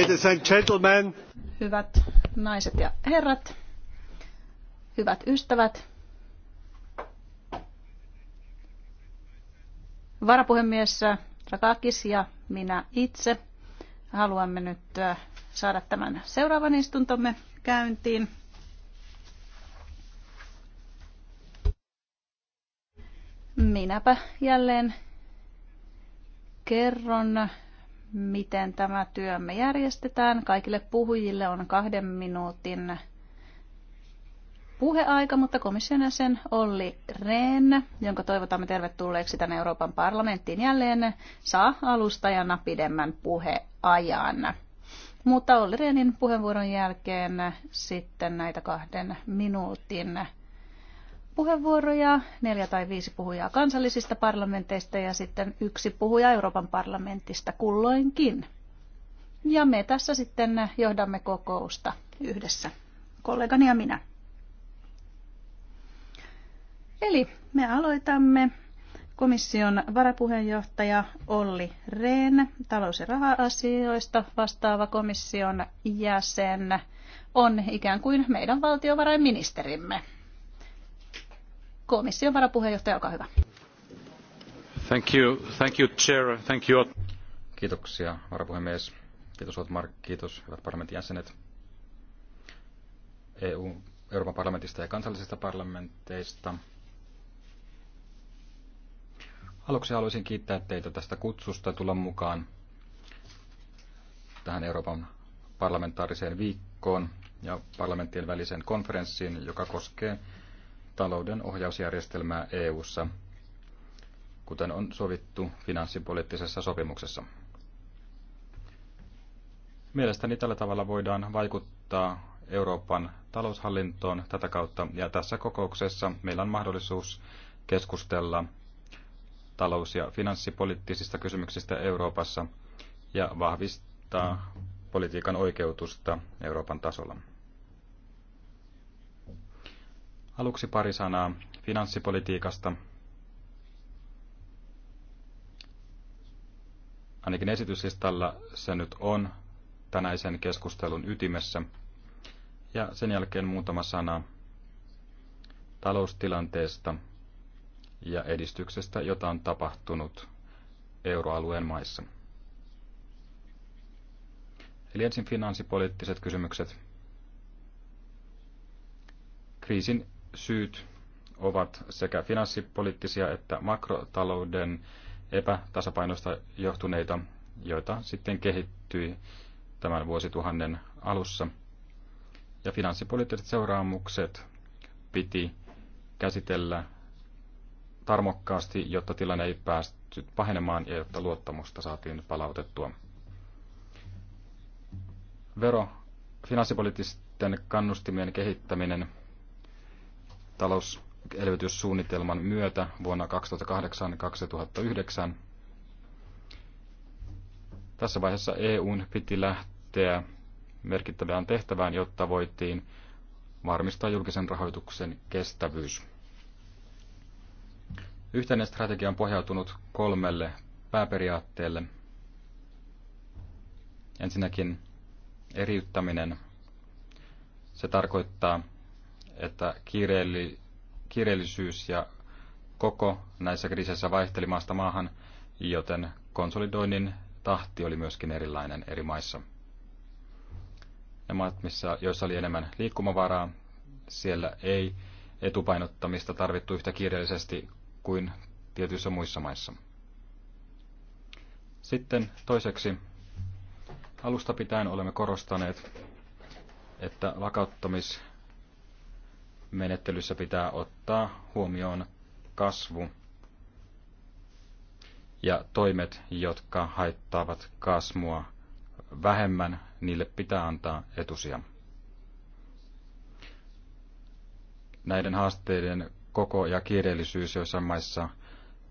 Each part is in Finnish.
Ladies and gentlemen. Hyvät naiset ja herrat, hyvät ystävät, varapuhemies Rakakis ja minä itse haluamme nyt äh, saada tämän seuraavan istuntomme käyntiin. Minäpä jälleen kerron miten tämä työmme järjestetään. Kaikille puhujille on kahden minuutin puheaika, mutta komission jäsen Olli Rehn, jonka toivotamme tervetulleeksi tänne Euroopan parlamenttiin jälleen, saa alustajana pidemmän puheajan. Mutta Olli Rehnin puheenvuoron jälkeen sitten näitä kahden minuutin puheenvuoroja, neljä tai viisi puhujaa kansallisista parlamenteista ja sitten yksi puhuja Euroopan parlamentista kulloinkin. Ja me tässä sitten johdamme kokousta yhdessä, kollegani ja minä. Eli me aloitamme komission varapuheenjohtaja Olli Rehn, talous- ja raha-asioista vastaava komission jäsen, on ikään kuin meidän valtiovarainministerimme. Komission varapuheenjohtaja, olkaa hyvä. Thank you, thank you, chair. Thank you. Kiitoksia, varapuhemies. Kiitos Otmar, kiitos hyvät parlamentin jäsenet. EU, Euroopan parlamentista ja kansallisista parlamenteista. Aluksi haluaisin kiittää teitä tästä kutsusta tulla mukaan tähän Euroopan parlamentaariseen viikkoon ja parlamenttien väliseen konferenssiin, joka koskee talouden ohjausjärjestelmää EU:ssa, kuten on sovittu finanssipoliittisessa sopimuksessa. Mielestäni tällä tavalla voidaan vaikuttaa Euroopan taloushallintoon tätä kautta, ja tässä kokouksessa meillä on mahdollisuus keskustella talous- ja finanssipoliittisista kysymyksistä Euroopassa ja vahvistaa politiikan oikeutusta Euroopan tasolla. Aluksi pari sanaa finanssipolitiikasta. Ainakin esityslistalla se nyt on tänäisen keskustelun ytimessä. Ja sen jälkeen muutama sana taloustilanteesta ja edistyksestä, jota on tapahtunut euroalueen maissa. Eli ensin finanssipoliittiset kysymykset. Kriisin syyt ovat sekä finanssipoliittisia että makrotalouden epätasapainosta johtuneita, joita sitten kehittyi tämän vuosituhannen alussa. Ja finanssipoliittiset seuraamukset piti käsitellä tarmokkaasti, jotta tilanne ei päästy pahenemaan ja jotta luottamusta saatiin palautettua. Vero, finanssipoliittisten kannustimien kehittäminen – talouselvytyssuunnitelman myötä vuonna 2008-2009. Tässä vaiheessa EUn piti lähteä merkittävään tehtävään, jotta voitiin varmistaa julkisen rahoituksen kestävyys. Yhteinen strategia on pohjautunut kolmelle pääperiaatteelle. Ensinnäkin eriyttäminen. Se tarkoittaa, että kiireelli, kiireellisyys ja koko näissä kriiseissä vaihteli maasta maahan, joten konsolidoinnin tahti oli myöskin erilainen eri maissa. Ne maat, missä, joissa oli enemmän liikkumavaraa, siellä ei etupainottamista tarvittu yhtä kiireellisesti kuin tietyissä muissa maissa. Sitten toiseksi, alusta pitäen olemme korostaneet, että vakauttamis- menettelyssä pitää ottaa huomioon kasvu ja toimet, jotka haittaavat kasvua vähemmän, niille pitää antaa etusia. Näiden haasteiden koko ja kiireellisyys joissain maissa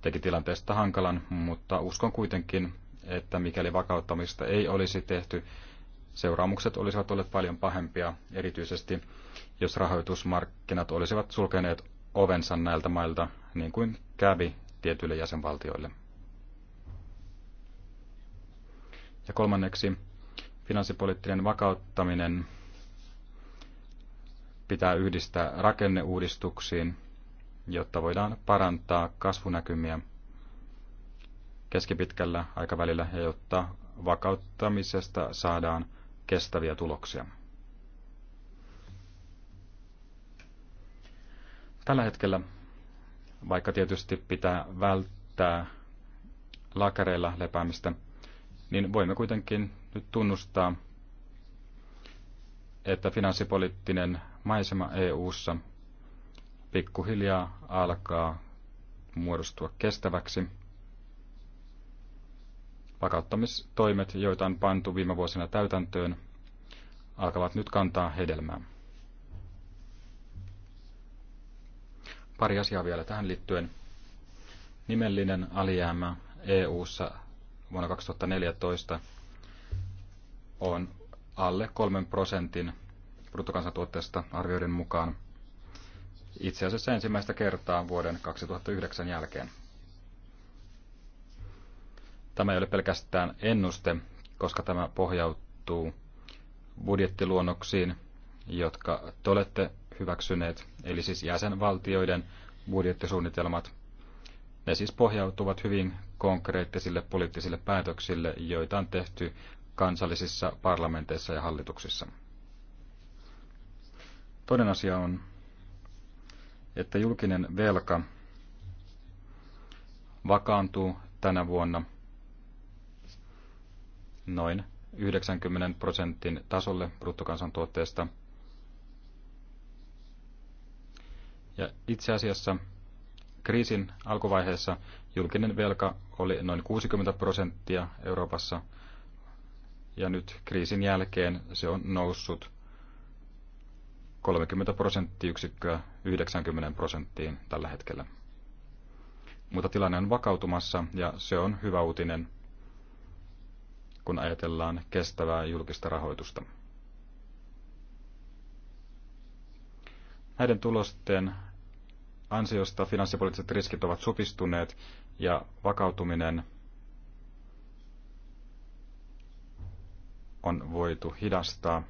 teki tilanteesta hankalan, mutta uskon kuitenkin, että mikäli vakauttamista ei olisi tehty, seuraamukset olisivat olleet paljon pahempia, erityisesti jos rahoitusmarkkinat olisivat sulkeneet ovensa näiltä mailta, niin kuin kävi tietyille jäsenvaltioille. Ja kolmanneksi, finanssipoliittinen vakauttaminen pitää yhdistää rakenneuudistuksiin, jotta voidaan parantaa kasvunäkymiä keskipitkällä aikavälillä ja jotta vakauttamisesta saadaan kestäviä tuloksia. Tällä hetkellä, vaikka tietysti pitää välttää lakareilla lepäämistä, niin voimme kuitenkin nyt tunnustaa, että finanssipoliittinen maisema EU:ssa pikkuhiljaa alkaa muodostua kestäväksi. Vakauttamistoimet, joita on pantu viime vuosina täytäntöön, alkavat nyt kantaa hedelmää. Pari asiaa vielä tähän liittyen. Nimellinen alijäämä EU-ssa vuonna 2014 on alle 3 prosentin bruttokansantuotteesta arvioiden mukaan. Itse asiassa ensimmäistä kertaa vuoden 2009 jälkeen. Tämä ei ole pelkästään ennuste, koska tämä pohjautuu budjettiluonnoksiin, jotka te olette hyväksyneet, eli siis jäsenvaltioiden budjettisuunnitelmat. Ne siis pohjautuvat hyvin konkreettisille poliittisille päätöksille, joita on tehty kansallisissa parlamenteissa ja hallituksissa. Toinen asia on, että julkinen velka vakaantuu tänä vuonna noin 90 prosentin tasolle bruttokansantuotteesta – Ja itse asiassa kriisin alkuvaiheessa julkinen velka oli noin 60 prosenttia Euroopassa, ja nyt kriisin jälkeen se on noussut 30 prosenttiyksikköä 90 prosenttiin tällä hetkellä. Mutta tilanne on vakautumassa ja se on hyvä uutinen, kun ajatellaan kestävää julkista rahoitusta. Näiden tulosten ansiosta finanssipoliittiset riskit ovat supistuneet ja vakautuminen on voitu hidastaa.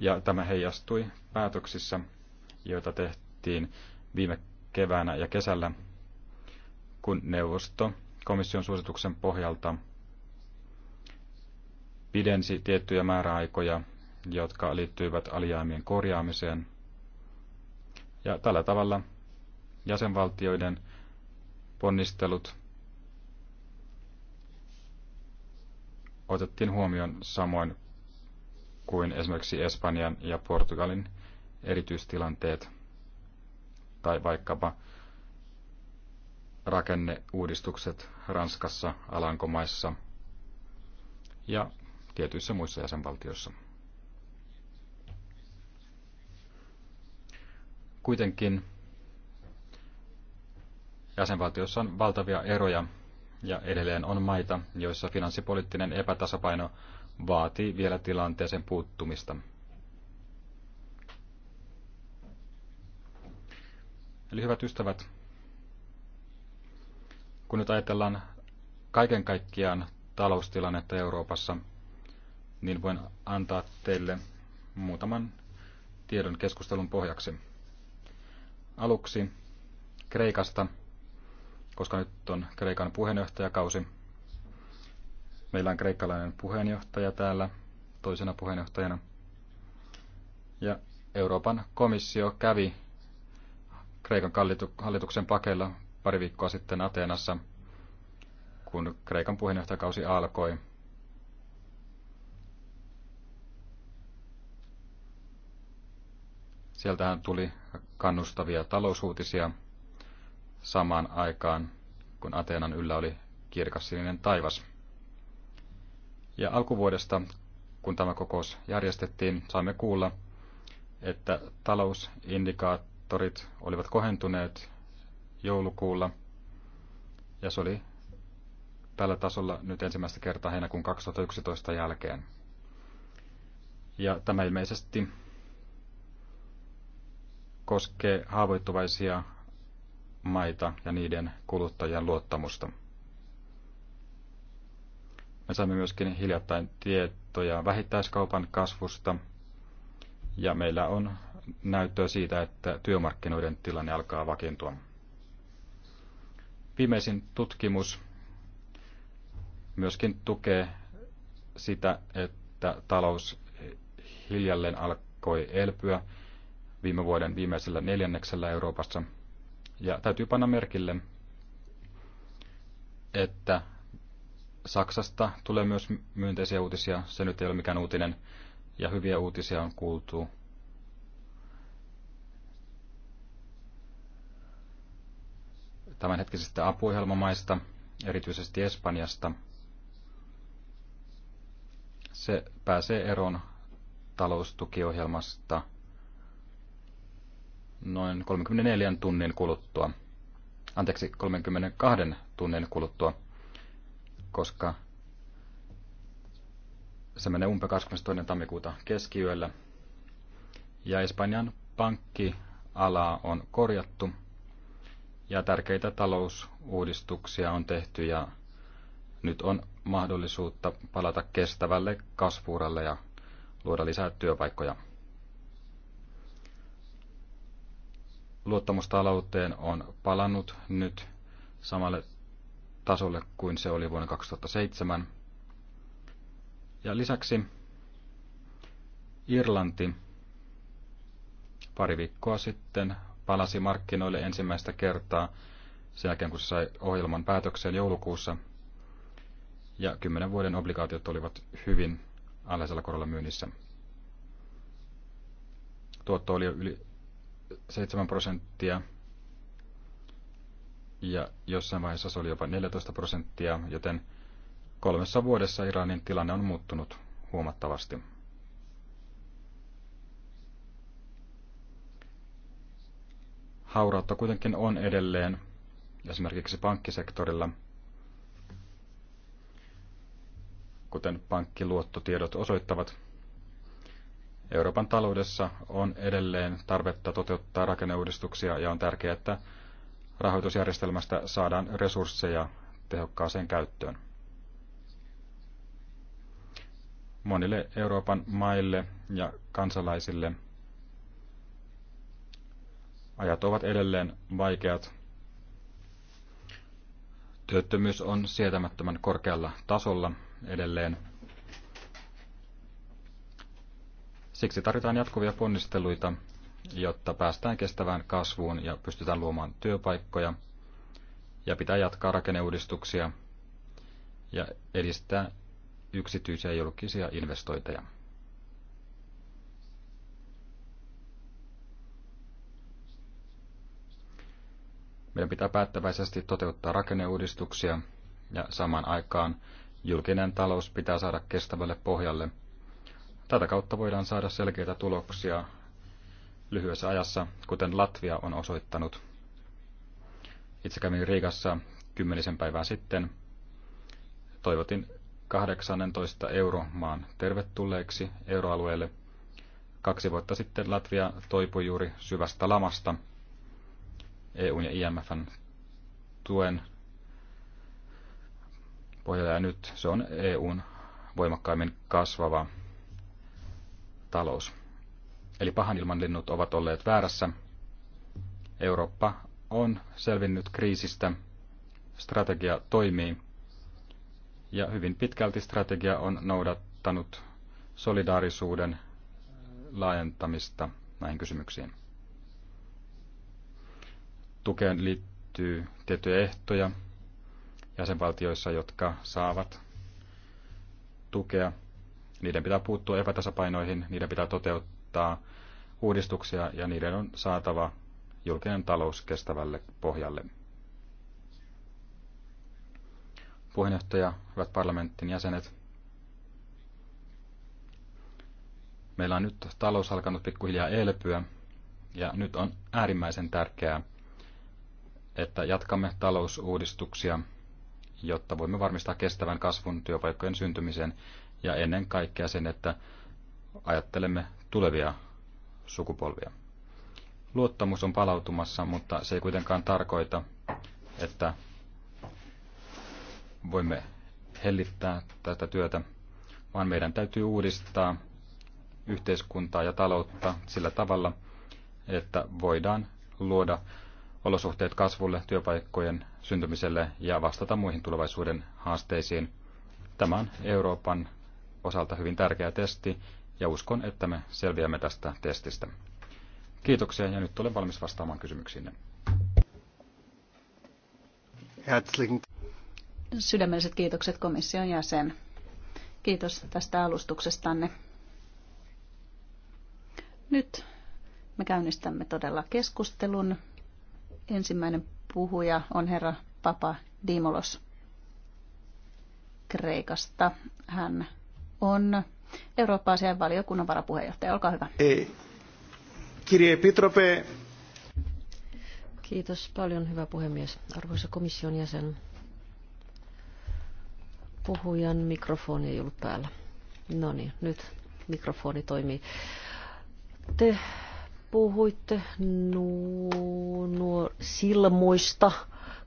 Ja tämä heijastui päätöksissä, joita tehtiin viime keväänä ja kesällä, kun neuvosto komission suosituksen pohjalta pidensi tiettyjä määräaikoja, jotka liittyivät alijäämien korjaamiseen – ja tällä tavalla jäsenvaltioiden ponnistelut otettiin huomioon samoin kuin esimerkiksi Espanjan ja Portugalin erityistilanteet tai vaikkapa rakenneuudistukset Ranskassa, Alankomaissa ja tietyissä muissa jäsenvaltioissa. Kuitenkin jäsenvaltioissa on valtavia eroja ja edelleen on maita, joissa finanssipoliittinen epätasapaino vaatii vielä tilanteeseen puuttumista. Eli hyvät ystävät, kun nyt ajatellaan kaiken kaikkiaan taloustilannetta Euroopassa, niin voin antaa teille muutaman tiedon keskustelun pohjaksi. Aluksi Kreikasta, koska nyt on Kreikan puheenjohtajakausi. Meillä on kreikkalainen puheenjohtaja täällä toisena puheenjohtajana. Ja Euroopan komissio kävi Kreikan hallituksen pakeilla pari viikkoa sitten Ateenassa, kun Kreikan puheenjohtajakausi alkoi. Sieltähän tuli kannustavia talousuutisia samaan aikaan, kun Ateenan yllä oli kirkas sininen taivas. Ja alkuvuodesta, kun tämä kokous järjestettiin, saimme kuulla, että talousindikaattorit olivat kohentuneet joulukuulla, ja se oli tällä tasolla nyt ensimmäistä kertaa heinäkuun 2011 jälkeen. Ja tämä ilmeisesti koskee haavoittuvaisia maita ja niiden kuluttajien luottamusta. Me saimme myöskin hiljattain tietoja vähittäiskaupan kasvusta ja meillä on näyttöä siitä, että työmarkkinoiden tilanne alkaa vakiintua. Viimeisin tutkimus myöskin tukee sitä, että talous hiljalleen alkoi elpyä viime vuoden viimeisellä neljänneksellä Euroopassa. Ja täytyy panna merkille, että Saksasta tulee myös myönteisiä uutisia. Se nyt ei ole mikään uutinen. Ja hyviä uutisia on kuultu tämänhetkisistä apuohjelmamaista, erityisesti Espanjasta. Se pääsee eroon taloustukiohjelmasta – noin 34 tunnin kuluttua. Anteeksi, 32 tunnin kuluttua, koska se menee umpe 22. tammikuuta keskiyöllä. Ja Espanjan pankkiala on korjattu ja tärkeitä talousuudistuksia on tehty ja nyt on mahdollisuutta palata kestävälle kasvuuralle ja luoda lisää työpaikkoja. luottamustalouteen on palannut nyt samalle tasolle kuin se oli vuonna 2007. Ja lisäksi Irlanti pari viikkoa sitten palasi markkinoille ensimmäistä kertaa sen jälkeen, kun se sai ohjelman päätökseen joulukuussa. Ja kymmenen vuoden obligaatiot olivat hyvin alhaisella korolla myynnissä. Tuotto oli yli 7 prosenttia ja jossain vaiheessa se oli jopa 14 prosenttia, joten kolmessa vuodessa Iranin tilanne on muuttunut huomattavasti. Haurautta kuitenkin on edelleen, esimerkiksi pankkisektorilla, kuten pankkiluottotiedot osoittavat – Euroopan taloudessa on edelleen tarvetta toteuttaa rakenneuudistuksia ja on tärkeää, että rahoitusjärjestelmästä saadaan resursseja tehokkaaseen käyttöön. Monille Euroopan maille ja kansalaisille ajat ovat edelleen vaikeat. Työttömyys on sietämättömän korkealla tasolla edelleen. Siksi tarvitaan jatkuvia ponnisteluita, jotta päästään kestävään kasvuun ja pystytään luomaan työpaikkoja ja pitää jatkaa rakenneuudistuksia ja edistää yksityisiä ja julkisia investointeja. Meidän pitää päättäväisesti toteuttaa rakenneuudistuksia ja samaan aikaan julkinen talous pitää saada kestävälle pohjalle – Tätä kautta voidaan saada selkeitä tuloksia lyhyessä ajassa, kuten Latvia on osoittanut. Itse kävin Riikassa kymmenisen päivää sitten. Toivotin 18 euromaan tervetulleeksi euroalueelle. Kaksi vuotta sitten Latvia toipui juuri syvästä lamasta EUn ja IMFn tuen pohjalla ja nyt se on EUn voimakkaimmin kasvava talous. Eli pahan linnut ovat olleet väärässä. Eurooppa on selvinnyt kriisistä, strategia toimii ja hyvin pitkälti strategia on noudattanut solidaarisuuden laajentamista näihin kysymyksiin. Tukeen liittyy tiettyjä ehtoja jäsenvaltioissa, jotka saavat tukea niiden pitää puuttua epätasapainoihin, niiden pitää toteuttaa uudistuksia ja niiden on saatava julkinen talous kestävälle pohjalle. Puheenjohtaja, hyvät parlamentin jäsenet, meillä on nyt talous alkanut pikkuhiljaa elpyä ja nyt on äärimmäisen tärkeää, että jatkamme talousuudistuksia, jotta voimme varmistaa kestävän kasvun työpaikkojen syntymisen ja ennen kaikkea sen, että ajattelemme tulevia sukupolvia. Luottamus on palautumassa, mutta se ei kuitenkaan tarkoita, että voimme hellittää tätä työtä, vaan meidän täytyy uudistaa yhteiskuntaa ja taloutta sillä tavalla, että voidaan luoda olosuhteet kasvulle, työpaikkojen syntymiselle ja vastata muihin tulevaisuuden haasteisiin. Tämä on Euroopan osalta hyvin tärkeä testi ja uskon, että me selviämme tästä testistä. Kiitoksia ja nyt olen valmis vastaamaan kysymyksiinne. Sydämelliset kiitokset komission jäsen. Kiitos tästä alustuksestanne. Nyt me käynnistämme todella keskustelun. Ensimmäinen puhuja on herra Papa Dimolos Kreikasta. Hän on Eurooppa-asian valiokunnan varapuheenjohtaja. Olkaa hyvä. Ei. Kirje Pitrope. Kiitos paljon, hyvä puhemies. Arvoisa komission jäsen, puhujan mikrofoni ei ollut päällä. No niin, nyt mikrofoni toimii. Te puhuitte nuo, nuo silmuista,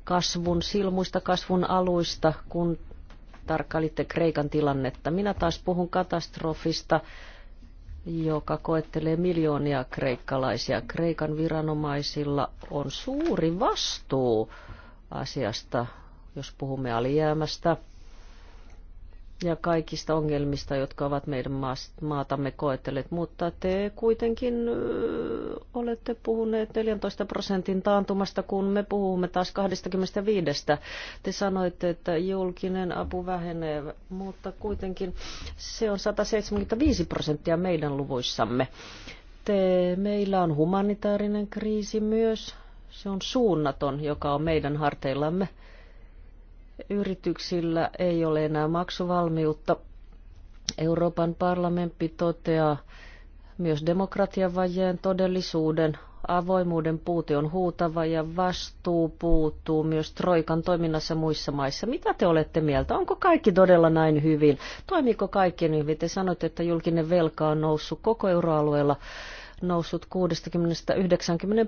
kasvun silmuista, kasvun aluista, kun tarkkailitte Kreikan tilannetta. Minä taas puhun katastrofista, joka koettelee miljoonia kreikkalaisia. Kreikan viranomaisilla on suuri vastuu asiasta, jos puhumme alijäämästä – ja kaikista ongelmista, jotka ovat meidän maatamme koetelleet, mutta te kuitenkin olette puhuneet 14 prosentin taantumasta, kun me puhumme taas 25. Te sanoitte, että julkinen apu vähenee, mutta kuitenkin se on 175 prosenttia meidän luvuissamme. Te, meillä on humanitaarinen kriisi myös, se on suunnaton, joka on meidän harteillamme. Yrityksillä ei ole enää maksuvalmiutta. Euroopan parlamentti toteaa myös demokratiavajeen todellisuuden. Avoimuuden puute on huutava ja vastuu puuttuu myös Troikan toiminnassa muissa maissa. Mitä te olette mieltä? Onko kaikki todella näin hyvin? Toimiiko kaikki niin hyvin? Te sanoitte, että julkinen velka on noussut koko euroalueella noussut 60-90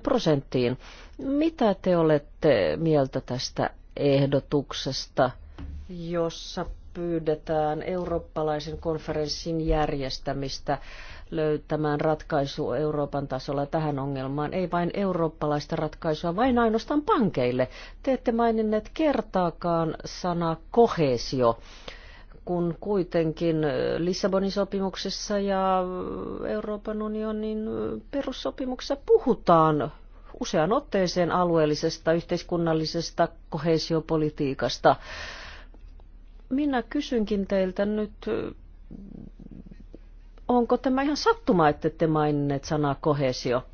prosenttiin. Mitä te olette mieltä tästä ehdotuksesta, jossa pyydetään eurooppalaisen konferenssin järjestämistä löytämään ratkaisu Euroopan tasolla tähän ongelmaan. Ei vain eurooppalaista ratkaisua, vain ainoastaan pankeille. Te ette maininneet kertaakaan sana kohesio kun kuitenkin Lissabonin sopimuksessa ja Euroopan unionin perussopimuksessa puhutaan useaan otteeseen alueellisesta yhteiskunnallisesta kohesiopolitiikasta. Minä kysynkin teiltä nyt, onko tämä ihan sattuma, että te maininneet sanaa kohesio?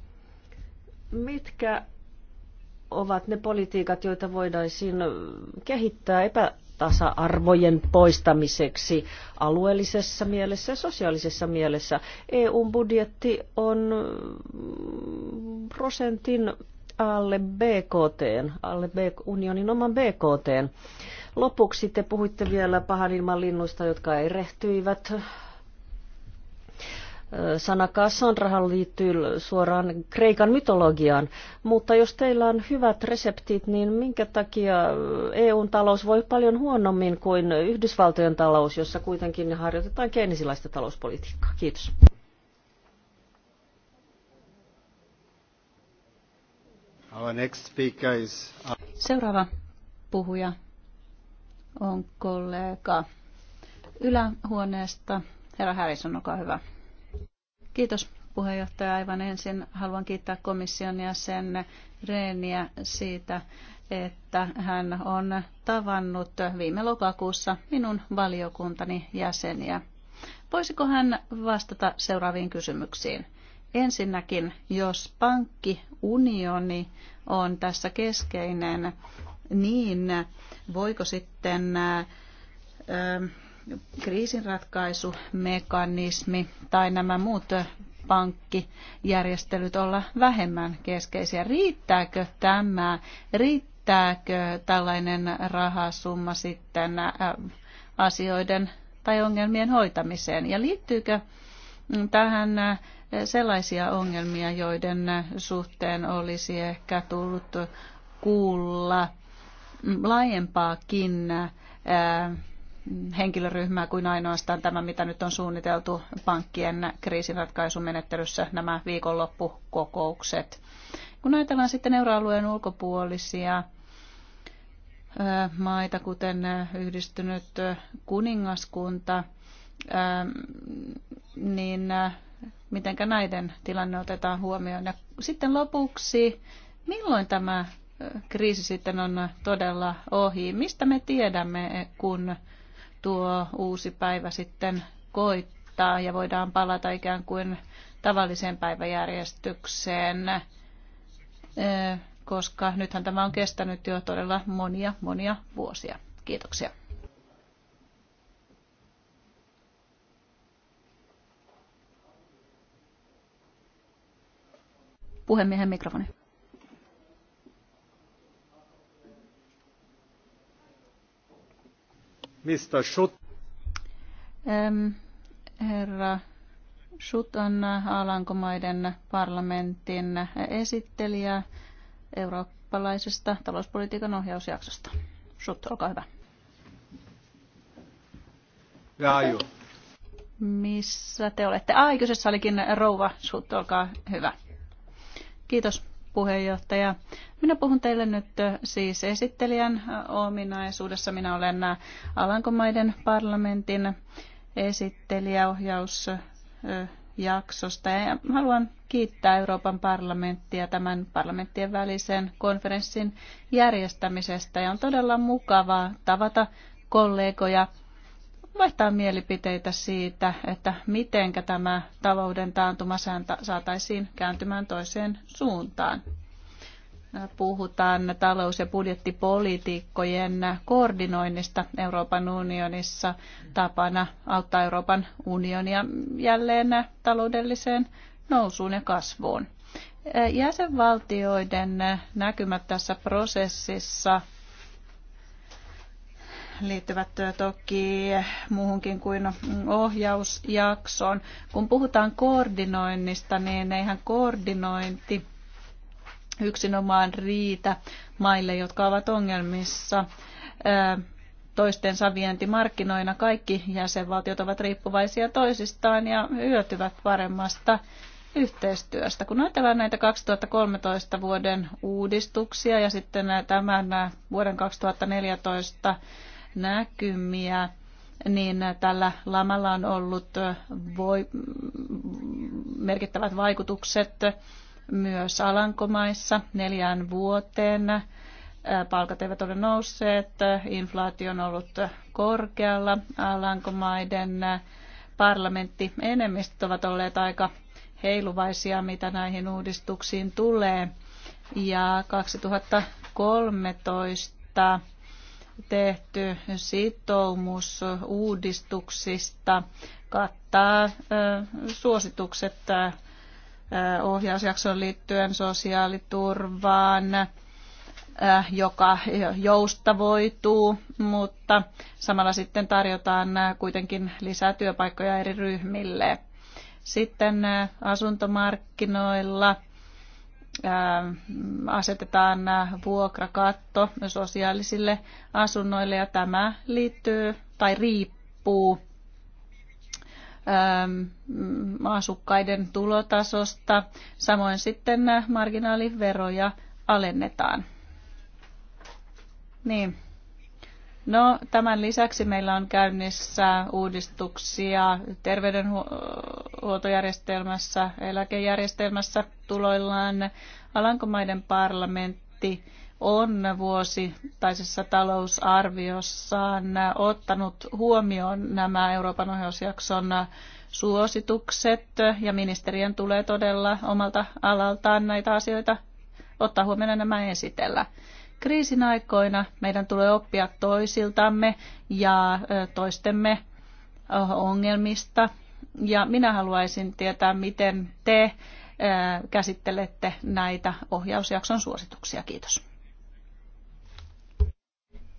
Mitkä ovat ne politiikat, joita voidaisiin kehittää epä tasa-arvojen poistamiseksi alueellisessa mielessä ja sosiaalisessa mielessä. EU-budjetti on mm, prosentin alle BKT, alle unionin oman BKT. Lopuksi te puhuitte vielä pahanilman linnuista, jotka erehtyivät Sana Kassandrahan liittyy suoraan Kreikan mytologiaan, mutta jos teillä on hyvät reseptit, niin minkä takia EUn talous voi paljon huonommin kuin Yhdysvaltojen talous, jossa kuitenkin harjoitetaan keinisilaista talouspolitiikkaa? Kiitos. Our next speaker is... Uh, Seuraava puhuja on kollega ylähuoneesta. Herra Harrison, olkaa hyvä. Kiitos puheenjohtaja. Aivan ensin haluan kiittää komission jäsen Reeniä siitä, että hän on tavannut viime lokakuussa minun valiokuntani jäseniä. Voisiko hän vastata seuraaviin kysymyksiin? Ensinnäkin, jos pankkiunioni on tässä keskeinen, niin voiko sitten äh, kriisinratkaisumekanismi tai nämä muut pankkijärjestelyt olla vähemmän keskeisiä. Riittääkö tämä? Riittääkö tällainen rahasumma sitten äh, asioiden tai ongelmien hoitamiseen? Ja liittyykö mm, tähän äh, sellaisia ongelmia, joiden äh, suhteen olisi ehkä tullut kuulla mm, laajempaakin henkilöryhmää kuin ainoastaan tämä, mitä nyt on suunniteltu pankkien kriisinratkaisumenettelyssä nämä viikonloppukokoukset. Kun ajatellaan sitten euroalueen ulkopuolisia maita, kuten yhdistynyt kuningaskunta, niin mitenkä näiden tilanne otetaan huomioon. Ja sitten lopuksi, milloin tämä kriisi sitten on todella ohi? Mistä me tiedämme, kun tuo uusi päivä sitten koittaa ja voidaan palata ikään kuin tavalliseen päiväjärjestykseen, koska nythän tämä on kestänyt jo todella monia, monia vuosia. Kiitoksia. Puhemiehen mikrofoni. Mr. Schut. Ähm, herra Schut on Alankomaiden parlamentin esittelijä eurooppalaisesta talouspolitiikan ohjausjaksosta. Schut, olkaa hyvä. Ja, Missä te olette? Ai, kyseessä olikin rouva Schut, olkaa hyvä. Kiitos puheenjohtaja. Minä puhun teille nyt siis esittelijän ominaisuudessa. Minä olen Alankomaiden parlamentin esittelijäohjausjaksosta ja haluan kiittää Euroopan parlamenttia tämän parlamenttien välisen konferenssin järjestämisestä ja on todella mukavaa tavata kollegoja vaihtaa mielipiteitä siitä, että miten tämä talouden taantuma saataisiin kääntymään toiseen suuntaan. Puhutaan talous- ja budjettipolitiikkojen koordinoinnista Euroopan unionissa tapana auttaa Euroopan unionia jälleen taloudelliseen nousuun ja kasvuun. Jäsenvaltioiden näkymät tässä prosessissa – liittyvät toki muuhunkin kuin ohjausjaksoon. Kun puhutaan koordinoinnista, niin eihän koordinointi yksinomaan riitä maille, jotka ovat ongelmissa toistensa vientimarkkinoina. Kaikki jäsenvaltiot ovat riippuvaisia toisistaan ja hyötyvät paremmasta yhteistyöstä. Kun ajatellaan näitä 2013 vuoden uudistuksia ja sitten tämän vuoden 2014 näkymiä, niin tällä lamalla on ollut voi, merkittävät vaikutukset myös Alankomaissa neljään vuoteen. Palkat eivät ole nousseet, inflaatio on ollut korkealla, Alankomaiden parlamentti enemmistöt ovat olleet aika heiluvaisia, mitä näihin uudistuksiin tulee. Ja 2013 tehty sitoumus uudistuksista kattaa suositukset ohjausjakson liittyen sosiaaliturvaan, joka joustavoituu, mutta samalla sitten tarjotaan kuitenkin lisää työpaikkoja eri ryhmille. Sitten asuntomarkkinoilla – asetetaan vuokrakatto sosiaalisille asunnoille ja tämä liittyy tai riippuu mm, asukkaiden tulotasosta. Samoin sitten marginaaliveroja alennetaan. Niin. No, tämän lisäksi meillä on käynnissä uudistuksia terveydenhuoltojärjestelmässä, eläkejärjestelmässä tuloillaan. Alankomaiden parlamentti on vuosittaisessa talousarviossaan ottanut huomioon nämä Euroopan ohjausjakson suositukset ja ministeriön tulee todella omalta alaltaan näitä asioita ottaa huomioon nämä esitellä. Kriisin aikoina meidän tulee oppia toisiltamme ja toistemme ongelmista. Ja minä haluaisin tietää, miten te käsittelette näitä ohjausjakson suosituksia. Kiitos.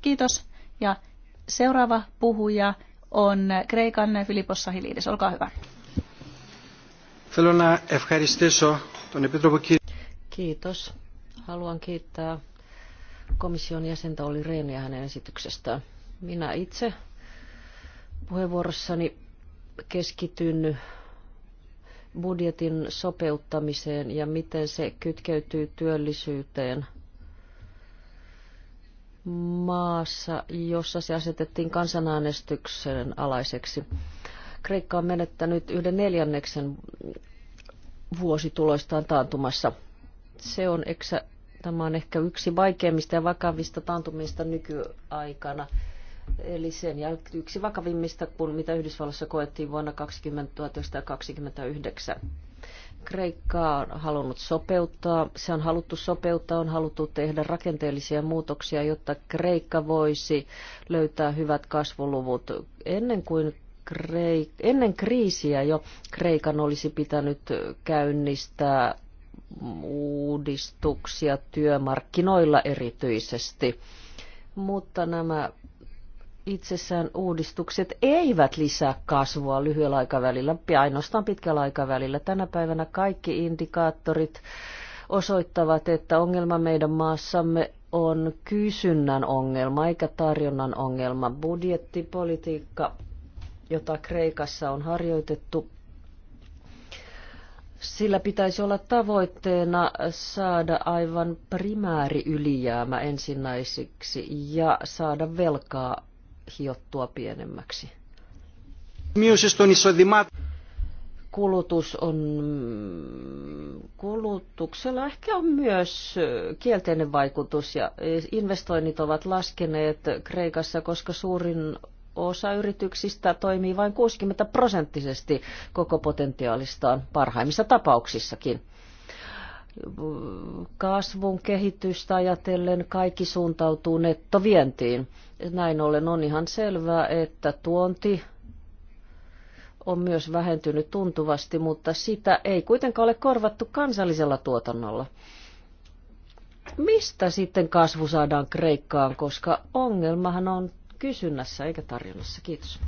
Kiitos. Ja seuraava puhuja on Kreikan Filippos Sahilidis. Olkaa hyvä. Θέλω να ευχαριστήσω τον Kiitos. Haluan kiittää komission jäsentä oli reiniä hänen esityksestään. Minä itse puheenvuorossani keskityn budjetin sopeuttamiseen ja miten se kytkeytyy työllisyyteen maassa, jossa se asetettiin kansanäänestyksen alaiseksi. Kreikka on menettänyt yhden neljänneksen vuosituloistaan taantumassa. Se on eksä Tämä on ehkä yksi vaikeimmista ja vakavista taantumista nykyaikana. Eli sen jälkeen yksi vakavimmista, kun mitä Yhdysvalloissa koettiin vuonna 20, 1929. Kreikka on halunnut sopeuttaa, se on haluttu sopeuttaa, on haluttu tehdä rakenteellisia muutoksia, jotta Kreikka voisi löytää hyvät kasvuluvut. Ennen kuin Kreik- ennen kriisiä jo Kreikan olisi pitänyt käynnistää uudistuksia työmarkkinoilla erityisesti. Mutta nämä itsessään uudistukset eivät lisää kasvua lyhyellä aikavälillä, ainoastaan pitkällä aikavälillä. Tänä päivänä kaikki indikaattorit osoittavat, että ongelma meidän maassamme on kysynnän ongelma eikä tarjonnan ongelma. Budjettipolitiikka, jota Kreikassa on harjoitettu, sillä pitäisi olla tavoitteena saada aivan primääri ylijäämä ensinnäisiksi ja saada velkaa hiottua pienemmäksi. Kulutus on, kulutuksella ehkä on myös kielteinen vaikutus ja investoinnit ovat laskeneet Kreikassa, koska suurin osa yrityksistä toimii vain 60 prosenttisesti koko potentiaalistaan parhaimmissa tapauksissakin. Kasvun kehitystä ajatellen kaikki suuntautuu nettovientiin. Näin ollen on ihan selvää, että tuonti on myös vähentynyt tuntuvasti, mutta sitä ei kuitenkaan ole korvattu kansallisella tuotannolla mistä sitten kasvu saadaan Kreikkaan, koska ongelmahan on kysynnässä eikä tarjonnassa. Kiitos.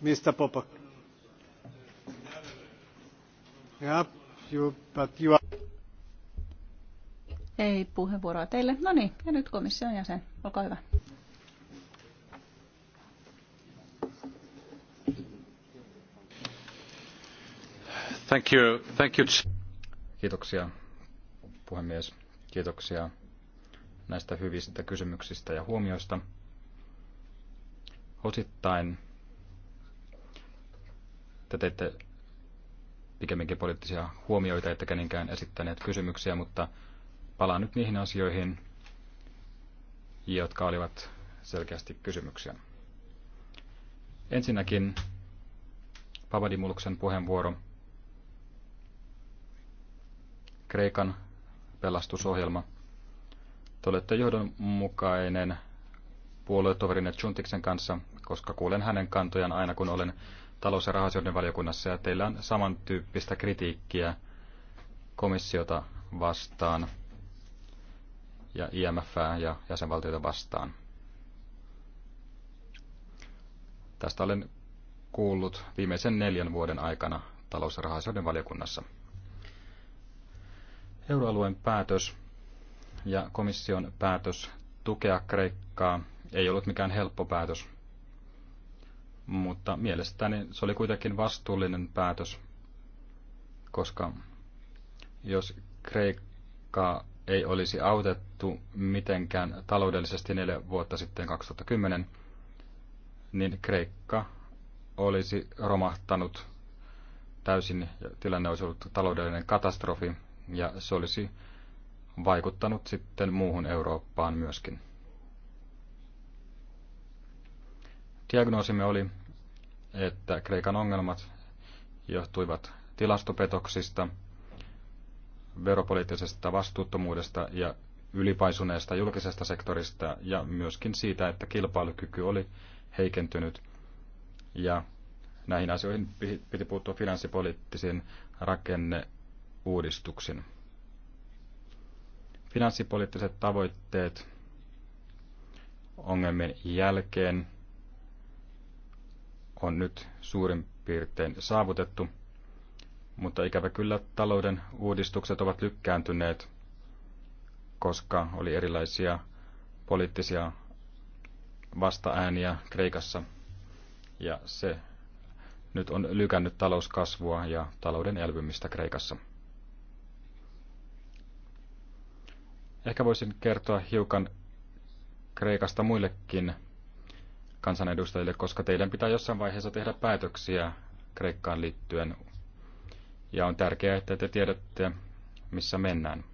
Mistä Popak. you, but you are... Ei puheenvuoroa teille. No niin, ja nyt komission jäsen, olkaa hyvä. Kiitoksia puhemies. Kiitoksia näistä hyvistä kysymyksistä ja huomioista. Osittain te teitte pikemminkin poliittisia huomioita, ettekä niinkään esittäneet kysymyksiä, mutta palaan nyt niihin asioihin, jotka olivat selkeästi kysymyksiä. Ensinnäkin Papadimuluksen puheenvuoro Kreikan pelastusohjelma. Te olette johdonmukainen puoluetoverinne Chuntiksen kanssa, koska kuulen hänen kantojaan aina kun olen talous- ja rahasioiden valiokunnassa ja teillä on samantyyppistä kritiikkiä komissiota vastaan ja IMF ja jäsenvaltioita vastaan. Tästä olen kuullut viimeisen neljän vuoden aikana talous- ja valiokunnassa. Euroalueen päätös ja komission päätös tukea Kreikkaa ei ollut mikään helppo päätös, mutta mielestäni se oli kuitenkin vastuullinen päätös, koska jos Kreikkaa ei olisi autettu mitenkään taloudellisesti neljä vuotta sitten 2010, niin Kreikka olisi romahtanut täysin ja tilanne olisi ollut taloudellinen katastrofi ja se olisi vaikuttanut sitten muuhun Eurooppaan myöskin. Diagnoosimme oli, että Kreikan ongelmat johtuivat tilastopetoksista, veropoliittisesta vastuuttomuudesta ja ylipaisuneesta julkisesta sektorista ja myöskin siitä, että kilpailukyky oli heikentynyt ja näihin asioihin piti puuttua finanssipoliittisiin rakenne- uudistuksin. Finanssipoliittiset tavoitteet ongelmien jälkeen on nyt suurin piirtein saavutettu, mutta ikävä kyllä talouden uudistukset ovat lykkääntyneet, koska oli erilaisia poliittisia vastaääniä Kreikassa ja se nyt on lykännyt talouskasvua ja talouden elpymistä Kreikassa. Ehkä voisin kertoa hiukan Kreikasta muillekin kansanedustajille, koska teidän pitää jossain vaiheessa tehdä päätöksiä Kreikkaan liittyen. Ja on tärkeää, että te tiedätte, missä mennään.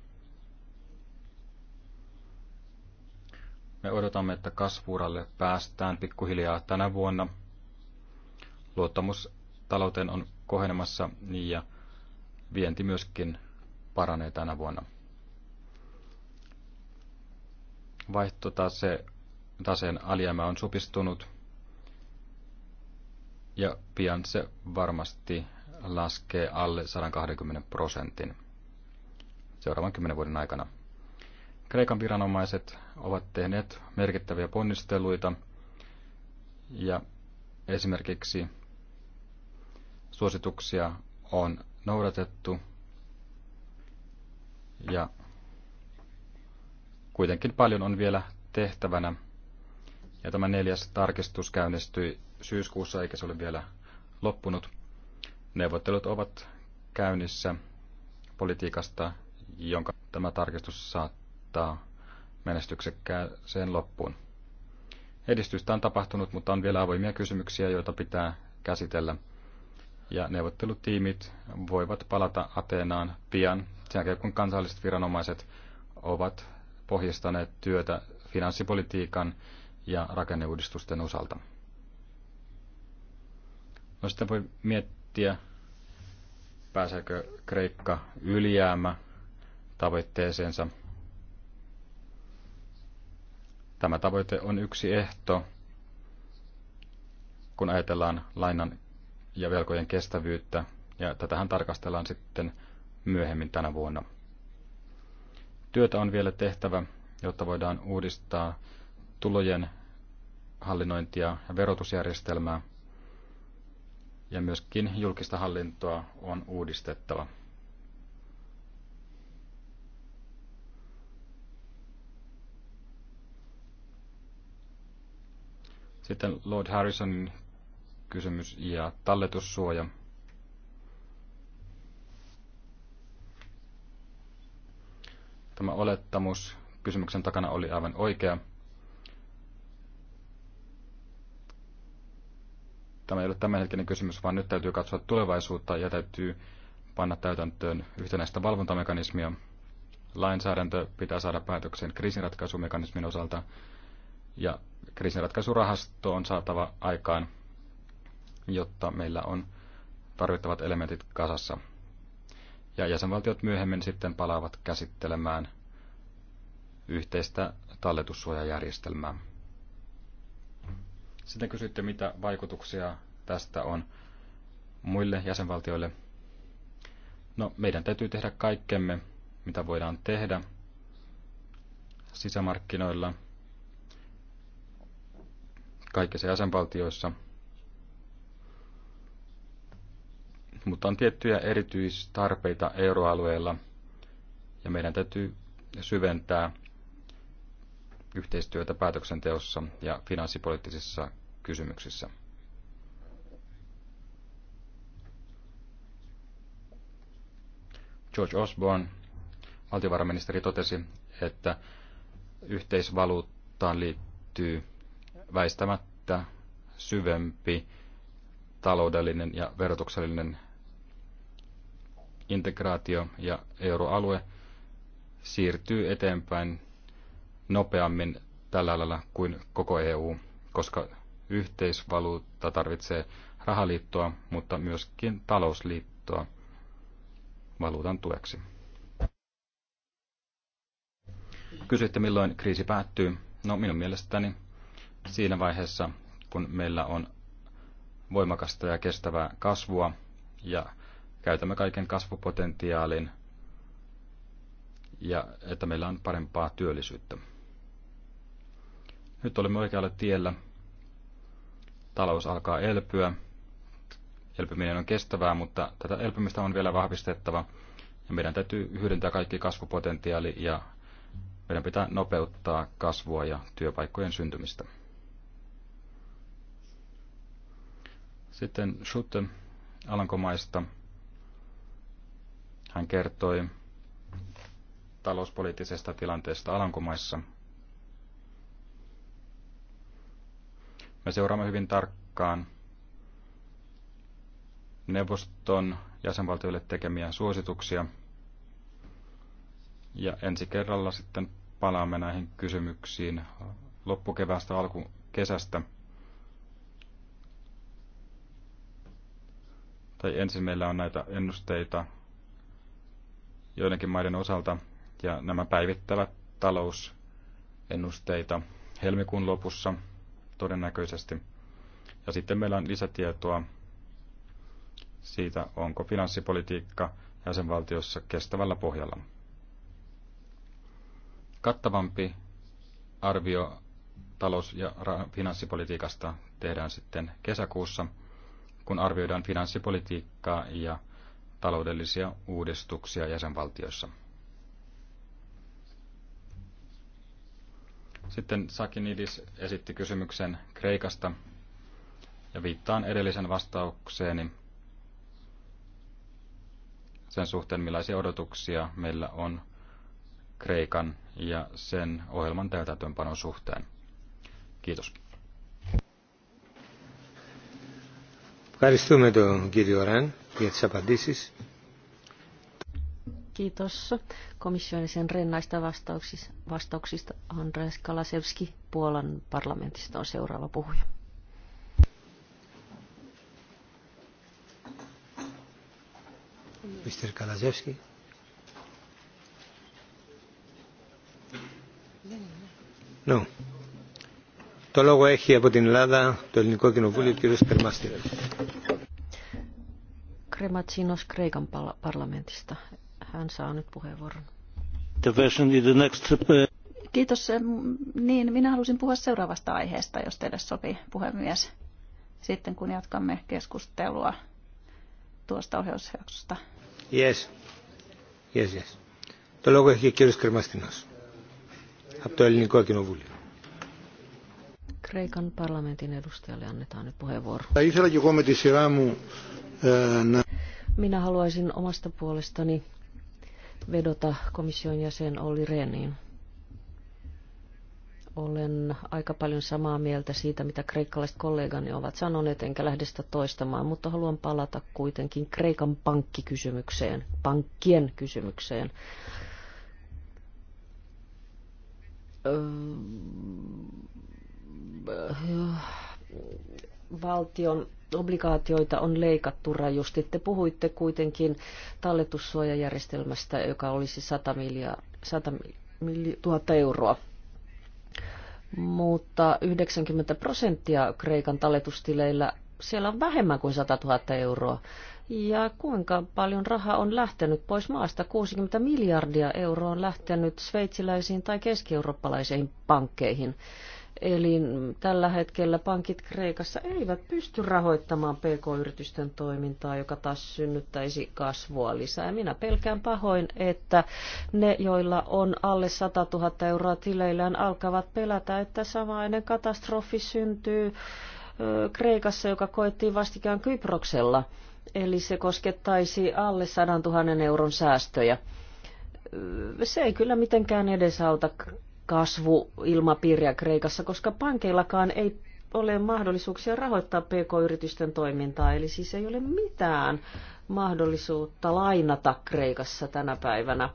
Me odotamme, että kasvuuralle päästään pikkuhiljaa tänä vuonna. Luottamus talouteen on kohenemassa niin ja vienti myöskin paranee tänä vuonna. vaihtotase, taseen alijäämä on supistunut ja pian se varmasti laskee alle 120 prosentin seuraavan kymmenen vuoden aikana. Kreikan viranomaiset ovat tehneet merkittäviä ponnisteluita ja esimerkiksi suosituksia on noudatettu ja Kuitenkin paljon on vielä tehtävänä. Ja tämä neljäs tarkistus käynnistyi syyskuussa, eikä se ole vielä loppunut. Neuvottelut ovat käynnissä politiikasta, jonka tämä tarkistus saattaa menestyksekkääseen loppuun. Edistystä on tapahtunut, mutta on vielä avoimia kysymyksiä, joita pitää käsitellä. Ja neuvottelutiimit voivat palata Ateenaan pian, sen jälkeen kun kansalliset viranomaiset ovat pohjastaneet työtä finanssipolitiikan ja rakenneuudistusten osalta. No sitten voi miettiä, pääseekö Kreikka ylijäämä tavoitteeseensa. Tämä tavoite on yksi ehto, kun ajatellaan lainan ja velkojen kestävyyttä, ja tätähän tarkastellaan sitten myöhemmin tänä vuonna. Työtä on vielä tehtävä, jotta voidaan uudistaa tulojen hallinnointia ja verotusjärjestelmää, ja myöskin julkista hallintoa on uudistettava. Sitten Lord Harrisonin kysymys ja talletussuoja. Tämä olettamus kysymyksen takana oli aivan oikea. Tämä ei ole tämänhetkinen kysymys, vaan nyt täytyy katsoa tulevaisuutta ja täytyy panna täytäntöön yhtenäistä valvontamekanismia. Lainsäädäntö pitää saada päätökseen kriisinratkaisumekanismin osalta ja kriisinratkaisurahasto on saatava aikaan, jotta meillä on tarvittavat elementit kasassa. Ja jäsenvaltiot myöhemmin sitten palaavat käsittelemään yhteistä talletussuojajärjestelmää. Sitten kysytte, mitä vaikutuksia tästä on muille jäsenvaltioille. No, meidän täytyy tehdä kaikkemme, mitä voidaan tehdä sisämarkkinoilla kaikissa jäsenvaltioissa – mutta on tiettyjä erityistarpeita euroalueella ja meidän täytyy syventää yhteistyötä päätöksenteossa ja finanssipoliittisissa kysymyksissä. George Osborne, valtiovarainministeri, totesi, että yhteisvaluuttaan liittyy väistämättä syvempi taloudellinen ja verotuksellinen integraatio ja euroalue siirtyy eteenpäin nopeammin tällä lailla kuin koko EU, koska yhteisvaluutta tarvitsee rahaliittoa, mutta myöskin talousliittoa valuutan tueksi. Kysytte, milloin kriisi päättyy. No minun mielestäni siinä vaiheessa, kun meillä on voimakasta ja kestävää kasvua ja käytämme kaiken kasvupotentiaalin ja että meillä on parempaa työllisyyttä. Nyt olemme oikealla tiellä. Talous alkaa elpyä. Elpyminen on kestävää, mutta tätä elpymistä on vielä vahvistettava. Ja meidän täytyy hyödyntää kaikki kasvupotentiaali ja meidän pitää nopeuttaa kasvua ja työpaikkojen syntymistä. Sitten Schutte Alankomaista – hän kertoi talouspoliittisesta tilanteesta Alankomaissa. Me seuraamme hyvin tarkkaan neuvoston jäsenvaltioille tekemiä suosituksia. Ja ensi kerralla sitten palaamme näihin kysymyksiin loppukeväästä alkukesästä. Tai ensin meillä on näitä ennusteita joidenkin maiden osalta, ja nämä päivittävät talousennusteita helmikuun lopussa todennäköisesti. Ja sitten meillä on lisätietoa siitä, onko finanssipolitiikka jäsenvaltiossa kestävällä pohjalla. Kattavampi arvio talous- ja finanssipolitiikasta tehdään sitten kesäkuussa, kun arvioidaan finanssipolitiikkaa ja taloudellisia uudistuksia jäsenvaltioissa. Sitten Sakinidis esitti kysymyksen Kreikasta ja viittaan edellisen vastaukseeni sen suhteen, millaisia odotuksia meillä on Kreikan ja sen ohjelman täytäntöönpanon suhteen. Kiitos. Ευχαριστούμε τον κύριο Ραν για τις απαντήσεις. Kiitos komissionisen rennaista vastauksista. vastauksista. Andres Kalasevski Puolan parlamentista on seuraava puhuja. Mr. Kalasevski. No. Το λόγο έχει από την Ελλάδα το Ελληνικό Κοινοβούλιο κ. Περμάστηρας. Krematsinos Kreikan parlamentista. Hän saa nyt puheenvuoron. Uh, Kiitos. Niin, minä halusin puhua seuraavasta aiheesta, jos teille sopii, puhemies. Sitten kun jatkamme keskustelua tuosta ohjausjaksosta. Yes. Yes, yes. Το λόγο έχει ο κύριος Κρεμαστινός από το Ελληνικό Κοινοβούλιο. Kreikan parlamentin edustajalle annetaan nyt puheenvuoro. Minä haluaisin omasta puolestani vedota komission jäsen Olli Rehniin. Olen aika paljon samaa mieltä siitä, mitä kreikkalaiset kollegani ovat sanoneet, enkä lähde sitä toistamaan, mutta haluan palata kuitenkin Kreikan pankkikysymykseen, pankkien kysymykseen. Öö Äh, valtion obligaatioita on leikattu rajusti. Te puhuitte kuitenkin talletussuojajärjestelmästä, joka olisi 100, milja, 100 milja, 000 euroa. Mutta 90 prosenttia Kreikan talletustileillä siellä on vähemmän kuin 100 000 euroa. Ja kuinka paljon rahaa on lähtenyt pois maasta? 60 miljardia euroa on lähtenyt sveitsiläisiin tai keski-eurooppalaisiin pankkeihin. Eli tällä hetkellä pankit Kreikassa eivät pysty rahoittamaan pk-yritysten toimintaa, joka taas synnyttäisi kasvua lisää. Ja minä pelkään pahoin, että ne, joilla on alle 100 000 euroa tileillään, alkavat pelätä, että samainen katastrofi syntyy Kreikassa, joka koettiin vastikään Kyproksella. Eli se koskettaisi alle 100 000 euron säästöjä se ei kyllä mitenkään edesauta kasvuilmapiiriä Kreikassa, koska pankeillakaan ei ole mahdollisuuksia rahoittaa pk-yritysten toimintaa, eli siis ei ole mitään mahdollisuutta lainata Kreikassa tänä päivänä.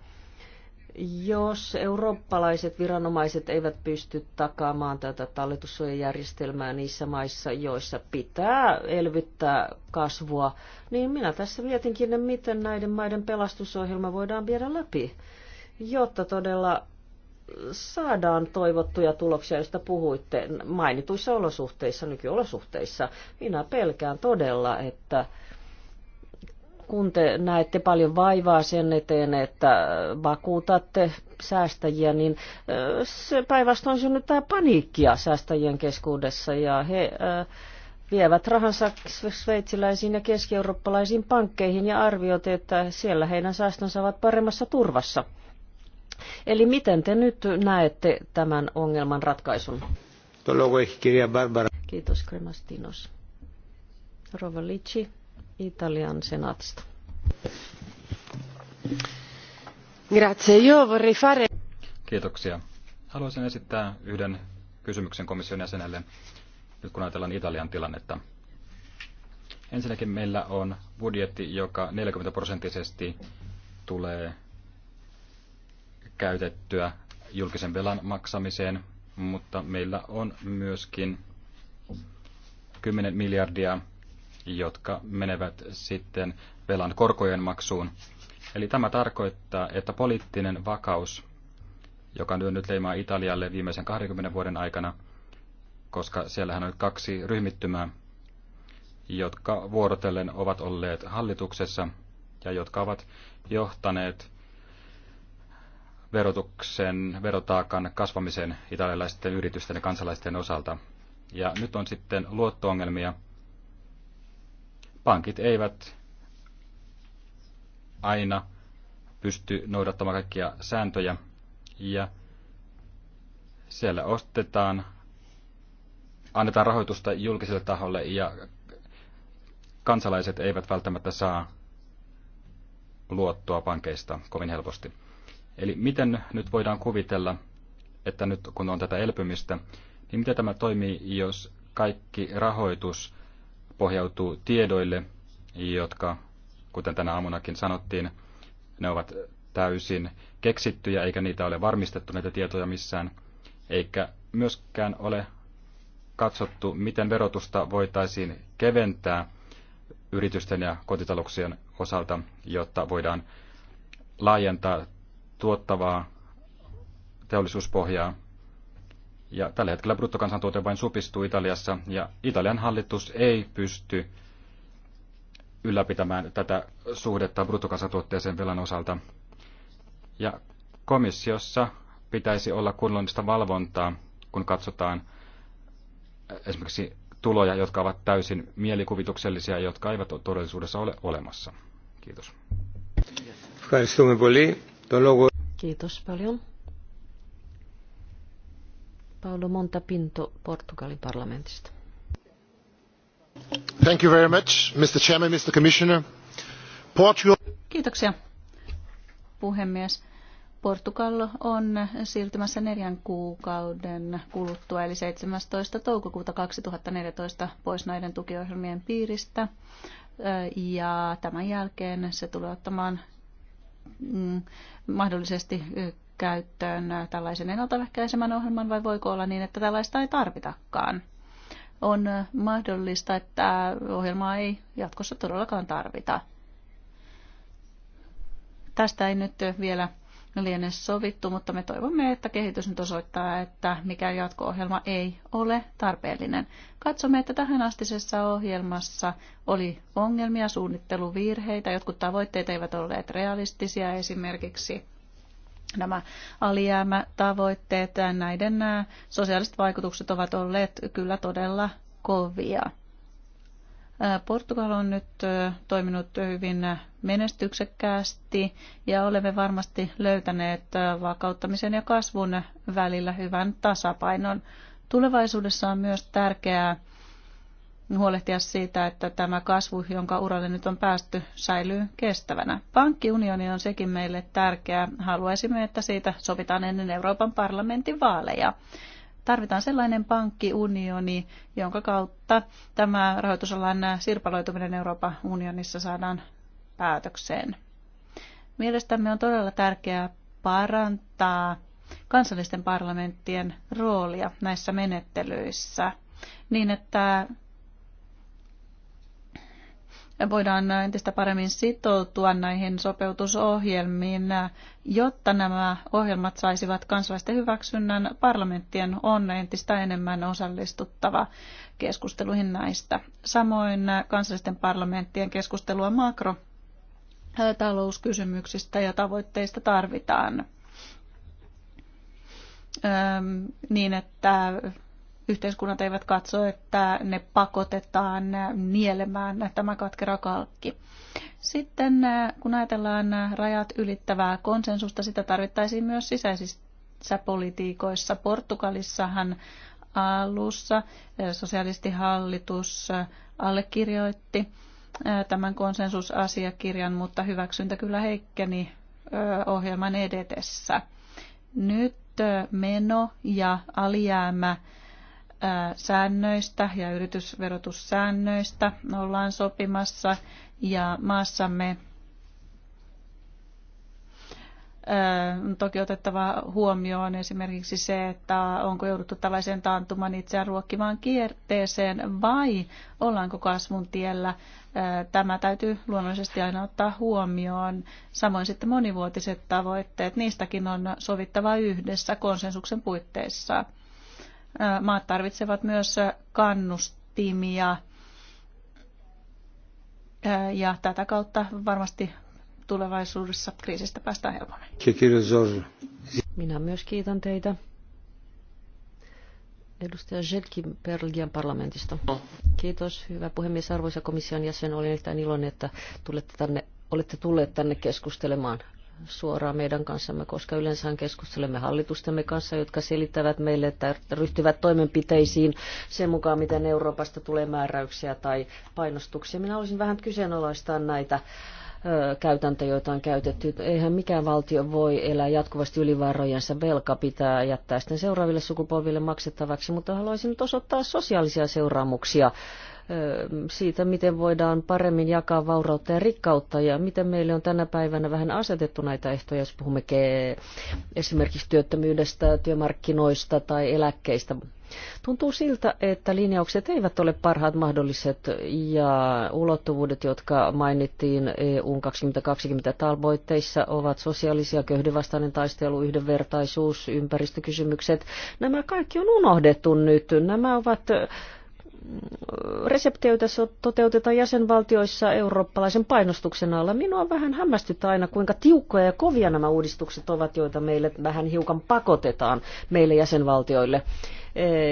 Jos eurooppalaiset viranomaiset eivät pysty takaamaan tätä talletussuojajärjestelmää niissä maissa, joissa pitää elvyttää kasvua, niin minä tässä mietinkin, miten näiden maiden pelastusohjelma voidaan viedä läpi, jotta todella saadaan toivottuja tuloksia, joista puhuitte mainituissa olosuhteissa, nykyolosuhteissa. Minä pelkään todella, että kun te näette paljon vaivaa sen eteen, että vakuutatte säästäjiä, niin se päinvastoin synnyttää paniikkia säästäjien keskuudessa ja he vievät rahansa sveitsiläisiin ja keskieurooppalaisiin pankkeihin ja arvioivat, että siellä heidän säästönsä ovat paremmassa turvassa. Eli miten te nyt näette tämän ongelman ratkaisun? Kiitos Kremastinos. Rova Italian senaatista. Grazie, io vorrei fare... Kiitoksia. Haluaisin esittää yhden kysymyksen komission jäsenelle, nyt kun ajatellaan Italian tilannetta. Ensinnäkin meillä on budjetti, joka 40 prosenttisesti tulee käytettyä julkisen velan maksamiseen, mutta meillä on myöskin 10 miljardia, jotka menevät sitten velan korkojen maksuun. Eli tämä tarkoittaa, että poliittinen vakaus, joka on nyt leimaa Italialle viimeisen 20 vuoden aikana, koska siellähän on kaksi ryhmittymää, jotka vuorotellen ovat olleet hallituksessa ja jotka ovat johtaneet verotuksen, verotaakan kasvamisen italialaisten yritysten ja kansalaisten osalta. Ja nyt on sitten luottoongelmia. Pankit eivät aina pysty noudattamaan kaikkia sääntöjä ja siellä ostetaan, annetaan rahoitusta julkiselle taholle ja kansalaiset eivät välttämättä saa luottoa pankeista kovin helposti. Eli miten nyt voidaan kuvitella, että nyt kun on tätä elpymistä, niin miten tämä toimii, jos kaikki rahoitus pohjautuu tiedoille, jotka, kuten tänä aamunakin sanottiin, ne ovat täysin keksittyjä, eikä niitä ole varmistettu näitä tietoja missään, eikä myöskään ole katsottu, miten verotusta voitaisiin keventää yritysten ja kotitalouksien osalta, jotta voidaan laajentaa tuottavaa teollisuuspohjaa. Ja tällä hetkellä bruttokansantuote vain supistuu Italiassa ja Italian hallitus ei pysty ylläpitämään tätä suhdetta bruttokansantuotteeseen velan osalta. Ja komissiossa pitäisi olla kunnollista valvontaa, kun katsotaan äh, esimerkiksi tuloja, jotka ovat täysin mielikuvituksellisia, jotka eivät todellisuudessa ole olemassa. Kiitos. Kiitos paljon. Paolo Monta Pinto Portugalin parlamentista. Thank you very much, Mr. Chairman, Mr. Commissioner. Portugal... Kiitoksia, puhemies. Portugal on siirtymässä neljän kuukauden kuluttua, eli 17. toukokuuta 2014 pois näiden tukiohjelmien piiristä. Ja tämän jälkeen se tulee ottamaan Mm, mahdollisesti käyttöön tällaisen ennaltaehkäisemän ohjelman vai voiko olla niin, että tällaista ei tarvitakaan? On mahdollista, että ohjelmaa ei jatkossa todellakaan tarvita. Tästä ei nyt vielä liene sovittu, mutta me toivomme, että kehitys nyt osoittaa, että mikä jatko-ohjelma ei ole tarpeellinen. Katsomme, että tähän astisessa ohjelmassa oli ongelmia, suunnitteluvirheitä, jotkut tavoitteet eivät olleet realistisia esimerkiksi nämä alijäämätavoitteet, ja näiden nämä sosiaaliset vaikutukset ovat olleet kyllä todella kovia. Portugal on nyt toiminut hyvin menestyksekkäästi ja olemme varmasti löytäneet vakauttamisen ja kasvun välillä hyvän tasapainon. Tulevaisuudessa on myös tärkeää huolehtia siitä, että tämä kasvu, jonka uralle nyt on päästy, säilyy kestävänä. Pankkiunioni on sekin meille tärkeää. Haluaisimme, että siitä sovitaan ennen Euroopan parlamentin vaaleja. Tarvitaan sellainen pankkiunioni, jonka kautta tämä rahoitusalan sirpaloituminen Euroopan unionissa saadaan päätökseen. Mielestämme on todella tärkeää parantaa kansallisten parlamenttien roolia näissä menettelyissä niin, että voidaan entistä paremmin sitoutua näihin sopeutusohjelmiin, jotta nämä ohjelmat saisivat kansalaisten hyväksynnän. Parlamenttien on entistä enemmän osallistuttava keskusteluihin näistä. Samoin kansallisten parlamenttien keskustelua makro talouskysymyksistä ja tavoitteista tarvitaan niin, että yhteiskunnat eivät katso, että ne pakotetaan nielemään tämä katkera kalkki. Sitten äh, kun ajatellaan rajat ylittävää konsensusta, sitä tarvittaisiin myös sisäisissä politiikoissa. Portugalissahan alussa äh, sosialistihallitus äh, allekirjoitti tämän konsensusasiakirjan, mutta hyväksyntä kyllä heikkeni ohjelman edetessä. Nyt meno ja alijäämä säännöistä ja yritysverotussäännöistä ollaan sopimassa ja maassamme on toki otettava huomioon esimerkiksi se, että onko jouduttu tällaiseen taantuman itseään ruokkimaan kierteeseen vai ollaanko kasvun tiellä. Tämä täytyy luonnollisesti aina ottaa huomioon. Samoin sitten monivuotiset tavoitteet, niistäkin on sovittava yhdessä konsensuksen puitteissa maat tarvitsevat myös kannustimia. Ja tätä kautta varmasti tulevaisuudessa kriisistä päästään helpommin. Minä myös kiitän teitä. Edustaja Zelkin Belgian parlamentista. Kiitos, hyvä puhemies, arvoisa komission jäsen. Olen erittäin iloinen, että tulette tänne, olette tulleet tänne keskustelemaan suoraan meidän kanssamme, koska yleensä keskustelemme hallitustemme kanssa, jotka selittävät meille, että ryhtyvät toimenpiteisiin sen mukaan, miten Euroopasta tulee määräyksiä tai painostuksia. Minä olisin vähän kyseenalaistaa näitä käytäntöjä, joita on käytetty. Eihän mikään valtio voi elää jatkuvasti ylivarojensa. Velka pitää jättää sitten seuraaville sukupolville maksettavaksi, mutta haluaisin nyt osoittaa sosiaalisia seuraamuksia siitä, miten voidaan paremmin jakaa vaurautta ja rikkautta ja miten meille on tänä päivänä vähän asetettu näitä ehtoja, jos puhumme esimerkiksi työttömyydestä, työmarkkinoista tai eläkkeistä. Tuntuu siltä, että linjaukset eivät ole parhaat mahdolliset ja ulottuvuudet, jotka mainittiin EUn 2020 talvoitteissa, ovat sosiaalisia, köyhdenvastainen taistelu, yhdenvertaisuus, ympäristökysymykset. Nämä kaikki on unohdettu nyt. Nämä ovat joita toteutetaan jäsenvaltioissa eurooppalaisen painostuksen alla. Minua vähän hämmästyttää aina, kuinka tiukkoja ja kovia nämä uudistukset ovat, joita meille vähän hiukan pakotetaan meille jäsenvaltioille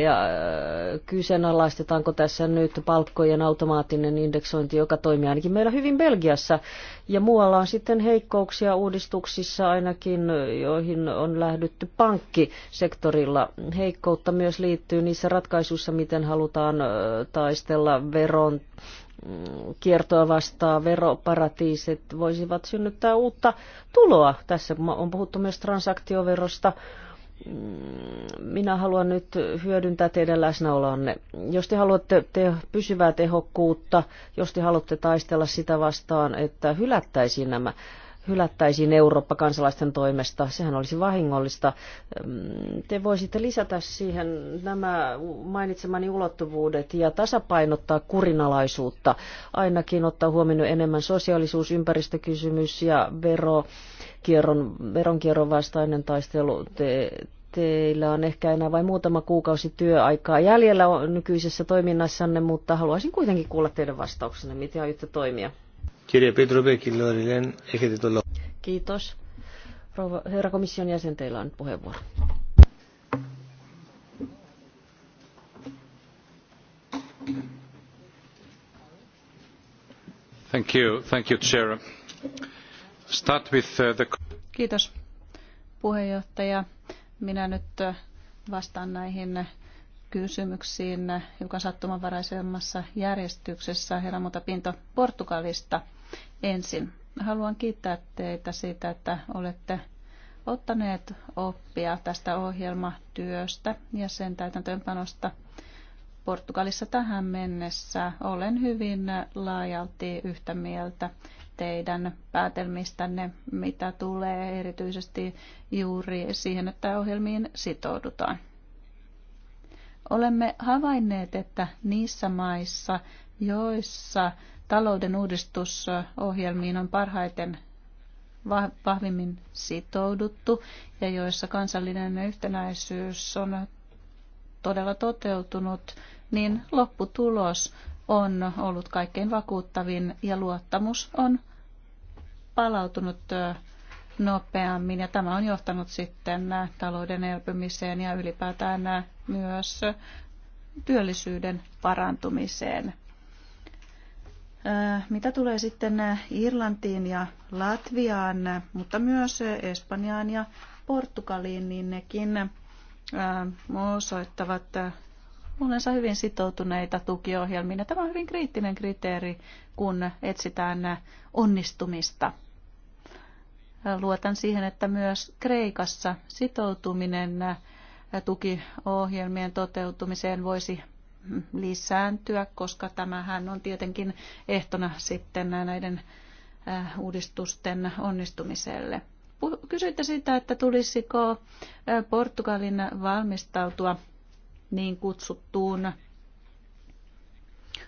ja äh, kyseenalaistetaanko tässä nyt palkkojen automaattinen indeksointi, joka toimii ainakin meillä hyvin Belgiassa. Ja muualla on sitten heikkouksia uudistuksissa ainakin, joihin on lähdytty pankkisektorilla. Heikkoutta myös liittyy niissä ratkaisuissa, miten halutaan äh, taistella veron mm, kiertoa vastaan veroparatiisit voisivat synnyttää uutta tuloa. Tässä on puhuttu myös transaktioverosta. Mm, minä haluan nyt hyödyntää teidän läsnäolonne. Jos te haluatte te pysyvää tehokkuutta, jos te haluatte taistella sitä vastaan, että hylättäisiin nämä hylättäisiin Eurooppa kansalaisten toimesta. Sehän olisi vahingollista. Mm, te voisitte lisätä siihen nämä mainitsemani ulottuvuudet ja tasapainottaa kurinalaisuutta. Ainakin ottaa huomioon enemmän sosiaalisuus, ympäristökysymys ja vero kierron, veronkierron vastainen taistelu. Te, teillä on ehkä enää vain muutama kuukausi työaikaa jäljellä on nykyisessä toiminnassanne, mutta haluaisin kuitenkin kuulla teidän vastauksenne, miten aiotte toimia. Kirja Petro Pekilloinen, Kiitos. Rouva, herra komission jäsen, teillä on puheenvuoro. Thank you, thank you, Chair. Uh, Kiitos puheenjohtaja. Minä nyt äh, vastaan näihin kysymyksiin hiukan sattumanvaraisemmassa järjestyksessä. Herra Muta Pinto Portugalista ensin. Haluan kiittää teitä siitä, että olette ottaneet oppia tästä ohjelmatyöstä ja sen täytäntöönpanosta Portugalissa tähän mennessä. Olen hyvin laajalti yhtä mieltä teidän päätelmistänne, mitä tulee erityisesti juuri siihen, että ohjelmiin sitoudutaan. Olemme havainneet, että niissä maissa, joissa talouden uudistusohjelmiin on parhaiten vahvimmin sitouduttu ja joissa kansallinen yhtenäisyys on todella toteutunut, niin lopputulos on ollut kaikkein vakuuttavin ja luottamus on palautunut nopeammin ja tämä on johtanut sitten talouden elpymiseen ja ylipäätään myös työllisyyden parantumiseen. Mitä tulee sitten Irlantiin ja Latviaan, mutta myös Espanjaan ja Portugaliin, niin nekin osoittavat olensa hyvin sitoutuneita tukiohjelmiin. Ja tämä on hyvin kriittinen kriteeri, kun etsitään onnistumista. Luotan siihen, että myös Kreikassa sitoutuminen tukiohjelmien toteutumiseen voisi lisääntyä, koska tämähän on tietenkin ehtona sitten näiden äh, uudistusten onnistumiselle. Kysyitte sitä, että tulisiko äh, Portugalin valmistautua niin kutsuttuun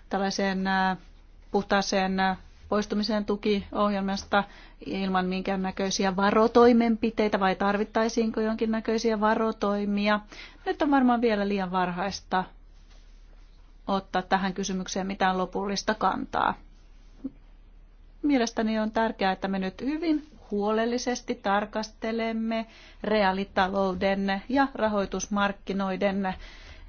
tällaiseen äh, puhtaaseen äh, poistumiseen tukiohjelmasta ilman minkäännäköisiä varotoimenpiteitä vai tarvittaisiinko jonkinnäköisiä varotoimia. Nyt on varmaan vielä liian varhaista ottaa tähän kysymykseen mitään lopullista kantaa. Mielestäni on tärkeää, että me nyt hyvin huolellisesti tarkastelemme reaalitalouden ja rahoitusmarkkinoiden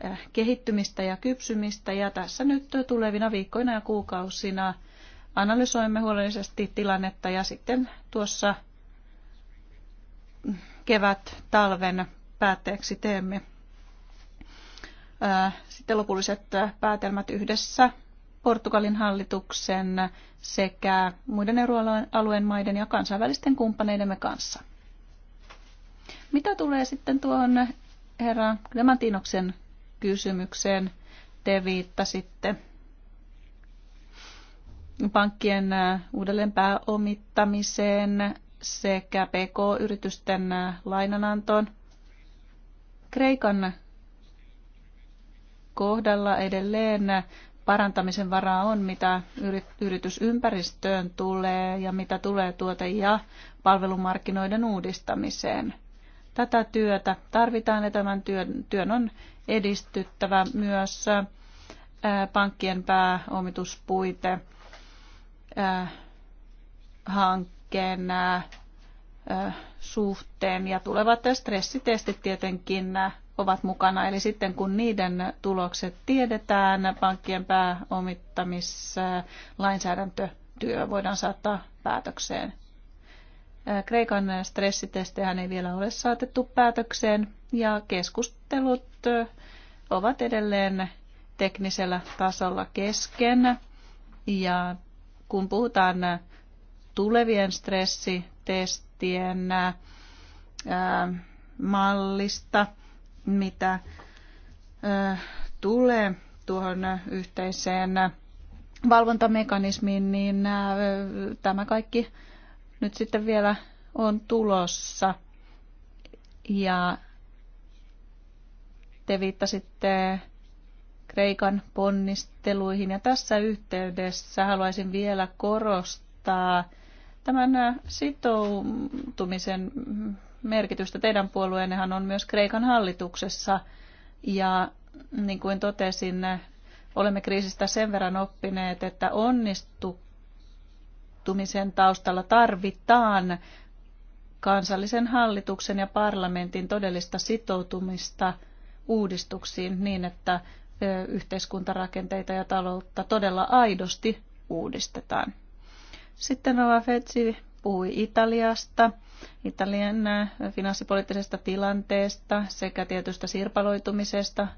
Äh, kehittymistä ja kypsymistä ja tässä nyt tulevina viikkoina ja kuukausina analysoimme huolellisesti tilannetta ja sitten tuossa kevät talven päätteeksi teemme äh, sitten lopulliset päätelmät yhdessä Portugalin hallituksen sekä muiden euroalueen maiden ja kansainvälisten kumppaneidemme kanssa. Mitä tulee sitten tuohon herra Clementinoksen kysymykseen te viittasitte. Pankkien uudelleen pääomittamiseen sekä PK-yritysten lainanantoon. Kreikan kohdalla edelleen parantamisen varaa on, mitä yritysympäristöön tulee ja mitä tulee tuote- ja palvelumarkkinoiden uudistamiseen. Tätä työtä tarvitaan ja tämän työn, työn on edistyttävä myös pankkien pääomituspuite hankkeen suhteen ja tulevat stressitestit tietenkin ovat mukana. Eli sitten kun niiden tulokset tiedetään, pankkien pääomittamislainsäädäntötyö voidaan saattaa päätökseen. Kreikan stressitestejä ei vielä ole saatettu päätökseen ja keskustelut ovat edelleen teknisellä tasolla kesken. Ja kun puhutaan tulevien stressitestien mallista, mitä tulee tuohon yhteiseen valvontamekanismiin, niin tämä kaikki nyt sitten vielä on tulossa. Ja te viittasitte Kreikan ponnisteluihin. Ja tässä yhteydessä haluaisin vielä korostaa tämän sitoutumisen merkitystä. Teidän puolueennehan on myös Kreikan hallituksessa. Ja niin kuin totesin, olemme kriisistä sen verran oppineet, että onnistu muuttumisen taustalla tarvitaan kansallisen hallituksen ja parlamentin todellista sitoutumista uudistuksiin niin, että yhteiskuntarakenteita ja taloutta todella aidosti uudistetaan. Sitten Rova Fetsi puhui Italiasta, Italian finanssipoliittisesta tilanteesta sekä tietystä sirpaloitumisesta.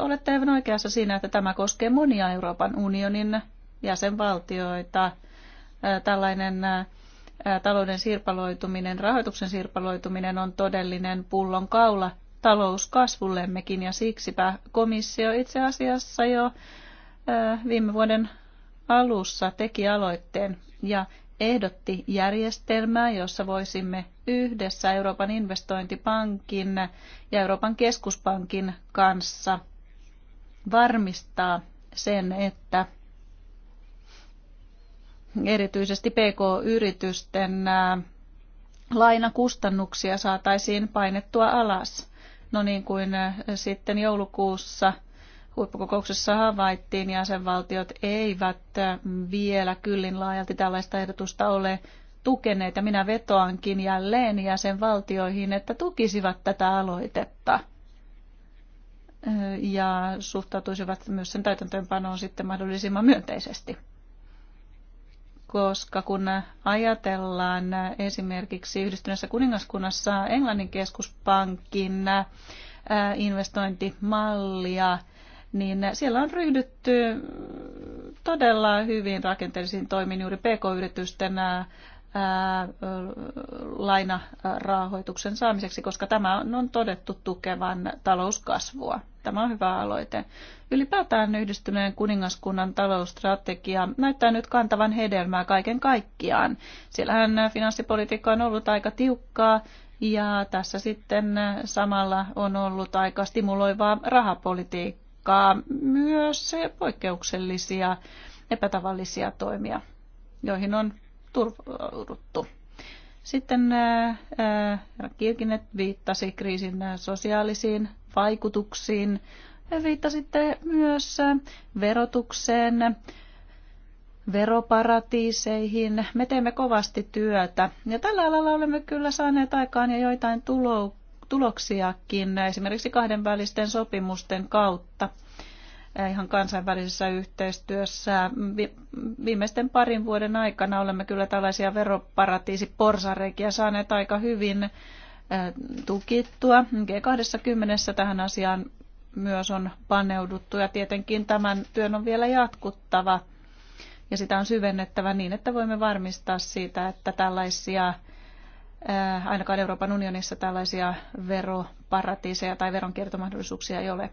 Olette aivan oikeassa siinä, että tämä koskee monia Euroopan unionin jäsenvaltioita tällainen talouden sirpaloituminen, rahoituksen sirpaloituminen on todellinen pullonkaula talouskasvullemmekin ja siksipä komissio itse asiassa jo viime vuoden alussa teki aloitteen ja ehdotti järjestelmää, jossa voisimme yhdessä Euroopan investointipankin ja Euroopan keskuspankin kanssa varmistaa sen, että erityisesti PK-yritysten lainakustannuksia saataisiin painettua alas. No niin kuin sitten joulukuussa huippukokouksessa havaittiin, jäsenvaltiot eivät vielä kyllin laajalti tällaista ehdotusta ole tukeneet. Ja minä vetoankin jälleen jäsenvaltioihin, että tukisivat tätä aloitetta ja suhtautuisivat myös sen täytäntöönpanoon sitten mahdollisimman myönteisesti koska kun ajatellaan esimerkiksi yhdistyneessä kuningaskunnassa Englannin keskuspankin äh, investointimallia, niin siellä on ryhdytty todella hyvin rakenteellisiin toimiin juuri pk-yritysten äh, äh, lainarahoituksen saamiseksi, koska tämä on todettu tukevan talouskasvua. Tämä on hyvä aloite. Ylipäätään yhdistyneen kuningaskunnan talousstrategia näyttää nyt kantavan hedelmää kaiken kaikkiaan. Siellähän finanssipolitiikka on ollut aika tiukkaa ja tässä sitten samalla on ollut aika stimuloivaa rahapolitiikkaa, myös poikkeuksellisia epätavallisia toimia, joihin on turvauduttu. Sitten Kirkinet äh, äh, viittasi kriisin äh, sosiaalisiin vaikutuksiin. Viittasitte myös verotukseen, veroparatiiseihin. Me teemme kovasti työtä ja tällä alalla olemme kyllä saaneet aikaan jo joitain tulo- tuloksiakin esimerkiksi kahdenvälisten sopimusten kautta ihan kansainvälisessä yhteistyössä. Viimeisten parin vuoden aikana olemme kyllä tällaisia veroparatiisiporsareikia saaneet aika hyvin tukittua. G20 tähän asiaan myös on paneuduttu ja tietenkin tämän työn on vielä jatkuttava ja sitä on syvennettävä niin, että voimme varmistaa siitä, että tällaisia ainakaan Euroopan unionissa tällaisia veroparatiiseja tai veronkiertomahdollisuuksia ei ole.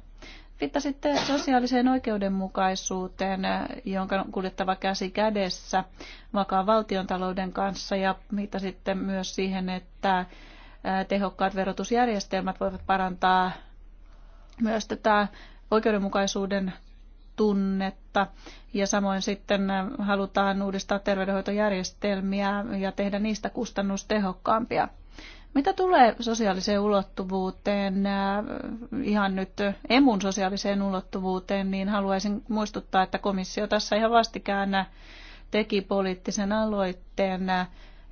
Viittasitte sosiaaliseen oikeudenmukaisuuteen, jonka on kuljettava käsi kädessä vakaan valtiontalouden kanssa ja viittasitte myös siihen, että tehokkaat verotusjärjestelmät voivat parantaa myös tätä oikeudenmukaisuuden tunnetta. Ja samoin sitten halutaan uudistaa terveydenhoitojärjestelmiä ja tehdä niistä kustannustehokkaampia. Mitä tulee sosiaaliseen ulottuvuuteen, ihan nyt emun sosiaaliseen ulottuvuuteen, niin haluaisin muistuttaa, että komissio tässä ihan vastikään teki poliittisen aloitteen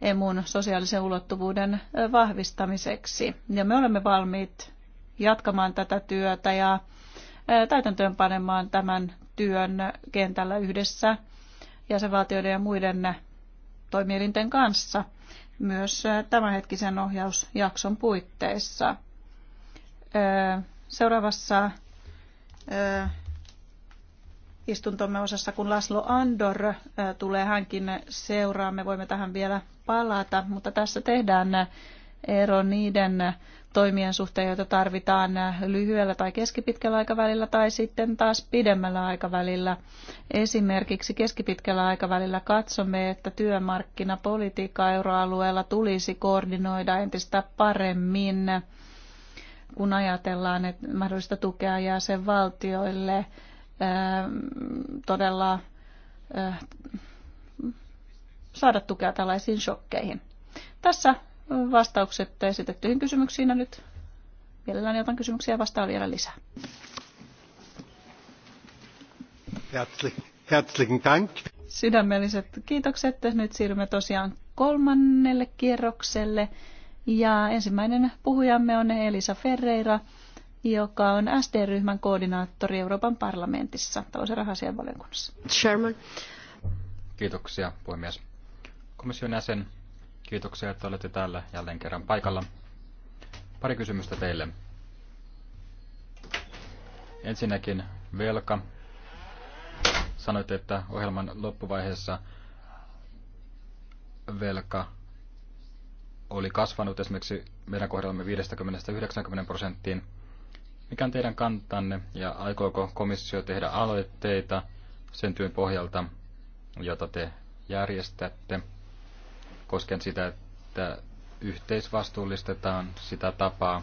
emun sosiaalisen ulottuvuuden vahvistamiseksi. Ja me olemme valmiit jatkamaan tätä työtä ja täytäntöönpanemaan tämän työn kentällä yhdessä jäsenvaltioiden ja muiden toimielinten kanssa myös tämänhetkisen ohjausjakson puitteissa. Seuraavassa istuntomme osassa, kun Laslo Andor äh, tulee hänkin seuraan. Me voimme tähän vielä palata, mutta tässä tehdään äh, ero niiden toimien suhteen, joita tarvitaan äh, lyhyellä tai keskipitkällä aikavälillä tai sitten taas pidemmällä aikavälillä. Esimerkiksi keskipitkällä aikavälillä katsomme, että työmarkkinapolitiikka euroalueella tulisi koordinoida entistä paremmin, kun ajatellaan että mahdollista tukea valtioille todella saada tukea tällaisiin shokkeihin. Tässä vastaukset esitettyihin kysymyksiin ja nyt mielelläni otan kysymyksiä ja vastaan vielä lisää. Herzlichen Dank. Sydämelliset kiitokset. Nyt siirrymme tosiaan kolmannelle kierrokselle. Ja ensimmäinen puhujamme on Elisa Ferreira joka on SD-ryhmän koordinaattori Euroopan parlamentissa, talous- ja rahasianvaliokunnassa. Sherman. Kiitoksia, puhemies. Komission jäsen, kiitoksia, että olette täällä jälleen kerran paikalla. Pari kysymystä teille. Ensinnäkin velka. Sanoitte, että ohjelman loppuvaiheessa velka oli kasvanut esimerkiksi meidän kohdallamme 50-90 prosenttiin. Mikä on teidän kantanne ja aikooko komissio tehdä aloitteita sen työn pohjalta, jota te järjestätte, koskien sitä, että yhteisvastuullistetaan sitä tapaa,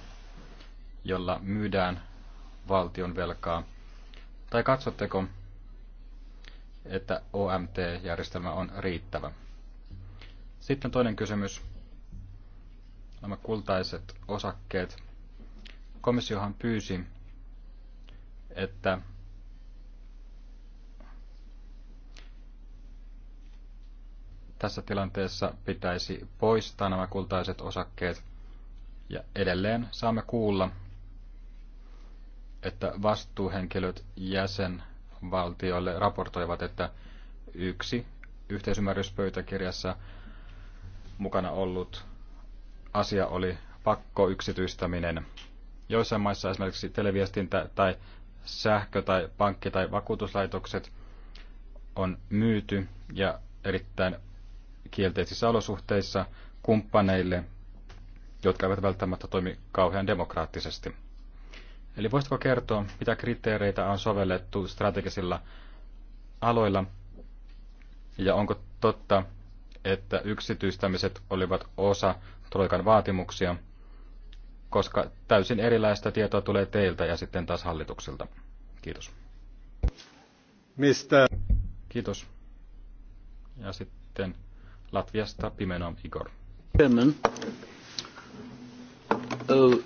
jolla myydään valtion velkaa? Tai katsotteko, että OMT-järjestelmä on riittävä? Sitten toinen kysymys. Nämä kultaiset osakkeet Komissiohan pyysi, että tässä tilanteessa pitäisi poistaa nämä kultaiset osakkeet. Ja edelleen saamme kuulla, että vastuuhenkilöt jäsenvaltioille raportoivat, että yksi yhteisymmärryspöytäkirjassa mukana ollut asia oli pakko yksityistäminen joissain maissa esimerkiksi televiestintä tai sähkö tai pankki tai vakuutuslaitokset on myyty ja erittäin kielteisissä olosuhteissa kumppaneille, jotka eivät välttämättä toimi kauhean demokraattisesti. Eli voisitko kertoa, mitä kriteereitä on sovellettu strategisilla aloilla ja onko totta, että yksityistämiset olivat osa Troikan vaatimuksia – koska täysin erilaista tietoa tulee teiltä ja sitten taas hallitukselta. Kiitos. Mistä? Kiitos. Ja sitten Latviasta Pimeno Igor. Chairman. Oh,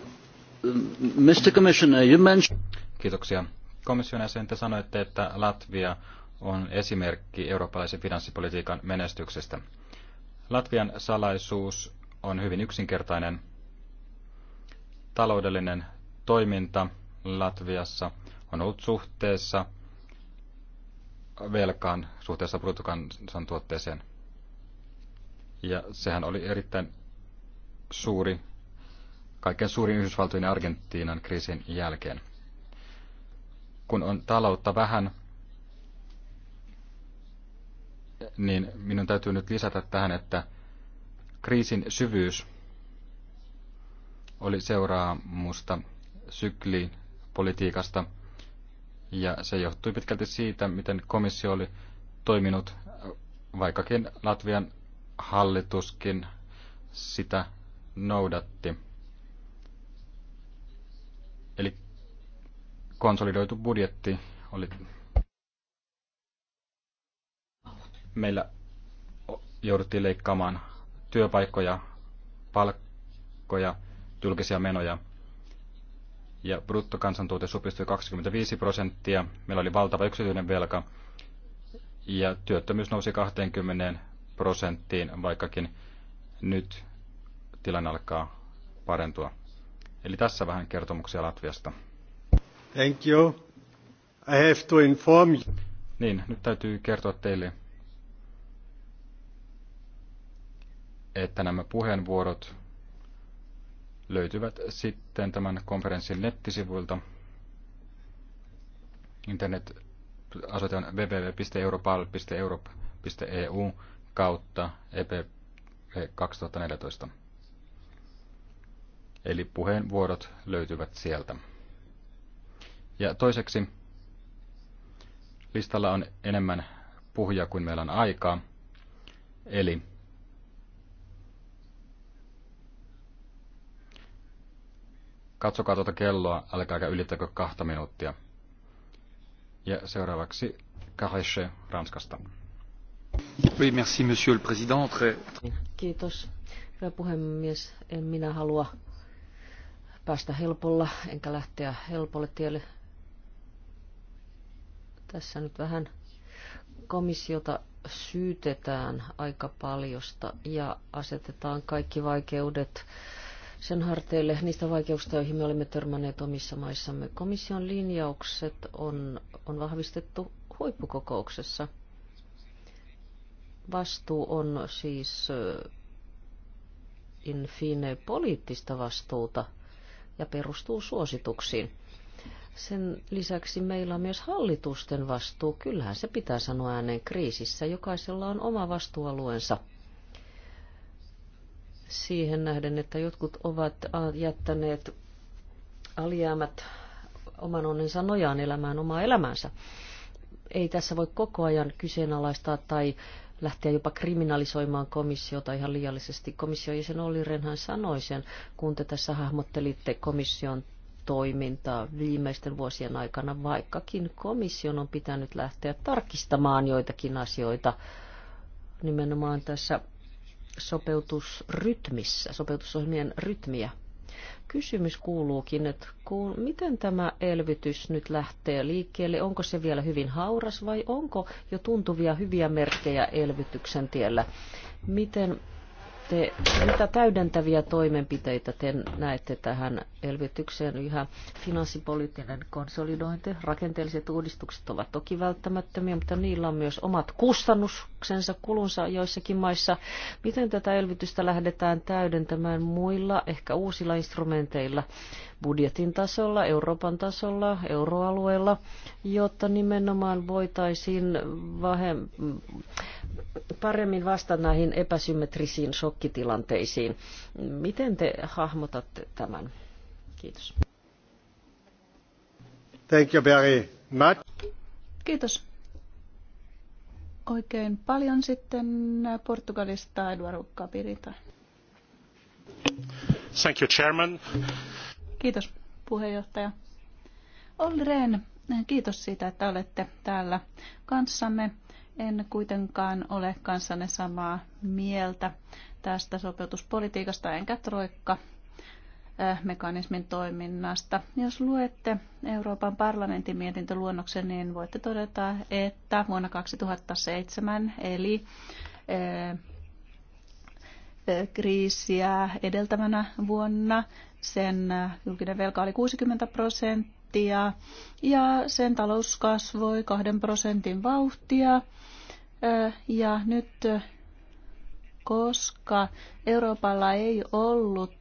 Mr. Commissioner, you mentioned... Kiitoksia. Komission jäsen, te sanoitte, että Latvia on esimerkki eurooppalaisen finanssipolitiikan menestyksestä. Latvian salaisuus on hyvin yksinkertainen taloudellinen toiminta Latviassa on ollut suhteessa velkaan suhteessa bruttokansantuotteeseen. Ja sehän oli erittäin suuri, kaiken suurin Yhdysvaltojen ja Argentiinan kriisin jälkeen. Kun on taloutta vähän, niin minun täytyy nyt lisätä tähän, että kriisin syvyys oli seuraamusta syklipolitiikasta, ja se johtui pitkälti siitä, miten komissio oli toiminut, vaikkakin Latvian hallituskin sitä noudatti. Eli konsolidoitu budjetti oli meillä jouduttiin leikkaamaan työpaikkoja, palkkoja – julkisia menoja. Ja bruttokansantuote supistui 25 prosenttia. Meillä oli valtava yksityinen velka. Ja työttömyys nousi 20 prosenttiin, vaikkakin nyt tilanne alkaa parentua. Eli tässä vähän kertomuksia Latviasta. Thank you. I have to inform you. Niin, nyt täytyy kertoa teille, että nämä puheenvuorot löytyvät sitten tämän konferenssin nettisivuilta. Internet-asoite on www.europal.europe.eu kautta EP2014. E Eli puheenvuorot löytyvät sieltä. Ja toiseksi listalla on enemmän puhuja kuin meillä on aikaa. Eli Katsokaa tuota kelloa, älkääkä ylittäkö kahta minuuttia. Ja seuraavaksi Carreche Ranskasta. Oui, merci, monsieur le président. Kiitos, hyvä puhemies. En minä halua päästä helpolla, enkä lähteä helpolle tielle. Tässä nyt vähän komissiota syytetään aika paljosta ja asetetaan kaikki vaikeudet äh, sen harteille niistä vaikeuksista, joihin me olemme törmänneet omissa maissamme. Komission linjaukset on, on vahvistettu huippukokouksessa. Vastuu on siis eh, in fine poliittista vastuuta ja perustuu suosituksiin. Sen lisäksi meillä on myös hallitusten vastuu. Kyllähän se pitää sanoa ääneen kriisissä. Jokaisella on oma vastuualueensa – siihen nähden, että jotkut ovat jättäneet alijäämät oman onnensa nojaan elämään omaa elämäänsä. Ei tässä voi koko ajan kyseenalaistaa tai lähteä jopa kriminalisoimaan komissiota ihan liiallisesti. Komission jäsen Olli Renhan sanoi sen, kun te tässä hahmottelitte komission toimintaa viimeisten vuosien aikana, vaikkakin komission on pitänyt lähteä tarkistamaan joitakin asioita nimenomaan tässä sopeutusrytmissä, sopeutusohjelmien rytmiä. Kysymys kuuluukin, että kun, miten tämä elvytys nyt lähtee liikkeelle? Onko se vielä hyvin hauras vai onko jo tuntuvia hyviä merkkejä elvytyksen tiellä? Miten te, mitä täydentäviä toimenpiteitä te näette tähän elvytykseen? Yhä finanssipoliittinen konsolidointi, rakenteelliset uudistukset ovat toki välttämättömiä, mutta niillä on myös omat kustannuksensa, kulunsa joissakin maissa. Miten tätä elvytystä lähdetään täydentämään muilla, ehkä uusilla instrumenteilla, budjetin tasolla, Euroopan tasolla, euroalueella, jotta nimenomaan voitaisiin vähemmän paremmin vastata näihin epäsymmetrisiin shokkitilanteisiin. Miten te hahmotatte tämän? Kiitos. Thank you very much. Kiitos. Oikein paljon sitten Portugalista Eduardo Capirita. Thank you, Chairman. Kiitos puheenjohtaja. Olli Rehn, kiitos siitä, että olette täällä kanssamme en kuitenkaan ole kanssanne samaa mieltä tästä sopeutuspolitiikasta enkä troikka äh, mekanismin toiminnasta. Jos luette Euroopan parlamentin mietintöluonnoksen, niin voitte todeta, että vuonna 2007, eli äh, äh, kriisiä edeltävänä vuonna, sen julkinen velka oli 60 prosenttia prosenttia ja sen talous kasvoi kahden prosentin vauhtia. Ja nyt koska Euroopalla ei ollut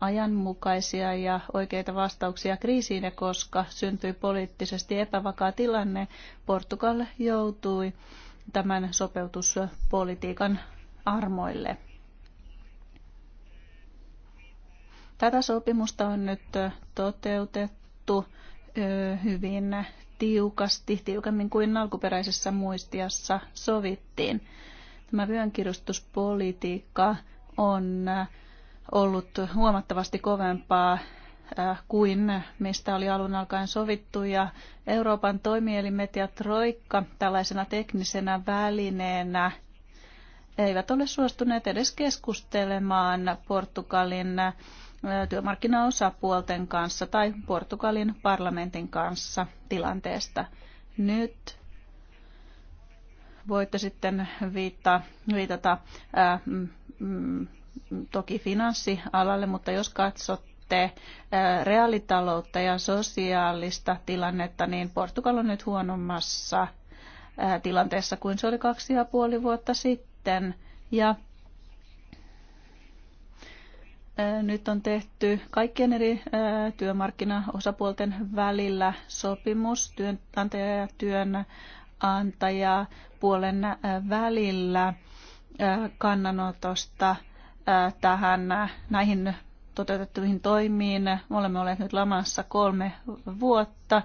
ajanmukaisia ja oikeita vastauksia kriisiin ja koska syntyi poliittisesti epävakaa tilanne, Portugal joutui tämän sopeutuspolitiikan armoille. Tätä sopimusta on nyt toteutettu ö, hyvin tiukasti, tiukemmin kuin alkuperäisessä muistiassa sovittiin. Tämä vyönkirustuspolitiikka on ollut huomattavasti kovempaa kuin mistä oli alun alkaen sovittu. Ja Euroopan toimielimet ja Troikka tällaisena teknisenä välineenä eivät ole suostuneet edes keskustelemaan Portugalin työmarkkinaosapuolten kanssa tai Portugalin parlamentin kanssa tilanteesta. Nyt voitte sitten viittaa, viitata ää, mm, mm, toki finanssialalle, mutta jos katsotte ää, reaalitaloutta ja sosiaalista tilannetta, niin Portugal on nyt huonommassa ää, tilanteessa kuin se oli kaksi ja puoli vuotta sitten. Ja nyt on tehty kaikkien eri työmarkkinaosapuolten välillä sopimus työnantaja ja työnantaja puolen välillä kannanotosta tähän näihin toteutettuihin toimiin. Me olemme olleet nyt lamassa kolme vuotta.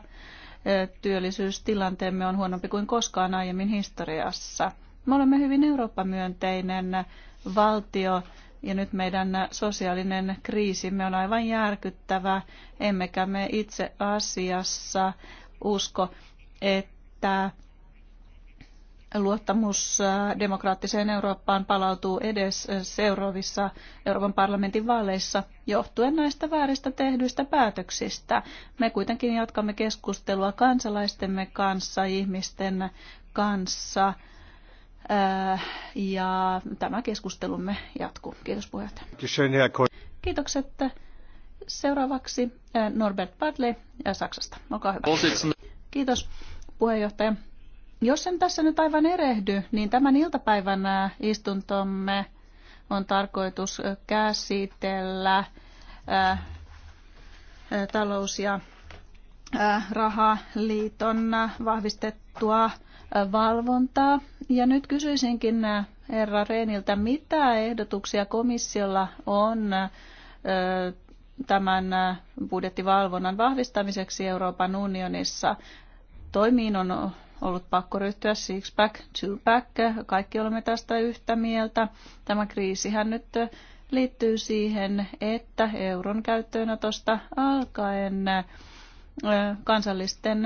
Työllisyystilanteemme on huonompi kuin koskaan aiemmin historiassa. Me olemme hyvin Eurooppa-myönteinen valtio ja nyt meidän sosiaalinen kriisimme on aivan järkyttävä, emmekä me itse asiassa usko, että luottamus äh, demokraattiseen Eurooppaan palautuu edes seuraavissa Euroopan parlamentin vaaleissa johtuen näistä vääristä tehdyistä päätöksistä. Me kuitenkin jatkamme keskustelua kansalaistemme kanssa, ihmisten kanssa Äh, ja tämä keskustelumme jatkuu. Kiitos puheenjohtaja. Kiitokset. Seuraavaksi äh, Norbert ja äh, Saksasta. Olkaa hyvä. Kiitos puheenjohtaja. Jos en tässä nyt aivan erehdy, niin tämän iltapäivän istuntomme on tarkoitus käsitellä talous- ja rahaliiton vahvistettua valvontaa. Ja nyt kysyisinkin herra Reeniltä, mitä ehdotuksia komissiolla on tämän budjettivalvonnan vahvistamiseksi Euroopan unionissa? Toimiin on ollut pakko ryhtyä six-pack, two-pack, kaikki olemme tästä yhtä mieltä. Tämä kriisihän nyt liittyy siihen, että euron käyttöönotosta alkaen kansallisten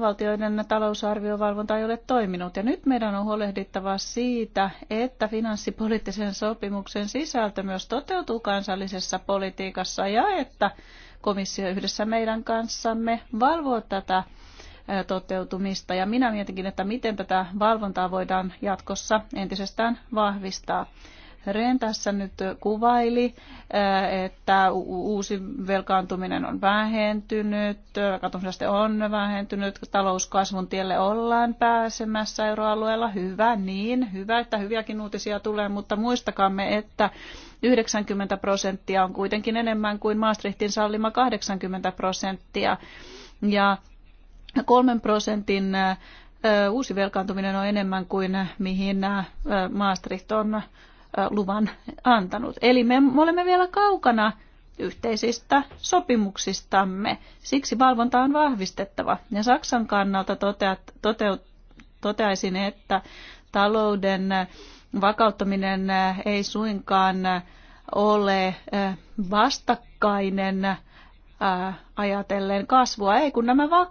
valtioiden talousarviovalvonta ei ole toiminut. Ja nyt meidän on huolehdittava siitä, että finanssipoliittisen sopimuksen sisältö myös toteutuu kansallisessa politiikassa ja että komissio yhdessä meidän kanssamme valvoo tätä toteutumista. Ja minä mietinkin, että miten tätä valvontaa voidaan jatkossa entisestään vahvistaa. Ren tässä nyt kuvaili, äh, että uusi velkaantuminen on vähentynyt, velkaantumisaste on vähentynyt, talouskasvun tielle ollaan pääsemässä euroalueella. Hyvä niin, hyvä, että hyviäkin uutisia tulee, mutta muistakaamme, että 90 prosenttia on kuitenkin enemmän kuin Maastrichtin sallima 80 prosenttia. Ja kolmen prosentin äh, uusi velkaantuminen on enemmän kuin mihin äh, Maastricht on luvan antanut. Eli me olemme vielä kaukana yhteisistä sopimuksistamme. Siksi valvonta on vahvistettava. Ja Saksan kannalta toteat, toteut, toteaisin, että talouden vakauttaminen ei suinkaan ole vastakkainen ajatellen kasvua. Ei, kun, nämä va-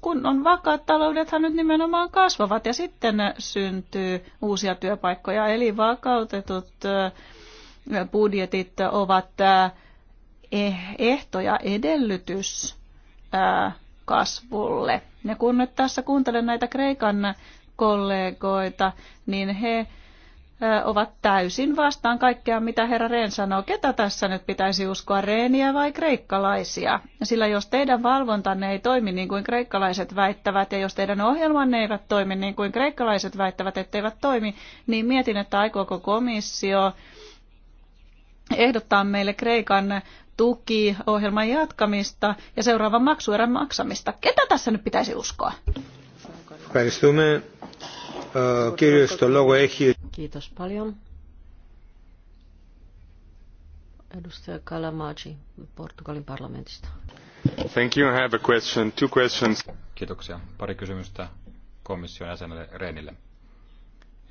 kun on vakaat taloudethan nyt nimenomaan kasvavat ja sitten syntyy uusia työpaikkoja. Eli vakautetut budjetit ovat eh-, ehto ja edellytys kasvulle. Ja kun nyt tässä kuuntelen näitä Kreikan kollegoita, niin he ovat täysin vastaan kaikkea, mitä herra Rehn sanoo. Ketä tässä nyt pitäisi uskoa, Reeniä vai kreikkalaisia? Sillä jos teidän valvontanne ei toimi niin kuin kreikkalaiset väittävät, ja jos teidän ohjelmanne eivät toimi niin kuin kreikkalaiset väittävät, etteivät toimi, niin mietin, että aikooko komissio ehdottaa meille Kreikan ohjelman jatkamista ja seuraavan maksuerän maksamista. Ketä tässä nyt pitäisi uskoa? Päristumme. Ο logo το Kiitos paljon. Edustaja Kalamaji Portugalin parlamentista. Thank you. I have a question. Two questions. Kiitoksia. Pari kysymystä komission jäsenelle Reenille.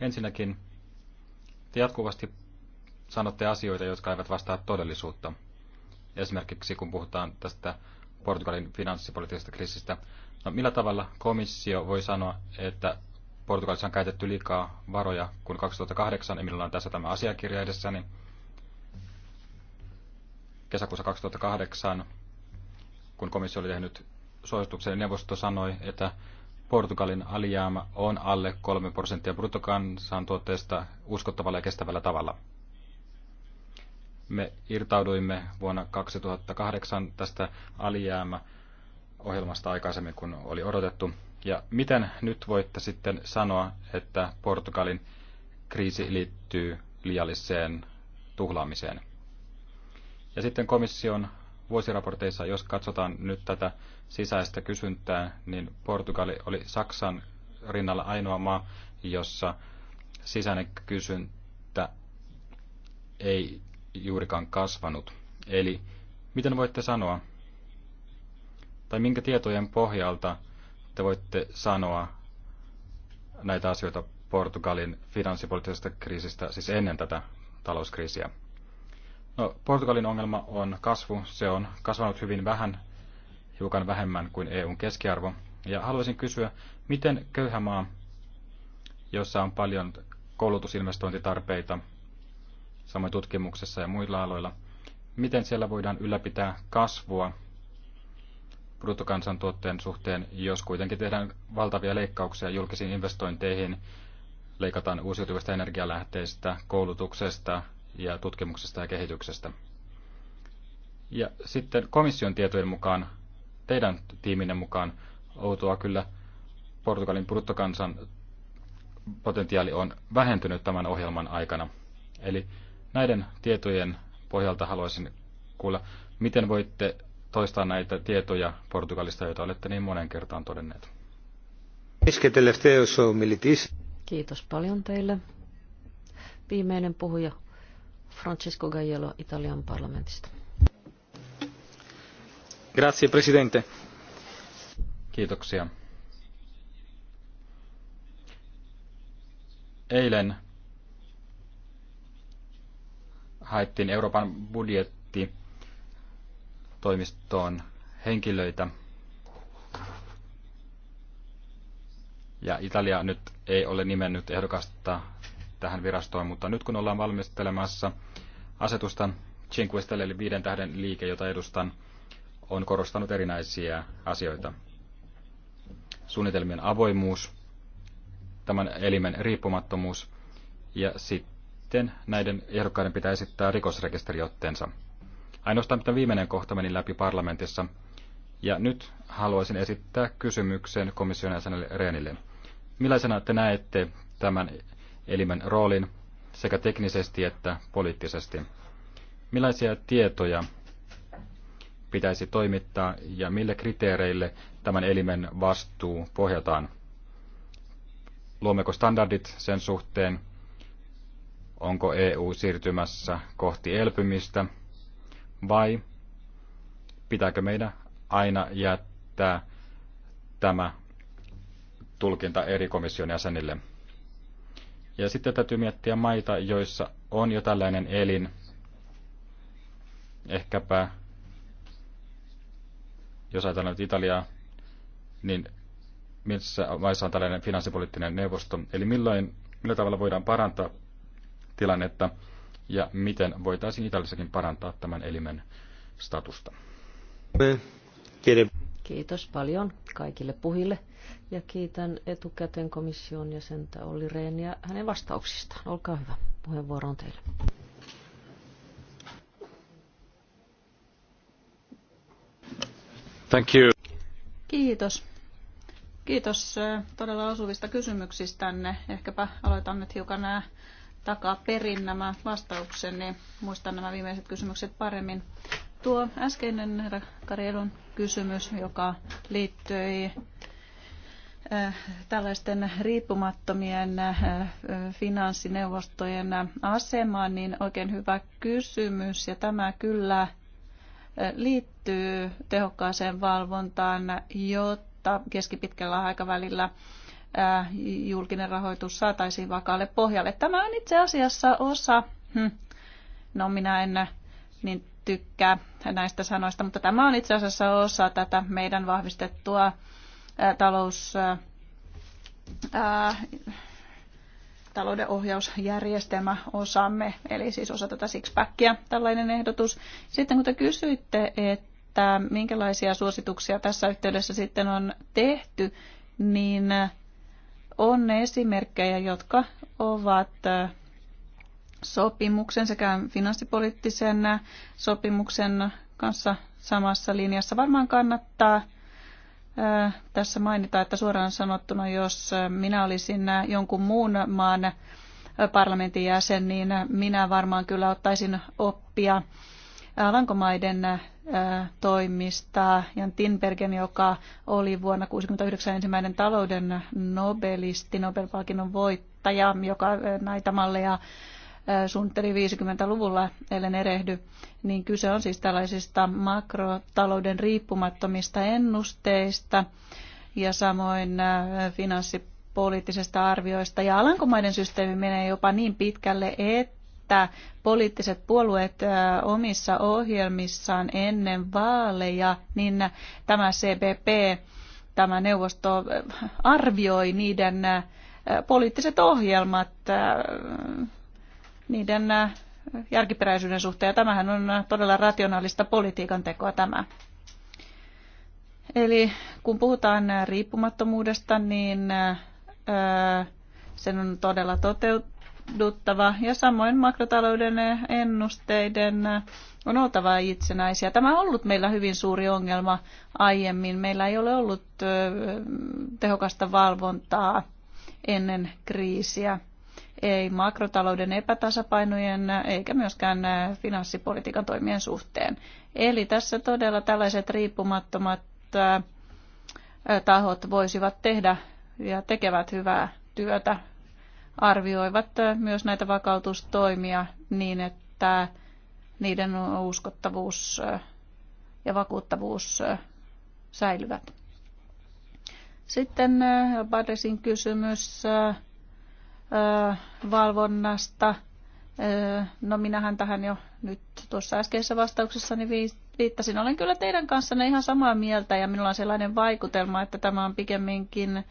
Ensinnäkin, te jatkuvasti sanotte asioita, jotka eivät vastaa todellisuutta. Esimerkiksi kun puhutaan tästä Portugalin finanssipoliittisesta kriisistä, no millä tavalla komissio voi sanoa, että Portugalissa on käytetty liikaa varoja, kun 2008, ja minulla on tässä tämä asiakirja edessäni, niin kesäkuussa 2008, kun komissio oli tehnyt suosituksen, niin neuvosto sanoi, että Portugalin alijäämä on alle 3 prosenttia bruttokansantuotteesta uskottavalla ja kestävällä tavalla. Me irtauduimme vuonna 2008 tästä alijäämäohjelmasta aikaisemmin kun oli odotettu, ja miten nyt voitte sitten sanoa, että Portugalin kriisi liittyy liialliseen tuhlaamiseen? Ja sitten komission vuosiraporteissa, jos katsotaan nyt tätä sisäistä kysyntää, niin Portugali oli Saksan rinnalla ainoa maa, jossa sisäinen kysyntä ei juurikaan kasvanut. Eli miten voitte sanoa, tai minkä tietojen pohjalta te voitte sanoa näitä asioita Portugalin finanssipoliittisesta kriisistä, siis ennen tätä talouskriisiä? No, Portugalin ongelma on kasvu. Se on kasvanut hyvin vähän, hiukan vähemmän kuin EUn keskiarvo. Ja haluaisin kysyä, miten köyhä maa, jossa on paljon koulutusinvestointitarpeita, samoin tutkimuksessa ja muilla aloilla, miten siellä voidaan ylläpitää kasvua bruttokansantuotteen suhteen, jos kuitenkin tehdään valtavia leikkauksia julkisiin investointeihin, leikataan uusiutuvista energialähteistä, koulutuksesta ja tutkimuksesta ja kehityksestä. Ja sitten komission tietojen mukaan, teidän tiiminen mukaan, outoa kyllä, Portugalin bruttokansan potentiaali on vähentynyt tämän ohjelman aikana. Eli näiden tietojen pohjalta haluaisin kuulla, miten voitte toistaa näitä tietoja Portugalista, joita olette niin monen kertaan todenneet. Kiitos paljon teille. Viimeinen puhuja Francesco Gaiello Italian parlamentista. Grazie, presidente. Kiitoksia. Eilen haettiin Euroopan budjet, toimistoon henkilöitä. Ja Italia nyt ei ole nimennyt ehdokasta tähän virastoon, mutta nyt kun ollaan valmistelemassa asetusta, Cinque Stelle eli viiden tähden liike, jota edustan, on korostanut erinäisiä asioita. Suunnitelmien avoimuus, tämän elimen riippumattomuus ja sitten näiden ehdokkaiden pitää esittää rikosrekisteriotteensa. Ainoastaan tämä viimeinen kohta meni läpi parlamentissa. Ja nyt haluaisin esittää kysymyksen komission jäsenelle Rehnille. Millaisena te näette tämän elimen roolin sekä teknisesti että poliittisesti? Millaisia tietoja pitäisi toimittaa ja mille kriteereille tämän elimen vastuu pohjataan? Luommeko standardit sen suhteen? Onko EU siirtymässä kohti elpymistä? vai pitääkö meidän aina jättää tämä tulkinta eri komission jäsenille. Ja sitten täytyy miettiä maita, joissa on jo tällainen elin. Ehkäpä, jos ajatellaan nyt Italiaa, niin missä maissa on tällainen finanssipoliittinen neuvosto. Eli milloin, millä tavalla voidaan parantaa tilannetta ja miten voitaisiin Italiassakin parantaa tämän elimen statusta. Kiitos paljon kaikille puhille ja kiitän etukäteen komission jäsentä Olli ja hänen vastauksistaan. Olkaa hyvä, puheenvuoro on teille. Thank you. Kiitos. Kiitos todella osuvista kysymyksistänne. Ehkäpä aloitan nyt hiukan takaperin nämä vastauksenne. Muistan nämä viimeiset kysymykset paremmin. Tuo äskeinen herra kysymys, joka liittyi äh, tällaisten riippumattomien äh, finanssineuvostojen asemaan, niin oikein hyvä kysymys. Ja tämä kyllä äh, liittyy tehokkaaseen valvontaan, jotta keskipitkällä aikavälillä julkinen rahoitus saataisiin vakaalle pohjalle. Tämä on itse asiassa osa, hm, no minä en niin tykkää näistä sanoista, mutta tämä on itse asiassa osa tätä meidän vahvistettua talous, ää, talouden ohjausjärjestelmä osamme, eli siis osa tätä sixpackia, tällainen ehdotus. Sitten kun te kysyitte, että minkälaisia suosituksia tässä yhteydessä sitten on tehty, niin on esimerkkejä, jotka ovat sopimuksen sekä finanssipoliittisen sopimuksen kanssa samassa linjassa. Varmaan kannattaa tässä mainita, että suoraan sanottuna, jos minä olisin jonkun muun maan parlamentin jäsen, niin minä varmaan kyllä ottaisin oppia Alankomaiden toimista. Jan Tinbergen, joka oli vuonna 1969 ensimmäinen talouden nobelisti, Nobel-palkinnon voittaja, joka näitä malleja suunnitteli 50-luvulla, ellen erehdy, niin kyse on siis tällaisista makrotalouden riippumattomista ennusteista ja samoin finanssipoliittisista arvioista. Ja Alankomaiden systeemi menee jopa niin pitkälle, että että poliittiset puolueet omissa ohjelmissaan ennen vaaleja, niin tämä CBP, tämä neuvosto arvioi niiden poliittiset ohjelmat, niiden järkiperäisyyden suhteen. Ja tämähän on todella rationaalista politiikan tekoa tämä. Eli kun puhutaan riippumattomuudesta, niin sen on todella toteut- tukahduttava ja samoin makrotalouden ennusteiden on oltava itsenäisiä. Tämä on ollut meillä hyvin suuri ongelma aiemmin. Meillä ei ole ollut tehokasta valvontaa ennen kriisiä. Ei makrotalouden epätasapainojen eikä myöskään finanssipolitiikan toimien suhteen. Eli tässä todella tällaiset riippumattomat tahot voisivat tehdä ja tekevät hyvää työtä arvioivat myös näitä vakautustoimia niin, että niiden uskottavuus ja vakuuttavuus säilyvät. Sitten Badesin kysymys valvonnasta. No minähän tähän jo nyt tuossa äskeisessä vastauksessani viittasin. Olen kyllä teidän kanssanne ihan samaa mieltä ja minulla on sellainen vaikutelma, että tämä on pikemminkin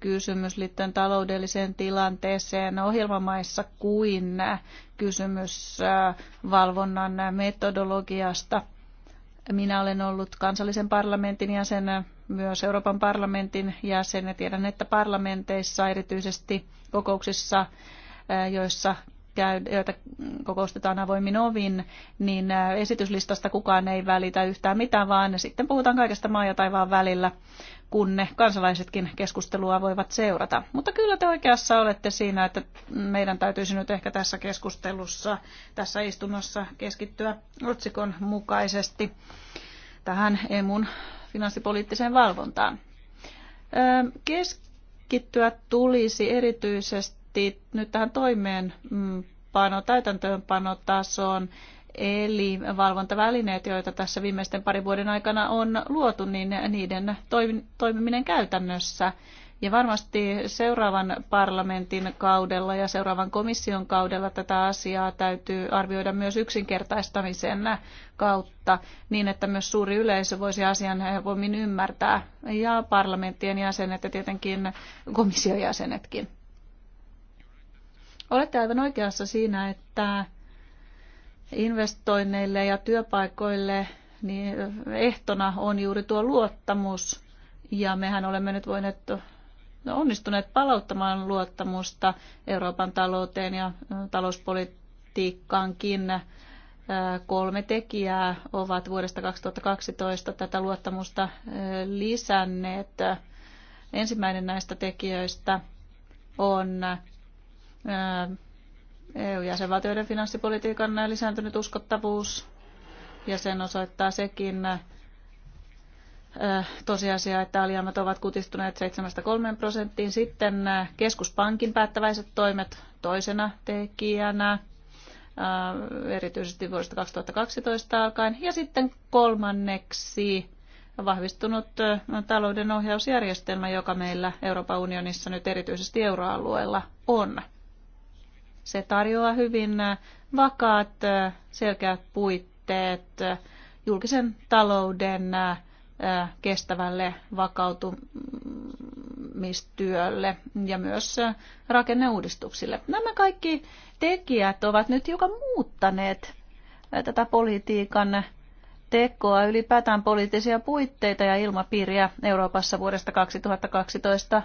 kysymys liittyen taloudelliseen tilanteeseen ohjelmamaissa kuin kysymys valvonnan metodologiasta. Minä olen ollut kansallisen parlamentin jäsen, myös Euroopan parlamentin jäsen ja tiedän, että parlamenteissa erityisesti kokouksissa, joissa joita kokoustetaan avoimin ovin, niin esityslistasta kukaan ei välitä yhtään mitään, vaan sitten puhutaan kaikesta maa ja taivaan välillä kun ne kansalaisetkin keskustelua voivat seurata. Mutta kyllä te oikeassa olette siinä, että meidän täytyisi nyt ehkä tässä keskustelussa, tässä istunnossa keskittyä otsikon mukaisesti tähän EMUn finanssipoliittiseen valvontaan. Keskittyä tulisi erityisesti nyt tähän toimeenpano, täytäntöönpanotasoon Eli valvontavälineet, joita tässä viimeisten parin vuoden aikana on luotu, niin niiden toimiminen käytännössä. Ja varmasti seuraavan parlamentin kaudella ja seuraavan komission kaudella tätä asiaa täytyy arvioida myös yksinkertaistamisen kautta, niin että myös suuri yleisö voisi asian helpommin ymmärtää, ja parlamenttien jäsenet ja tietenkin komission jäsenetkin. Olette aivan oikeassa siinä, että investoinneille ja työpaikoille niin ehtona on juuri tuo luottamus. Ja mehän olemme nyt voineet no, onnistuneet palauttamaan luottamusta Euroopan talouteen ja talouspolitiikkaankin. Kolme tekijää ovat vuodesta 2012 tätä luottamusta lisänneet. Ensimmäinen näistä tekijöistä on EU-jäsenvaltioiden finanssipolitiikan lisääntynyt uskottavuus ja sen osoittaa sekin äh, tosiasia, että alijäämät ovat kutistuneet 7-3 prosenttiin. Sitten äh, keskuspankin päättäväiset toimet toisena tekijänä, äh, erityisesti vuodesta 2012 alkaen. Ja sitten kolmanneksi vahvistunut talouden ohjausjärjestelmä, joka meillä Euroopan unionissa nyt erityisesti euroalueella on. Se tarjoaa hyvin äh, vakaat, äh, selkeät puitteet äh, julkisen talouden kestävälle vakautumistyölle ja myös rakenneuudistuksille. Nämä kaikki tekijät ovat nyt hiukan muuttaneet tätä politiikan tekoa, ylipäätään poliittisia puitteita ja ilmapiiriä Euroopassa vuodesta 2012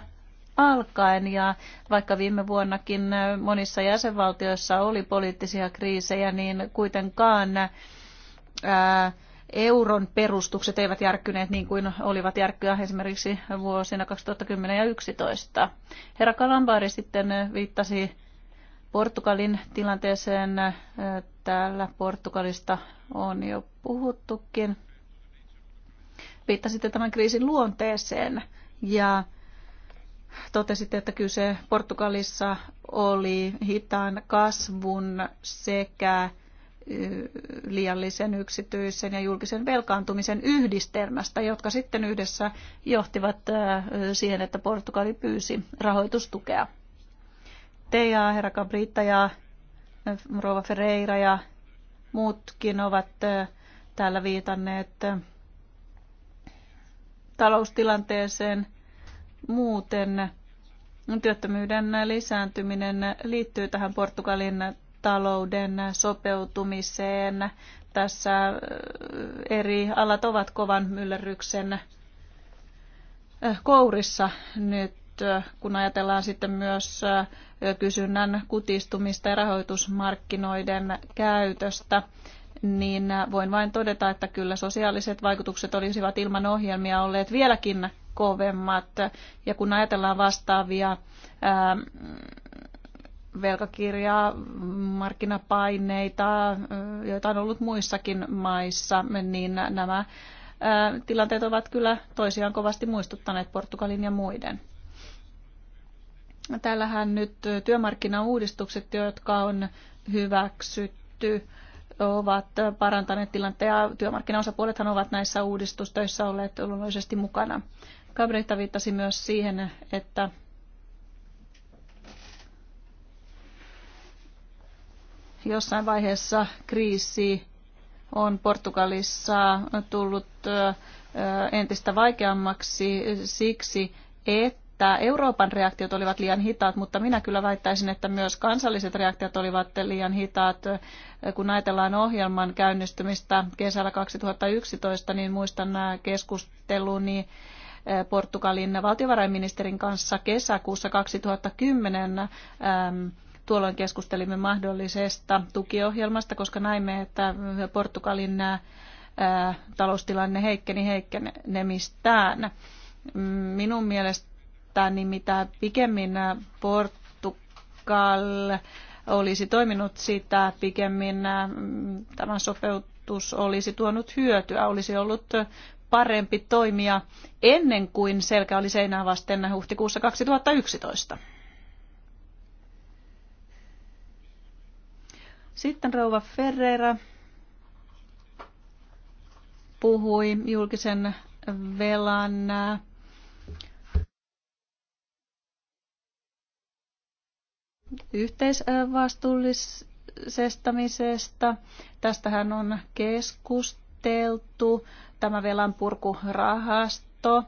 alkaen ja vaikka viime vuonnakin monissa jäsenvaltioissa oli poliittisia kriisejä, niin kuitenkaan ää, euron perustukset eivät järkkyneet niin kuin olivat järkkyä esimerkiksi vuosina 2010 ja 2011. Herra Kalambari sitten viittasi Portugalin tilanteeseen. Täällä Portugalista on jo puhuttukin. Viittasitte tämän kriisin luonteeseen ja Totesitte, että kyse Portugalissa oli hitaan kasvun sekä liiallisen yksityisen ja julkisen velkaantumisen yhdistelmästä, jotka sitten yhdessä johtivat siihen, että Portugali pyysi rahoitustukea. Te ja herra Cabrita ja Rova Ferreira ja muutkin ovat täällä viitanneet taloustilanteeseen, muuten työttömyyden lisääntyminen liittyy tähän Portugalin talouden sopeutumiseen. Tässä eh, eri alat ovat kovan myllerryksen eh, kourissa nyt, eh, kun ajatellaan sitten myös kysynnän kutistumista ja rahoitusmarkkinoiden käytöstä niin voin vain todeta, että kyllä sosiaaliset vaikutukset olisivat ilman ohjelmia olleet vieläkin kovemmat. Ja kun ajatellaan vastaavia ää, velkakirjaa, markkinapaineita, joita on ollut muissakin maissa, niin nämä tilanteet ovat kyllä toisiaan kovasti muistuttaneet Portugalin ja muiden. Täällähän nyt työmarkkinauudistukset, jotka on hyväksytty, ovat parantaneet tilanteen ja työmarkkinaosapuolethan ovat näissä uudistustöissä olleet luonnollisesti mukana. Gabrietta viittasi myös siihen, että jossain vaiheessa kriisi on Portugalissa tullut entistä vaikeammaksi siksi, että Euroopan reaktiot olivat liian hitaat, mutta minä kyllä väittäisin, että myös kansalliset reaktiot olivat liian hitaat. Kun ajatellaan ohjelman käynnistymistä kesällä 2011, niin muistan keskusteluni niin Portugalin valtiovarainministerin kanssa kesäkuussa 2010 ähm, tuolloin keskustelimme mahdollisesta tukiohjelmasta, koska näimme, että Portugalin äh, taloustilanne heikkeni heikkenemistään. Minun mielestäni mitä pikemmin Portugal olisi toiminut sitä, pikemmin äh, tämä sopeutus olisi tuonut hyötyä, olisi ollut parempi toimia ennen kuin selkä oli seinää vasten huhtikuussa 2011. Sitten rouva Ferreira puhui julkisen velan äh, yhteisvastuullisestamisesta. Tästähän on keskusteltu tämä velanpurkurahasto,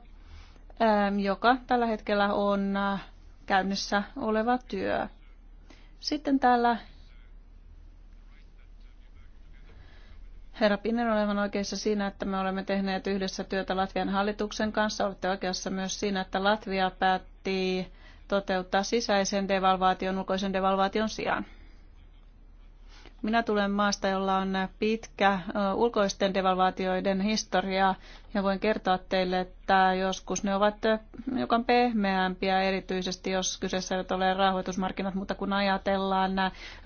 ähm, joka tällä hetkellä on äh, käynnissä oleva työ. Sitten täällä Herra Pinner on aivan oikeassa siinä, että me olemme tehneet yhdessä työtä Latvian hallituksen kanssa. Olette oikeassa myös siinä, että Latvia päätti toteuttaa sisäisen devalvaation ulkoisen devalvaation sijaan. Minä tulen maasta, jolla on pitkä ulkoisten devalvaatioiden historia ja voin kertoa teille, että joskus ne ovat hiukan pehmeämpiä, erityisesti jos kyseessä ei ole rahoitusmarkkinat, mutta kun ajatellaan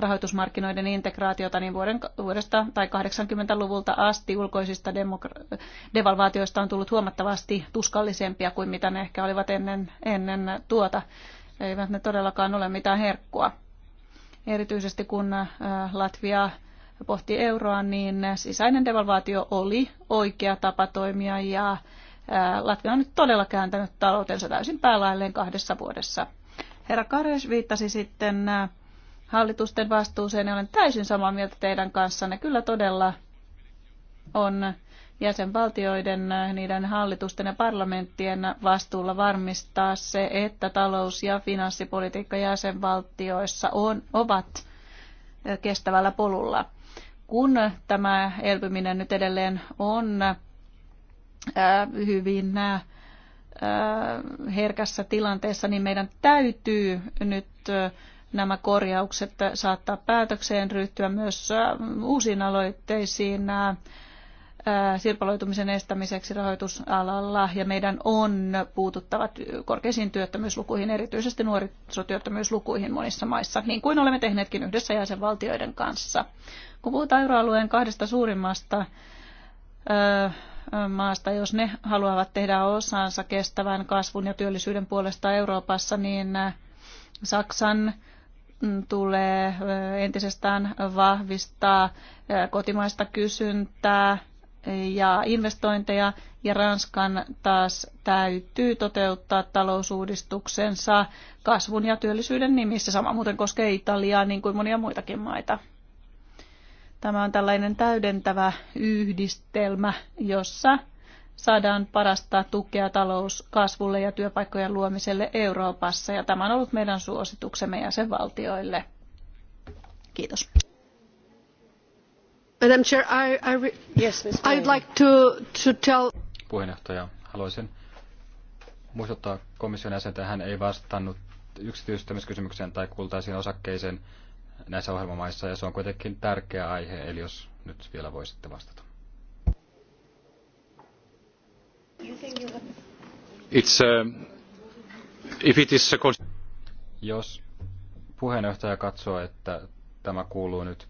rahoitusmarkkinoiden integraatiota, niin vuoden, vuodesta tai 80-luvulta asti ulkoisista demokra- devalvaatioista on tullut huomattavasti tuskallisempia kuin mitä ne ehkä olivat ennen, ennen tuota. Eivät ne todellakaan ole mitään herkkua erityisesti kun äh, Latvia pohti euroa, niin sisäinen devalvaatio oli oikea tapa toimia ja äh, Latvia on nyt todella kääntänyt taloutensa täysin päälailleen kahdessa vuodessa. Herra Kares viittasi sitten äh, hallitusten vastuuseen ja olen täysin samaa mieltä teidän kanssanne. Kyllä todella on jäsenvaltioiden, niiden hallitusten ja parlamenttien vastuulla varmistaa se, että talous- ja finanssipolitiikka jäsenvaltioissa on, ovat kestävällä polulla. Kun tämä elpyminen nyt edelleen on äh, hyvin äh, herkässä tilanteessa, niin meidän täytyy nyt äh, nämä korjaukset saattaa päätökseen, ryhtyä myös uusiin aloitteisiin sirpaloitumisen estämiseksi rahoitusalalla ja meidän on puututtava korkeisiin työttömyyslukuihin, erityisesti nuorisotyöttömyyslukuihin monissa maissa, niin kuin olemme tehneetkin yhdessä jäsenvaltioiden kanssa. Kun puhutaan euroalueen kahdesta suurimmasta maasta, jos ne haluavat tehdä osansa kestävän kasvun ja työllisyyden puolesta Euroopassa, niin Saksan mm, tulee entisestään vahvistaa kotimaista kysyntää, ja investointeja, ja Ranskan taas täytyy toteuttaa talousuudistuksensa kasvun ja työllisyyden nimissä. Sama muuten koskee Italiaa niin kuin monia muitakin maita. Tämä on tällainen täydentävä yhdistelmä, jossa saadaan parasta tukea talouskasvulle ja työpaikkojen luomiselle Euroopassa, ja tämä on ollut meidän suosituksemme jäsenvaltioille. Kiitos. Madam Chair, I, I re- yes, Ms. I'd like to, to tell... Puheenjohtaja, haluaisin muistuttaa komission jäsentä, hän ei vastannut yksityistämiskysymykseen tai kultaisiin osakkeisiin näissä ohjelmamaissa, ja se on kuitenkin tärkeä aihe, eli jos nyt vielä voisitte vastata. It's, uh, if it is a... Jos puheenjohtaja katsoo, että tämä kuuluu nyt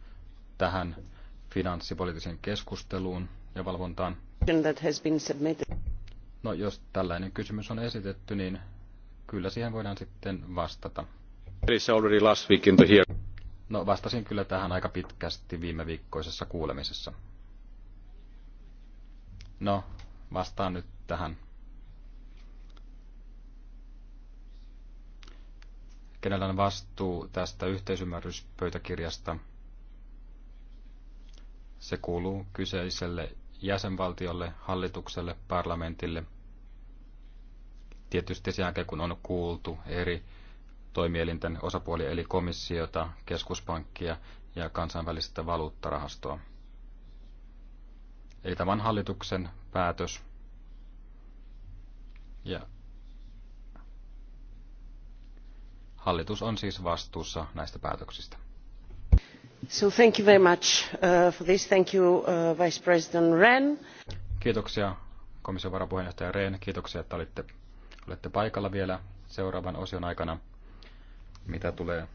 tähän finanssipoliittiseen keskusteluun ja valvontaan. No, jos tällainen kysymys on esitetty, niin kyllä siihen voidaan sitten vastata. No, vastasin kyllä tähän aika pitkästi viime viikkoisessa kuulemisessa. No, vastaan nyt tähän. Kenellä on vastuu tästä yhteisymmärryspöytäkirjasta? Se kuuluu kyseiselle jäsenvaltiolle, hallitukselle, parlamentille. Tietysti sen jälkeen, kun on kuultu eri toimielinten osapuolia, eli komissiota, keskuspankkia ja kansainvälistä valuuttarahastoa. Eli tämän hallituksen päätös. Ja hallitus on siis vastuussa näistä päätöksistä thank you very much uh, for this. Thank you uh, Vice President Rehn. Kiitoksia komission varapuheenjohtaja Rehn. Kiitoksia, että olitte, olette paikalla vielä seuraavan osion aikana, mitä tulee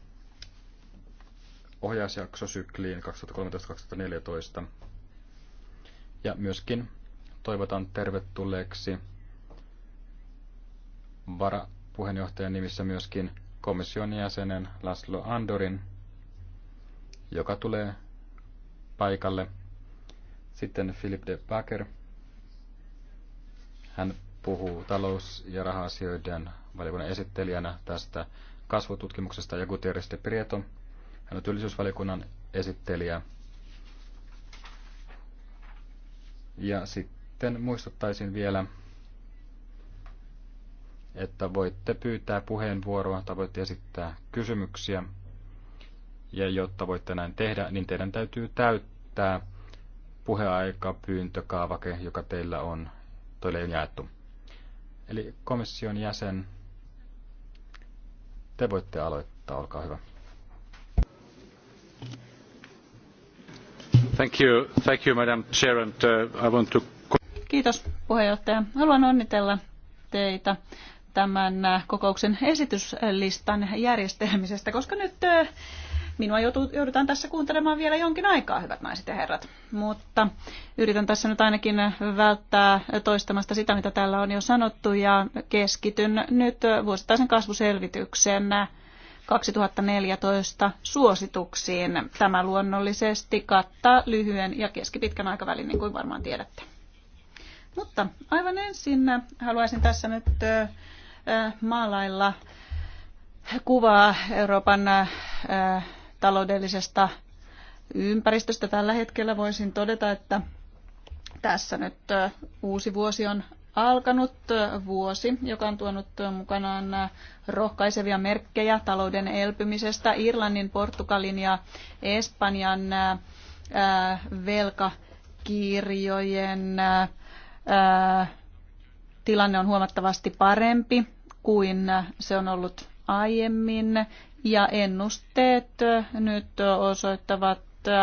ohjausjaksosykliin 2013-2014. Ja myöskin toivotan tervetulleeksi varapuheenjohtajan nimissä myöskin komission jäsenen Laszlo Andorin joka tulee paikalle. Sitten Philip de Backer. Hän puhuu talous- ja raha-asioiden valiokunnan esittelijänä tästä kasvututkimuksesta ja Gutierrez de Prieto. Hän on työllisyysvaliokunnan esittelijä. Ja sitten muistuttaisin vielä, että voitte pyytää puheenvuoroa tai voitte esittää kysymyksiä ja jotta voitte näin tehdä, niin teidän täytyy täyttää puheaika, pyyntökaavake, joka teillä on, toille on jaettu. Eli komission jäsen, te voitte aloittaa, olkaa hyvä. Thank you, thank you, Madam Chair, and uh, I want to... Kiitos puheenjohtaja. Haluan onnitella teitä tämän uh, kokouksen esityslistan järjestämisestä, koska nyt uh, minua joudutaan tässä kuuntelemaan vielä jonkin aikaa, hyvät naiset ja herrat. Mutta yritän tässä nyt ainakin välttää toistamasta sitä, mitä täällä on jo sanottu, ja keskityn nyt vuosittaisen kasvuselvityksen 2014 suosituksiin. Tämä luonnollisesti kattaa lyhyen ja keskipitkän aikavälin, niin kuin varmaan tiedätte. Mutta aivan ensin haluaisin tässä nyt maalailla kuvaa Euroopan taloudellisesta ympäristöstä tällä hetkellä voisin todeta, että tässä nyt uusi vuosi on alkanut vuosi, joka on tuonut mukanaan rohkaisevia merkkejä talouden elpymisestä. Irlannin, Portugalin ja Espanjan velkakirjojen tilanne on huomattavasti parempi kuin se on ollut aiemmin ja ennusteet nyt osoittavat äh,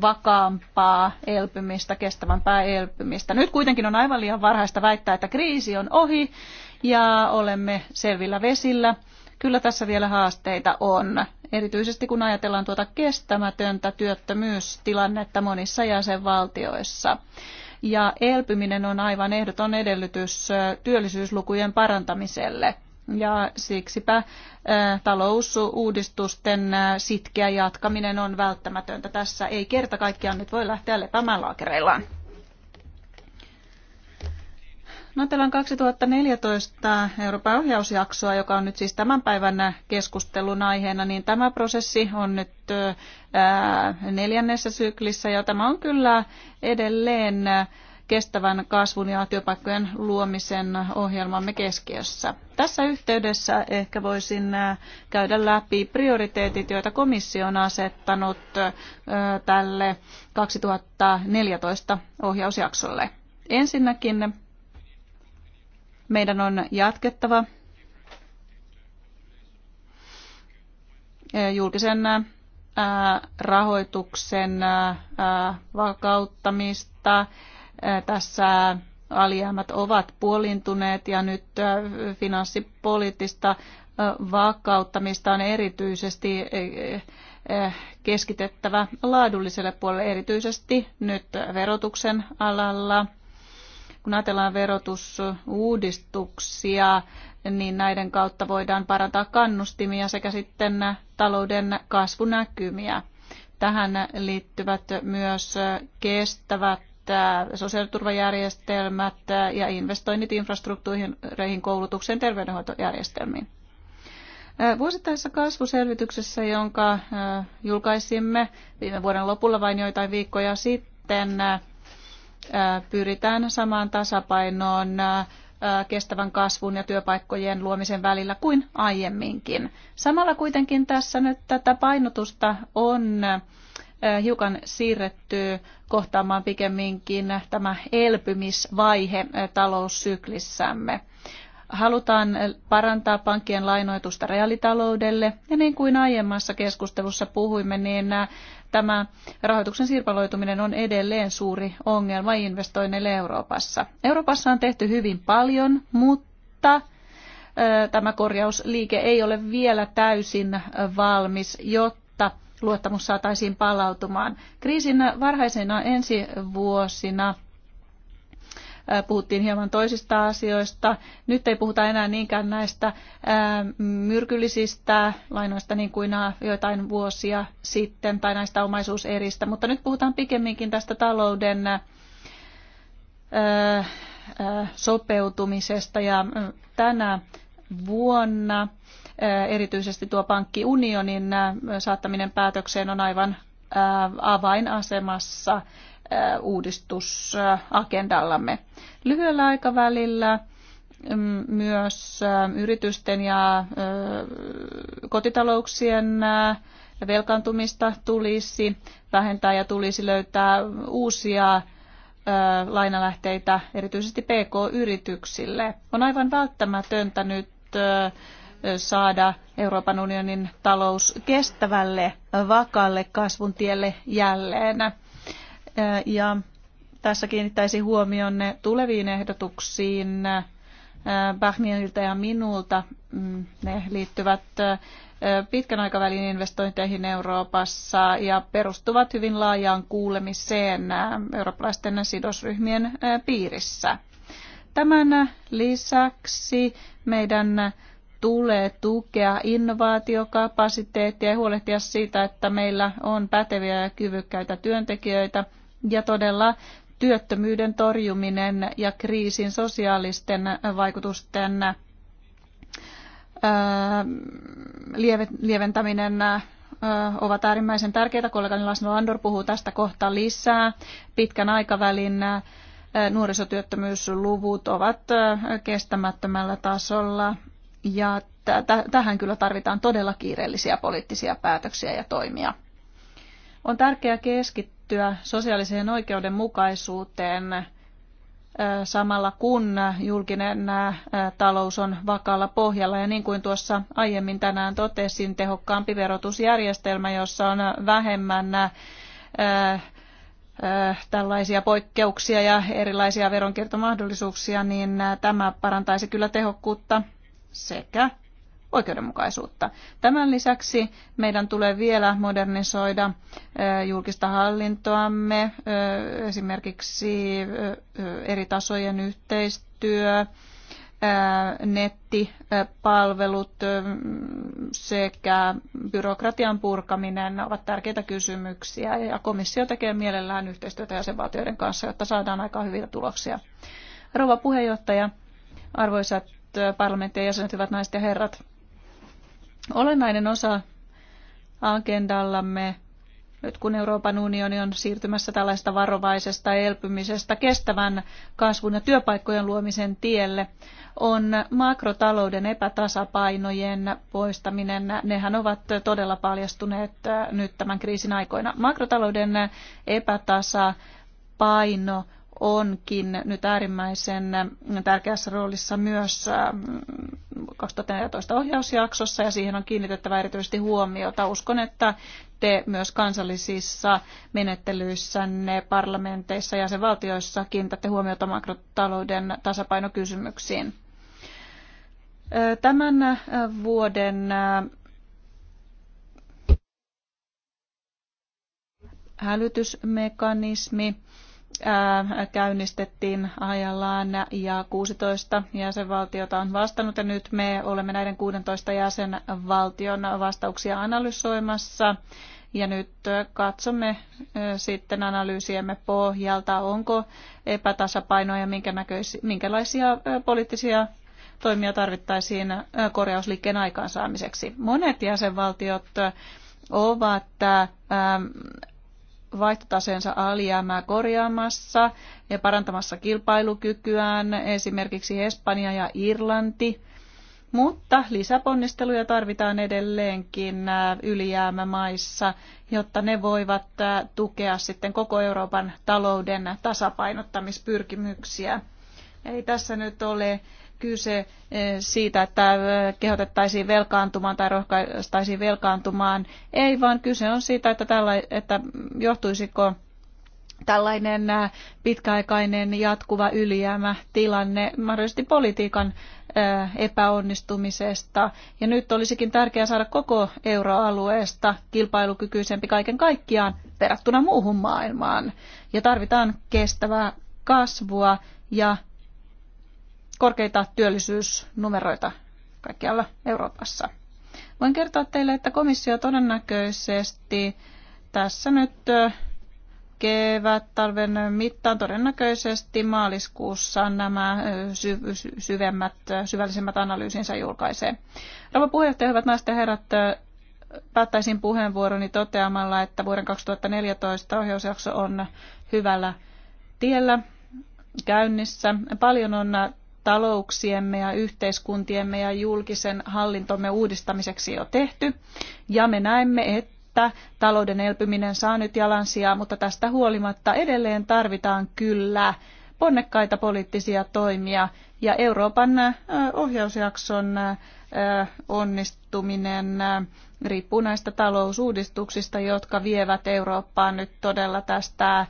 vakaampaa elpymistä, kestävämpää elpymistä. Nyt kuitenkin on aivan liian varhaista väittää, että kriisi on ohi ja olemme selvillä vesillä. Kyllä tässä vielä haasteita on, erityisesti kun ajatellaan tuota kestämätöntä työttömyystilannetta monissa jäsenvaltioissa. Ja elpyminen on aivan ehdoton edellytys työllisyyslukujen parantamiselle – ja siksipä talousuudistusten sitkeä jatkaminen on välttämätöntä. Tässä ei kerta kaikkiaan nyt voi lähteä lepäämään laakereillaan. No, on 2014 Euroopan ohjausjaksoa, joka on nyt siis tämän päivän keskustelun aiheena, niin tämä prosessi on nyt neljännessä syklissä ja tämä on kyllä edelleen kestävän kasvun ja työpaikkojen luomisen ohjelmamme keskiössä. Tässä yhteydessä ehkä voisin äh, käydä läpi prioriteetit, joita komissio on asettanut äh, tälle 2014 ohjausjaksolle. Ensinnäkin meidän on jatkettava äh, julkisen rahoituksen vakauttamista, tässä alijäämät ovat puolintuneet ja nyt finanssipoliittista vakauttamista on erityisesti keskitettävä laadulliselle puolelle, erityisesti nyt verotuksen alalla. Kun ajatellaan verotusuudistuksia, niin näiden kautta voidaan parantaa kannustimia sekä sitten talouden kasvunäkymiä. Tähän liittyvät myös kestävät sosiaaliturvajärjestelmät ja investoinnit infrastruktuureihin, koulutukseen, terveydenhoitojärjestelmiin. Vuosittaisessa kasvuselvityksessä, jonka julkaisimme viime vuoden lopulla vain joitain viikkoja sitten, pyritään samaan tasapainoon kestävän kasvun ja työpaikkojen luomisen välillä kuin aiemminkin. Samalla kuitenkin tässä nyt tätä painotusta on hiukan siirretty kohtaamaan pikemminkin tämä elpymisvaihe taloussyklissämme. Halutaan parantaa pankkien lainoitusta reaalitaloudelle ja niin kuin aiemmassa keskustelussa puhuimme, niin tämä rahoituksen sirpaloituminen on edelleen suuri ongelma investoinneille Euroopassa. Euroopassa on tehty hyvin paljon, mutta tämä korjausliike ei ole vielä täysin valmis, jotta luottamus saataisiin palautumaan. Kriisin varhaisena ensi vuosina puhuttiin hieman toisista asioista. Nyt ei puhuta enää niinkään näistä myrkyllisistä lainoista niin kuin joitain vuosia sitten tai näistä omaisuuseristä, mutta nyt puhutaan pikemminkin tästä talouden sopeutumisesta ja tänä vuonna Äh, erityisesti tuo pankkiunionin äh, saattaminen päätökseen on aivan äh, avainasemassa uudistusagendallamme. Lyhyellä aikavälillä mm, myös yritysten ja kotitalouksien velkaantumista tulisi vähentää ja tulisi löytää uusia lainalähteitä erityisesti PK-yrityksille. On aivan välttämätöntä nyt saada Euroopan unionin talous kestävälle, vakaalle kasvun tielle jälleen. Ja tässä kiinnittäisi huomionne tuleviin ehdotuksiin Bahmienilta ja minulta. Mm, ne liittyvät pitkän aikavälin investointeihin Euroopassa ja perustuvat hyvin laajaan kuulemiseen eurooppalaisten sidosryhmien piirissä. Tämän lisäksi meidän tulee tukea innovaatiokapasiteettia ja huolehtia siitä, että meillä on päteviä ja kyvykkäitä työntekijöitä ja todella työttömyyden torjuminen ja kriisin sosiaalisten vaikutusten lieventäminen ovat äärimmäisen tärkeitä. Kollegani Lasno Andor puhuu tästä kohta lisää. Pitkän aikavälin nuorisotyöttömyysluvut ovat kestämättömällä tasolla ja tähän kyllä tarvitaan todella kiireellisiä poliittisia päätöksiä ja toimia. On tärkeää keskittyä sosiaaliseen oikeudenmukaisuuteen samalla kun julkinen talous on vakaalla pohjalla. Ja niin kuin tuossa aiemmin tänään totesin, tehokkaampi verotusjärjestelmä, jossa on vähemmän tällaisia poikkeuksia ja erilaisia veronkiertomahdollisuuksia, niin tämä parantaisi kyllä tehokkuutta sekä oikeudenmukaisuutta. Tämän lisäksi meidän tulee vielä modernisoida julkista hallintoamme, esimerkiksi eri tasojen yhteistyö, nettipalvelut sekä byrokratian purkaminen ovat tärkeitä kysymyksiä ja komissio tekee mielellään yhteistyötä jäsenvaltioiden kanssa, jotta saadaan aika hyviä tuloksia. Rouva puheenjohtaja, arvoisat parlamenttien jäsenet, hyvät naiset ja herrat. Olennainen osa agendallamme nyt kun Euroopan unioni on siirtymässä tällaista varovaisesta elpymisestä kestävän kasvun ja työpaikkojen luomisen tielle, on makrotalouden epätasapainojen poistaminen. Nehän ovat todella paljastuneet nyt tämän kriisin aikoina. Makrotalouden epätasapaino onkin nyt äärimmäisen tärkeässä roolissa myös 2014 äh, ohjausjaksossa ja siihen on kiinnitettävä erityisesti huomiota. Uskon, että te myös kansallisissa menettelyissänne, parlamenteissa ja sen valtioissa kiinnitätte huomiota makrotalouden tasapainokysymyksiin. Äh, tämän äh, vuoden hälytysmekanismi käynnistettiin ajallaan ja 16 jäsenvaltiota on vastannut ja nyt me olemme näiden 16 jäsenvaltion vastauksia analysoimassa. Ja nyt katsomme sitten analyysiemme pohjalta, onko epätasapainoja, minkä minkälaisia poliittisia toimia tarvittaisiin korjausliikkeen aikaansaamiseksi. Monet jäsenvaltiot ovat vaihtotaseensa alijäämää korjaamassa ja parantamassa kilpailukykyään, esimerkiksi Espanja ja Irlanti. Mutta lisäponnisteluja tarvitaan edelleenkin äh, ylijäämämaissa, jotta ne voivat äh, tukea sitten koko Euroopan talouden tasapainottamispyrkimyksiä. Ei tässä nyt ole kyse eh, siitä, että eh, kehotettaisiin velkaantumaan tai rohkaistaisiin velkaantumaan. Ei, vaan kyse on siitä, että, tällä, että johtuisiko tällainen eh, pitkäaikainen jatkuva ylijäämä tilanne mahdollisesti politiikan epäonnistumisesta. Ja nyt olisikin tärkeää saada koko euroalueesta kilpailukykyisempi kaiken kaikkiaan verrattuna muuhun maailmaan. Ja tarvitaan kestävää kasvua ja korkeita työllisyysnumeroita kaikkialla Euroopassa. Voin kertoa teille, että komissio todennäköisesti tässä nyt kevät talven mittaan todennäköisesti maaliskuussa nämä sy- syvemmät, syvällisemmät analyysinsä julkaisee. Rouva puheenjohtaja, hyvät naiset ja herrat, päättäisin puheenvuoroni toteamalla, että vuoden 2014 ohjausjakso on hyvällä tiellä käynnissä. Paljon on talouksiemme ja yhteiskuntiemme ja julkisen hallintomme uudistamiseksi jo tehty. Ja me näemme, että talouden elpyminen saa nyt jalansijaa, mutta tästä huolimatta edelleen tarvitaan kyllä ponnekkaita poliittisia toimia ja Euroopan ohjausjakson onnistuminen riippuu näistä talousuudistuksista, jotka vievät Eurooppaa nyt todella tästä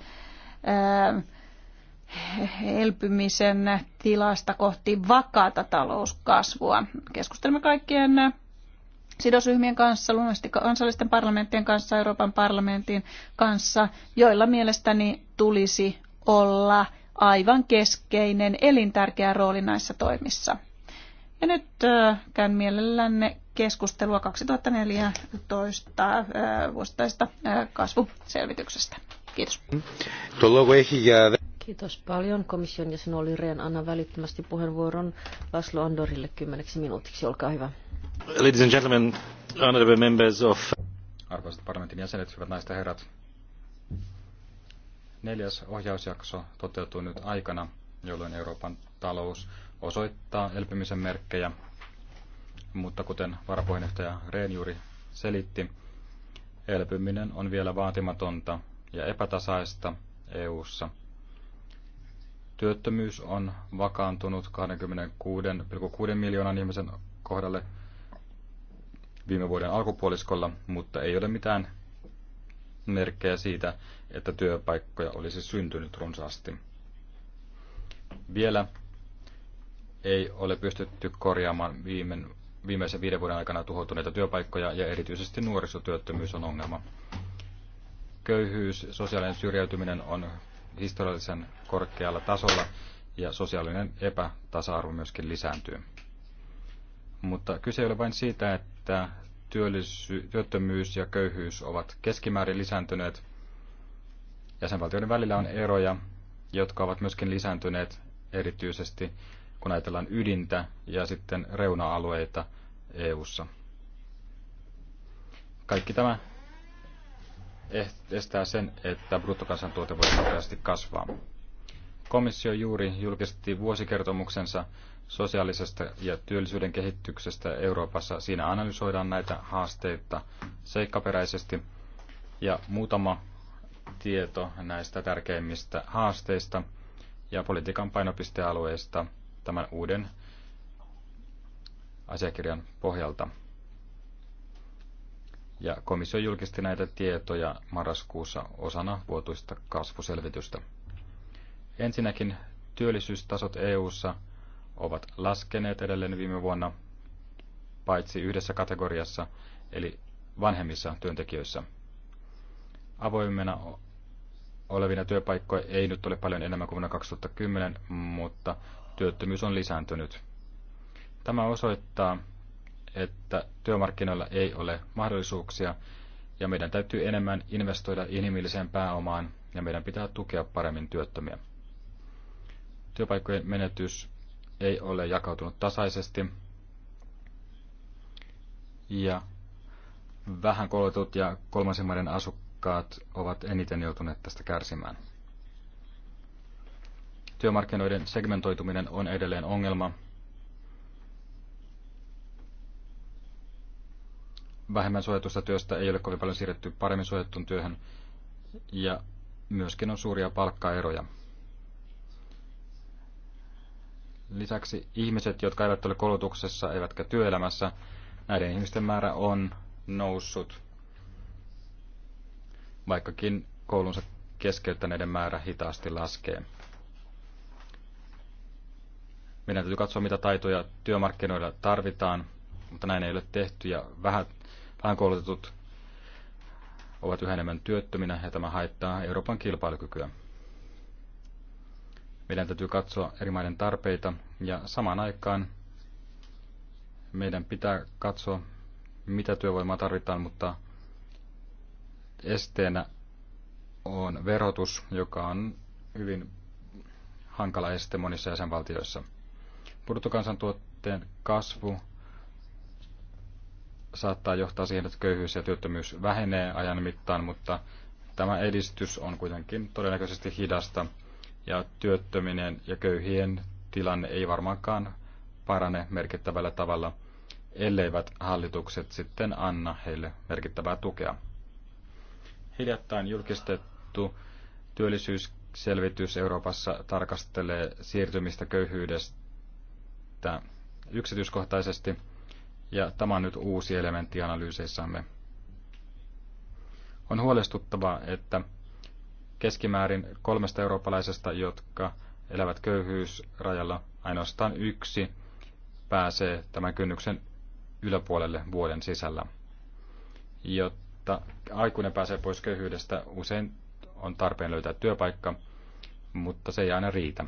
elpymisen tilasta kohti vakaata talouskasvua. Keskustelemme kaikkien sidosryhmien kanssa, luonnollisesti kansallisten parlamenttien kanssa, Euroopan parlamentin kanssa, joilla mielestäni tulisi olla aivan keskeinen, elintärkeä rooli näissä toimissa. Ja nyt käyn mielellänne keskustelua 2014 vuosittaisesta kasvuselvityksestä. Kiitos. Kiitos paljon. Komission jäsen oli reen Anna välittömästi puheenvuoron Laslo Andorille kymmeneksi minuutiksi. Olkaa hyvä. Ladies and gentlemen, honorable members of... Arvoisat parlamentin jäsenet, hyvät naiset ja herrat. Neljäs ohjausjakso toteutuu nyt aikana, jolloin Euroopan talous osoittaa elpymisen merkkejä. Mutta kuten varapuheenjohtaja Rehn juuri selitti, elpyminen on vielä vaatimatonta ja epätasaista EU:ssa Työttömyys on vakaantunut 26,6 miljoonan ihmisen kohdalle viime vuoden alkupuoliskolla, mutta ei ole mitään merkkejä siitä, että työpaikkoja olisi syntynyt runsaasti. Vielä ei ole pystytty korjaamaan viime, viimeisen viiden vuoden aikana tuhoutuneita työpaikkoja ja erityisesti nuorisotyöttömyys on ongelma. Köyhyys, sosiaalinen syrjäytyminen on historiallisen korkealla tasolla ja sosiaalinen epätasa-arvo myöskin lisääntyy. Mutta kyse ei ole vain siitä, että työttömyys ja köyhyys ovat keskimäärin lisääntyneet. Jäsenvaltioiden välillä on eroja, jotka ovat myöskin lisääntyneet erityisesti, kun ajatellaan ydintä ja sitten reuna-alueita EU:ssa. Kaikki tämä Eh, estää sen, että bruttokansantuote voi nopeasti kasvaa. Komissio juuri julkisti vuosikertomuksensa sosiaalisesta ja työllisyyden kehityksestä Euroopassa. Siinä analysoidaan näitä haasteita seikkaperäisesti ja muutama tieto näistä tärkeimmistä haasteista ja politiikan painopistealueista tämän uuden asiakirjan pohjalta ja komissio julkisti näitä tietoja marraskuussa osana vuotuista kasvuselvitystä. Ensinnäkin työllisyystasot EU:ssa ovat laskeneet edelleen viime vuonna, paitsi yhdessä kategoriassa, eli vanhemmissa työntekijöissä. Avoimena olevina työpaikkoja ei nyt ole paljon enemmän kuin vuonna 2010, mutta työttömyys on lisääntynyt. Tämä osoittaa, että työmarkkinoilla ei ole mahdollisuuksia ja meidän täytyy enemmän investoida inhimilliseen pääomaan ja meidän pitää tukea paremmin työttömiä. Työpaikkojen menetys ei ole jakautunut tasaisesti ja vähän koulutut ja kolmansien maiden asukkaat ovat eniten joutuneet tästä kärsimään. Työmarkkinoiden segmentoituminen on edelleen ongelma vähemmän suojatusta työstä ei ole kovin paljon siirretty paremmin suojattuun työhön ja myöskin on suuria palkkaeroja. Lisäksi ihmiset, jotka eivät ole koulutuksessa eivätkä työelämässä, näiden ihmisten määrä on noussut, vaikkakin koulunsa keskeyttäneiden määrä hitaasti laskee. Meidän täytyy katsoa, mitä taitoja työmarkkinoilla tarvitaan, mutta näin ei ole tehty ja vähän lainkoulutetut ovat yhä enemmän työttöminä ja tämä haittaa Euroopan kilpailukykyä. Meidän täytyy katsoa eri maiden tarpeita ja samaan aikaan meidän pitää katsoa, mitä työvoimaa tarvitaan, mutta esteenä on verotus, joka on hyvin hankala este monissa jäsenvaltioissa. Bruttokansantuotteen kasvu saattaa johtaa siihen, että köyhyys ja työttömyys vähenee ajan mittaan, mutta tämä edistys on kuitenkin todennäköisesti hidasta ja työttöminen ja köyhien tilanne ei varmaankaan parane merkittävällä tavalla, elleivät hallitukset sitten anna heille merkittävää tukea. Hiljattain julkistettu työllisyysselvitys Euroopassa tarkastelee siirtymistä köyhyydestä yksityiskohtaisesti – ja tämä on nyt uusi elementti analyyseissamme. On huolestuttavaa, että keskimäärin kolmesta eurooppalaisesta, jotka elävät köyhyysrajalla, ainoastaan yksi pääsee tämän kynnyksen yläpuolelle vuoden sisällä. Jotta aikuinen pääsee pois köyhyydestä, usein on tarpeen löytää työpaikka, mutta se ei aina riitä.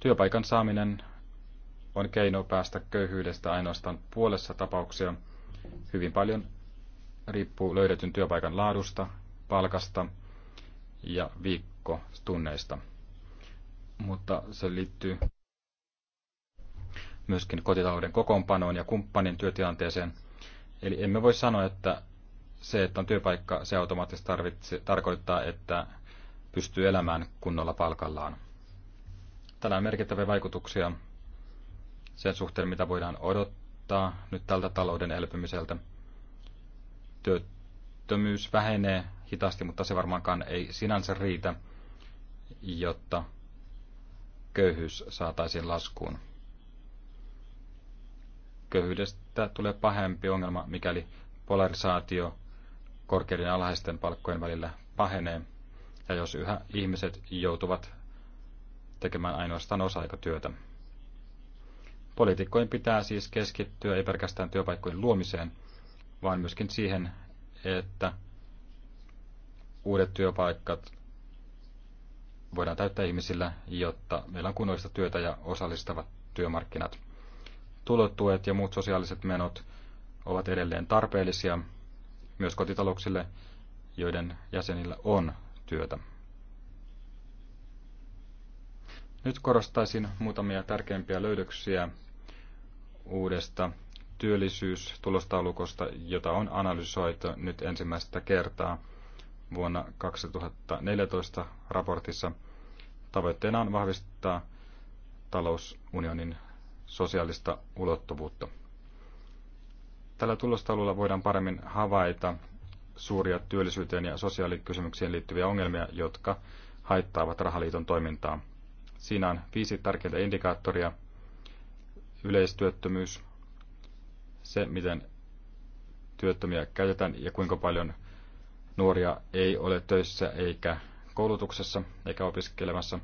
Työpaikan saaminen on keino päästä köyhyydestä ainoastaan puolessa tapauksia. Hyvin paljon riippuu löydetyn työpaikan laadusta, palkasta ja viikkotunneista. Mutta se liittyy myöskin kotitalouden kokoonpanoon ja kumppanin työtilanteeseen. Eli emme voi sanoa, että se, että on työpaikka, se automaattisesti tarvitse, tarkoittaa, että pystyy elämään kunnolla palkallaan. Tällä on merkittäviä vaikutuksia sen suhteen, mitä voidaan odottaa nyt tältä talouden elpymiseltä. Työttömyys vähenee hitaasti, mutta se varmaankaan ei sinänsä riitä, jotta köyhyys saataisiin laskuun. Köyhyydestä tulee pahempi ongelma, mikäli polarisaatio korkeiden ja alhaisten palkkojen välillä pahenee, ja jos yhä ihmiset joutuvat tekemään ainoastaan osa-aikatyötä. työtä. Poliitikkojen pitää siis keskittyä ei pelkästään työpaikkojen luomiseen, vaan myöskin siihen, että uudet työpaikat voidaan täyttää ihmisillä, jotta meillä on kunnollista työtä ja osallistavat työmarkkinat. Tulotuet ja muut sosiaaliset menot ovat edelleen tarpeellisia myös kotitalouksille, joiden jäsenillä on työtä. Nyt korostaisin muutamia tärkeimpiä löydöksiä uudesta työllisyystulostaulukosta, jota on analysoitu nyt ensimmäistä kertaa vuonna 2014 raportissa. Tavoitteena on vahvistaa talousunionin sosiaalista ulottuvuutta. Tällä tulostaululla voidaan paremmin havaita suuria työllisyyteen ja sosiaalikysymyksiin liittyviä ongelmia, jotka haittaavat rahaliiton toimintaa. Siinä on viisi tärkeintä indikaattoria – yleistyöttömyys, se miten työttömiä käytetään ja kuinka paljon nuoria ei ole töissä eikä koulutuksessa eikä opiskelemassa.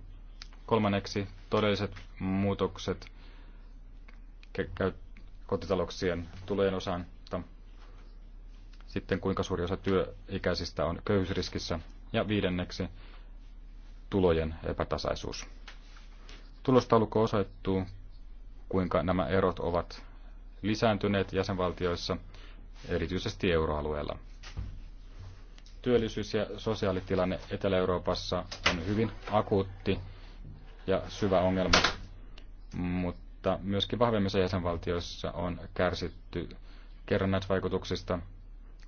Kolmanneksi todelliset muutokset kotitalouksien tulojen osaan. Sitten kuinka suuri osa työikäisistä on köyhyysriskissä. Ja viidenneksi tulojen epätasaisuus. Tulostaulukko osoittuu, kuinka nämä erot ovat lisääntyneet jäsenvaltioissa, erityisesti euroalueella. Työllisyys- ja sosiaalitilanne Etelä-Euroopassa on hyvin akuutti ja syvä ongelma, mutta myöskin vahvemmissa jäsenvaltioissa on kärsitty kerrannaisvaikutuksista,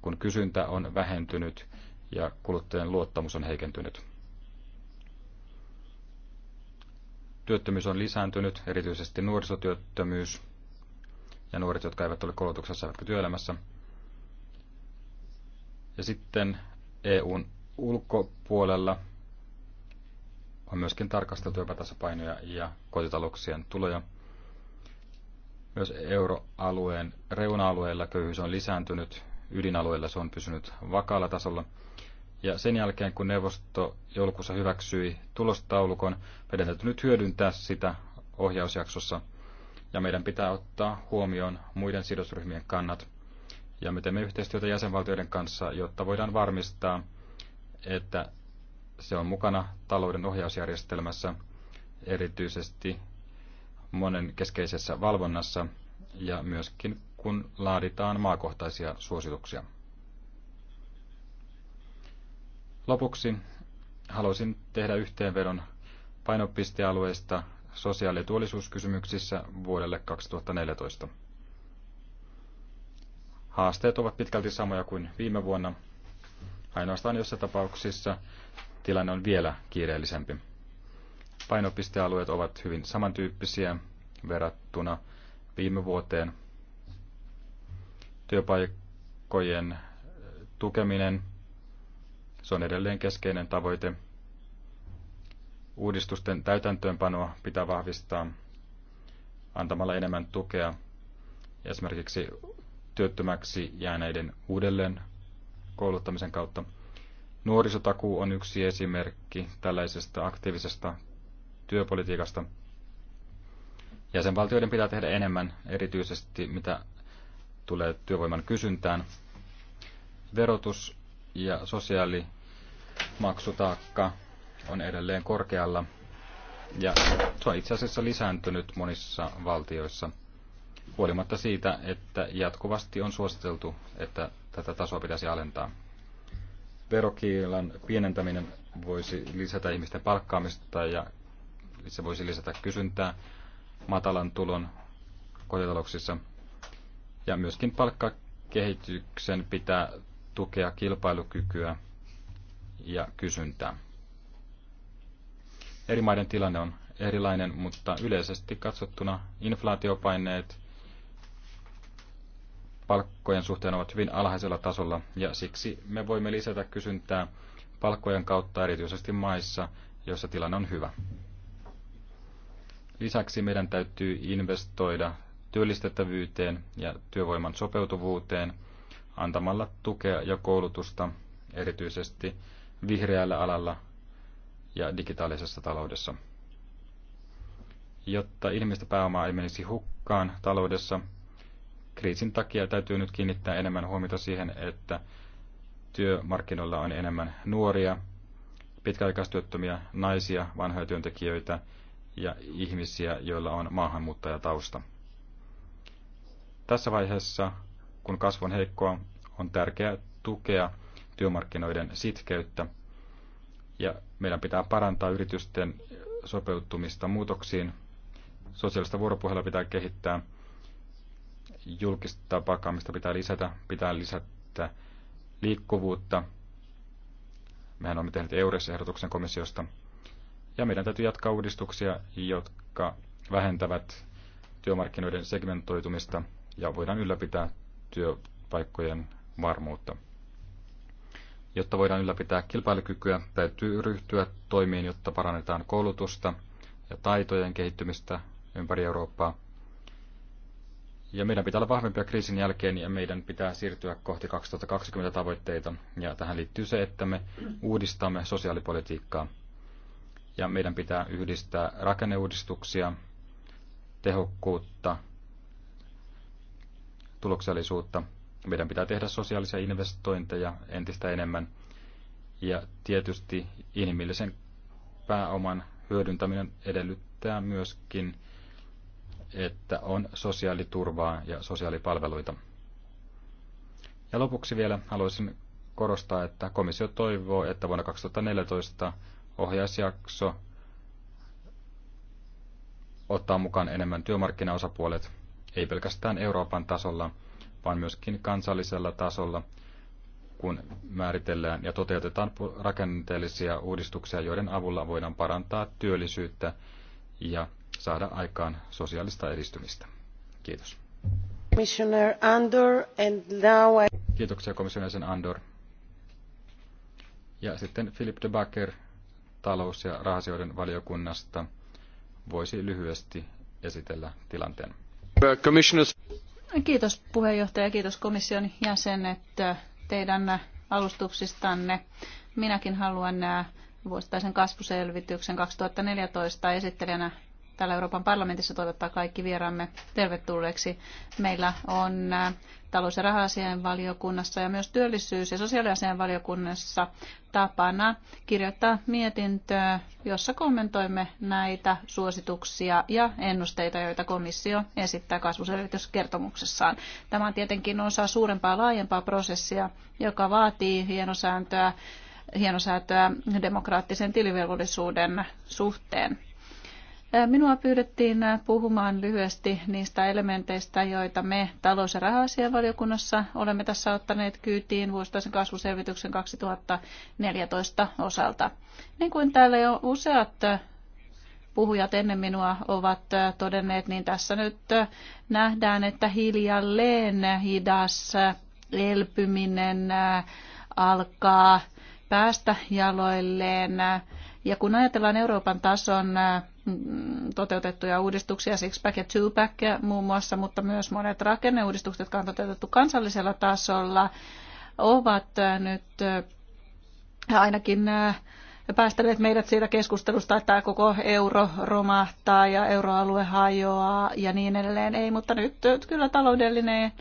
kun kysyntä on vähentynyt ja kuluttajien luottamus on heikentynyt. Työttömyys on lisääntynyt, erityisesti nuorisotyöttömyys ja nuoret, jotka eivät ole koulutuksessa eivätkä työelämässä. Ja sitten EUn ulkopuolella on myöskin tarkasteltu epätasapainoja ja kotitalouksien tuloja. Myös euroalueen reuna-alueilla köyhyys on lisääntynyt, ydinalueilla se on pysynyt vakaalla tasolla – ja sen jälkeen, kun neuvosto joulukuussa hyväksyi tulostaulukon, meidän täytyy nyt hyödyntää sitä ohjausjaksossa. Ja meidän pitää ottaa huomioon muiden sidosryhmien kannat. Ja me teemme yhteistyötä jäsenvaltioiden kanssa, jotta voidaan varmistaa, että se on mukana talouden ohjausjärjestelmässä, erityisesti monen keskeisessä valvonnassa ja myöskin kun laaditaan maakohtaisia suosituksia. Lopuksi haluaisin tehdä yhteenvedon painopistealueista sosiaali- ja tuollisuuskysymyksissä vuodelle 2014. Haasteet ovat pitkälti samoja kuin viime vuonna. Ainoastaan jossa tapauksissa tilanne on vielä kiireellisempi. Painopistealueet ovat hyvin samantyyppisiä verrattuna viime vuoteen. Työpaikkojen tukeminen – se on edelleen keskeinen tavoite. Uudistusten täytäntöönpanoa pitää vahvistaa antamalla enemmän tukea esimerkiksi työttömäksi jääneiden uudelleen kouluttamisen kautta. Nuorisotakuu on yksi esimerkki tällaisesta aktiivisesta työpolitiikasta. Jäsenvaltioiden pitää tehdä enemmän, erityisesti mitä tulee työvoiman kysyntään. Verotus ja sosiaali- maksutaakka on edelleen korkealla ja se on itse asiassa lisääntynyt monissa valtioissa, huolimatta siitä, että jatkuvasti on suositeltu, että tätä tasoa pitäisi alentaa. Verokiilan pienentäminen voisi lisätä ihmisten palkkaamista ja se voisi lisätä kysyntää matalan tulon kotitalouksissa. Ja myöskin palkkakehityksen pitää tukea kilpailukykyä ja kysyntää. Eri maiden tilanne on erilainen, mutta yleisesti katsottuna inflaatiopaineet palkkojen suhteen ovat hyvin alhaisella tasolla ja siksi me voimme lisätä kysyntää palkkojen kautta erityisesti maissa, joissa tilanne on hyvä. Lisäksi meidän täytyy investoida työllistettävyyteen ja työvoiman sopeutuvuuteen antamalla tukea ja koulutusta erityisesti vihreällä alalla ja digitaalisessa taloudessa. Jotta ilmeistä pääomaa ei menisi hukkaan taloudessa, kriisin takia täytyy nyt kiinnittää enemmän huomiota siihen, että työmarkkinoilla on enemmän nuoria, pitkäaikaistyöttömiä, naisia, vanhoja työntekijöitä ja ihmisiä, joilla on maahanmuuttajatausta. Tässä vaiheessa, kun kasvu on heikkoa, on tärkeää tukea työmarkkinoiden sitkeyttä. Ja meidän pitää parantaa yritysten sopeutumista muutoksiin. Sosiaalista vuoropuhelua pitää kehittää. Julkista pakkaamista pitää lisätä. Pitää lisätä liikkuvuutta. Mehän olemme tehneet EURES-ehdotuksen komissiosta. Ja meidän täytyy jatkaa uudistuksia, jotka vähentävät työmarkkinoiden segmentoitumista ja voidaan ylläpitää työpaikkojen varmuutta. Jotta voidaan ylläpitää kilpailukykyä, täytyy ryhtyä toimiin, jotta parannetaan koulutusta ja taitojen kehittymistä ympäri Eurooppaa. Ja meidän pitää olla vahvempia kriisin jälkeen ja meidän pitää siirtyä kohti 2020 tavoitteita. Ja tähän liittyy se, että me uudistamme sosiaalipolitiikkaa. Ja meidän pitää yhdistää rakenneuudistuksia, tehokkuutta, tuloksellisuutta meidän pitää tehdä sosiaalisia investointeja entistä enemmän. Ja tietysti inhimillisen pääoman hyödyntäminen edellyttää myöskin, että on sosiaaliturvaa ja sosiaalipalveluita. Ja lopuksi vielä haluaisin korostaa, että komissio toivoo, että vuonna 2014 ohjausjakso ottaa mukaan enemmän työmarkkinaosapuolet, ei pelkästään Euroopan tasolla, vaan myöskin kansallisella tasolla, kun määritellään ja toteutetaan rakenteellisia uudistuksia, joiden avulla voidaan parantaa työllisyyttä ja saada aikaan sosiaalista edistymistä. Kiitos. Commissioner Andor, and now I... Kiitoksia komission jäsen Andor. Ja sitten Philip de Backer talous- ja rahasioiden valiokunnasta voisi lyhyesti esitellä tilanteen. Kiitos puheenjohtaja, kiitos komission jäsenet äh, teidän alustuksistanne. Minäkin haluan äh, vuosittaisen kasvuselvityksen 2014 esittelijänä täällä Euroopan parlamentissa toivottaa kaikki vieraamme tervetulleeksi. Meillä on äh, talous- ja rahasien valiokunnassa ja myös työllisyys- ja sosiaaliasian valiokunnassa tapana kirjoittaa mietintöä, jossa kommentoimme näitä suosituksia ja ennusteita, joita komissio esittää kasvuselvityskertomuksessaan. Tämä on tietenkin osa suurempaa laajempaa prosessia, joka vaatii hienosääntöä, hienosäätöä demokraattisen tilivelvollisuuden suhteen. Minua pyydettiin puhumaan lyhyesti niistä elementeistä, joita me talous- ja raha-asianvaliokunnassa olemme tässä ottaneet kyytiin vuosittaisen kasvuselvityksen 2014 osalta. Niin kuin täällä jo useat puhujat ennen minua ovat todenneet, niin tässä nyt nähdään, että hiljalleen hidas elpyminen alkaa päästä jaloilleen ja kun ajatellaan Euroopan tason äh, toteutettuja uudistuksia, six-pack ja two-pack muun muassa, mutta myös monet rakenneuudistukset, jotka on toteutettu kansallisella tasolla, ovat äh, nyt äh, ainakin päästäneet meidät siitä keskustelusta, että koko euro romahtaa ja euroalue hajoaa ja niin edelleen. Ei, mutta nyt kyllä taloudellinen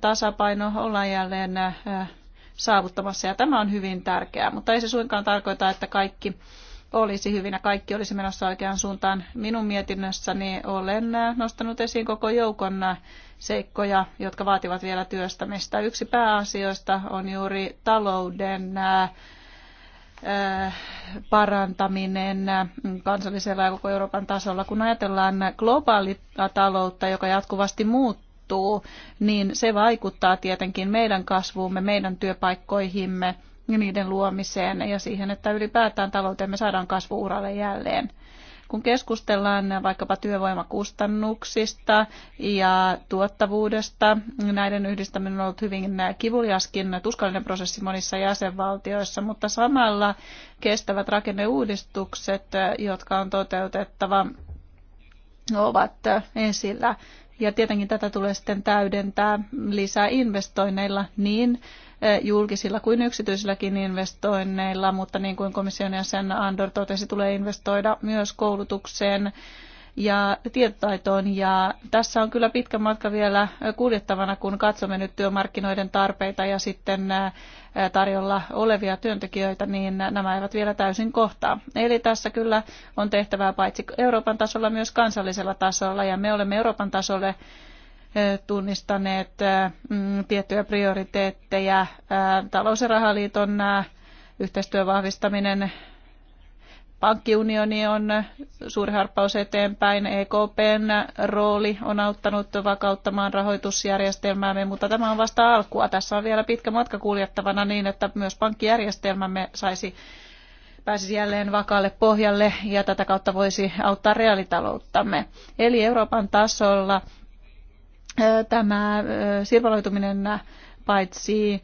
tasapaino ollaan jälleen saavuttamassa ja tämä on hyvin tärkeää, mutta ei se suinkaan tarkoita, että kaikki olisi hyvin ja kaikki olisi menossa oikeaan suuntaan. Minun mietinnössäni olen nostanut esiin koko joukon seikkoja, jotka vaativat vielä työstämistä. Yksi pääasioista on juuri talouden parantaminen kansallisella ja koko Euroopan tasolla. Kun ajatellaan globaalia taloutta, joka jatkuvasti muuttuu, muuttuu, niin se vaikuttaa tietenkin meidän kasvuumme, meidän työpaikkoihimme ja niiden luomiseen ja siihen, että ylipäätään taloutemme saadaan kasvuuralle jälleen kun keskustellaan vaikkapa työvoimakustannuksista ja tuottavuudesta, näiden yhdistäminen on ollut hyvin kivuliaskin tuskallinen prosessi monissa jäsenvaltioissa, mutta samalla kestävät rakenneuudistukset, jotka on toteutettava, ovat esillä. Ja tietenkin tätä tulee sitten täydentää lisää investoinneilla niin eh, julkisilla kuin yksityisilläkin investoinneilla, mutta niin kuin komission jäsen Andor totesi, tulee investoida myös koulutukseen ja tietotaitoon. Ja tässä on kyllä pitkä matka vielä kuljettavana, kun katsomme nyt työmarkkinoiden tarpeita ja sitten eh, tarjolla olevia työntekijöitä, niin nämä eivät vielä täysin kohtaa. Eli tässä kyllä on tehtävää paitsi Euroopan tasolla myös kansallisella tasolla ja me olemme Euroopan tasolle tunnistaneet mm, tiettyjä prioriteetteja. Talous- ja rahaliiton yhteistyön vahvistaminen Pankkiunioni on suuri harppaus eteenpäin. EKPn rooli on auttanut vakauttamaan rahoitusjärjestelmäämme, mutta tämä on vasta alkua. Tässä on vielä pitkä matka kuljettavana niin, että myös pankkijärjestelmämme saisi pääsisi jälleen vakaalle pohjalle ja tätä kautta voisi auttaa reaalitalouttamme. Eli Euroopan tasolla tämä sirpaloituminen paitsi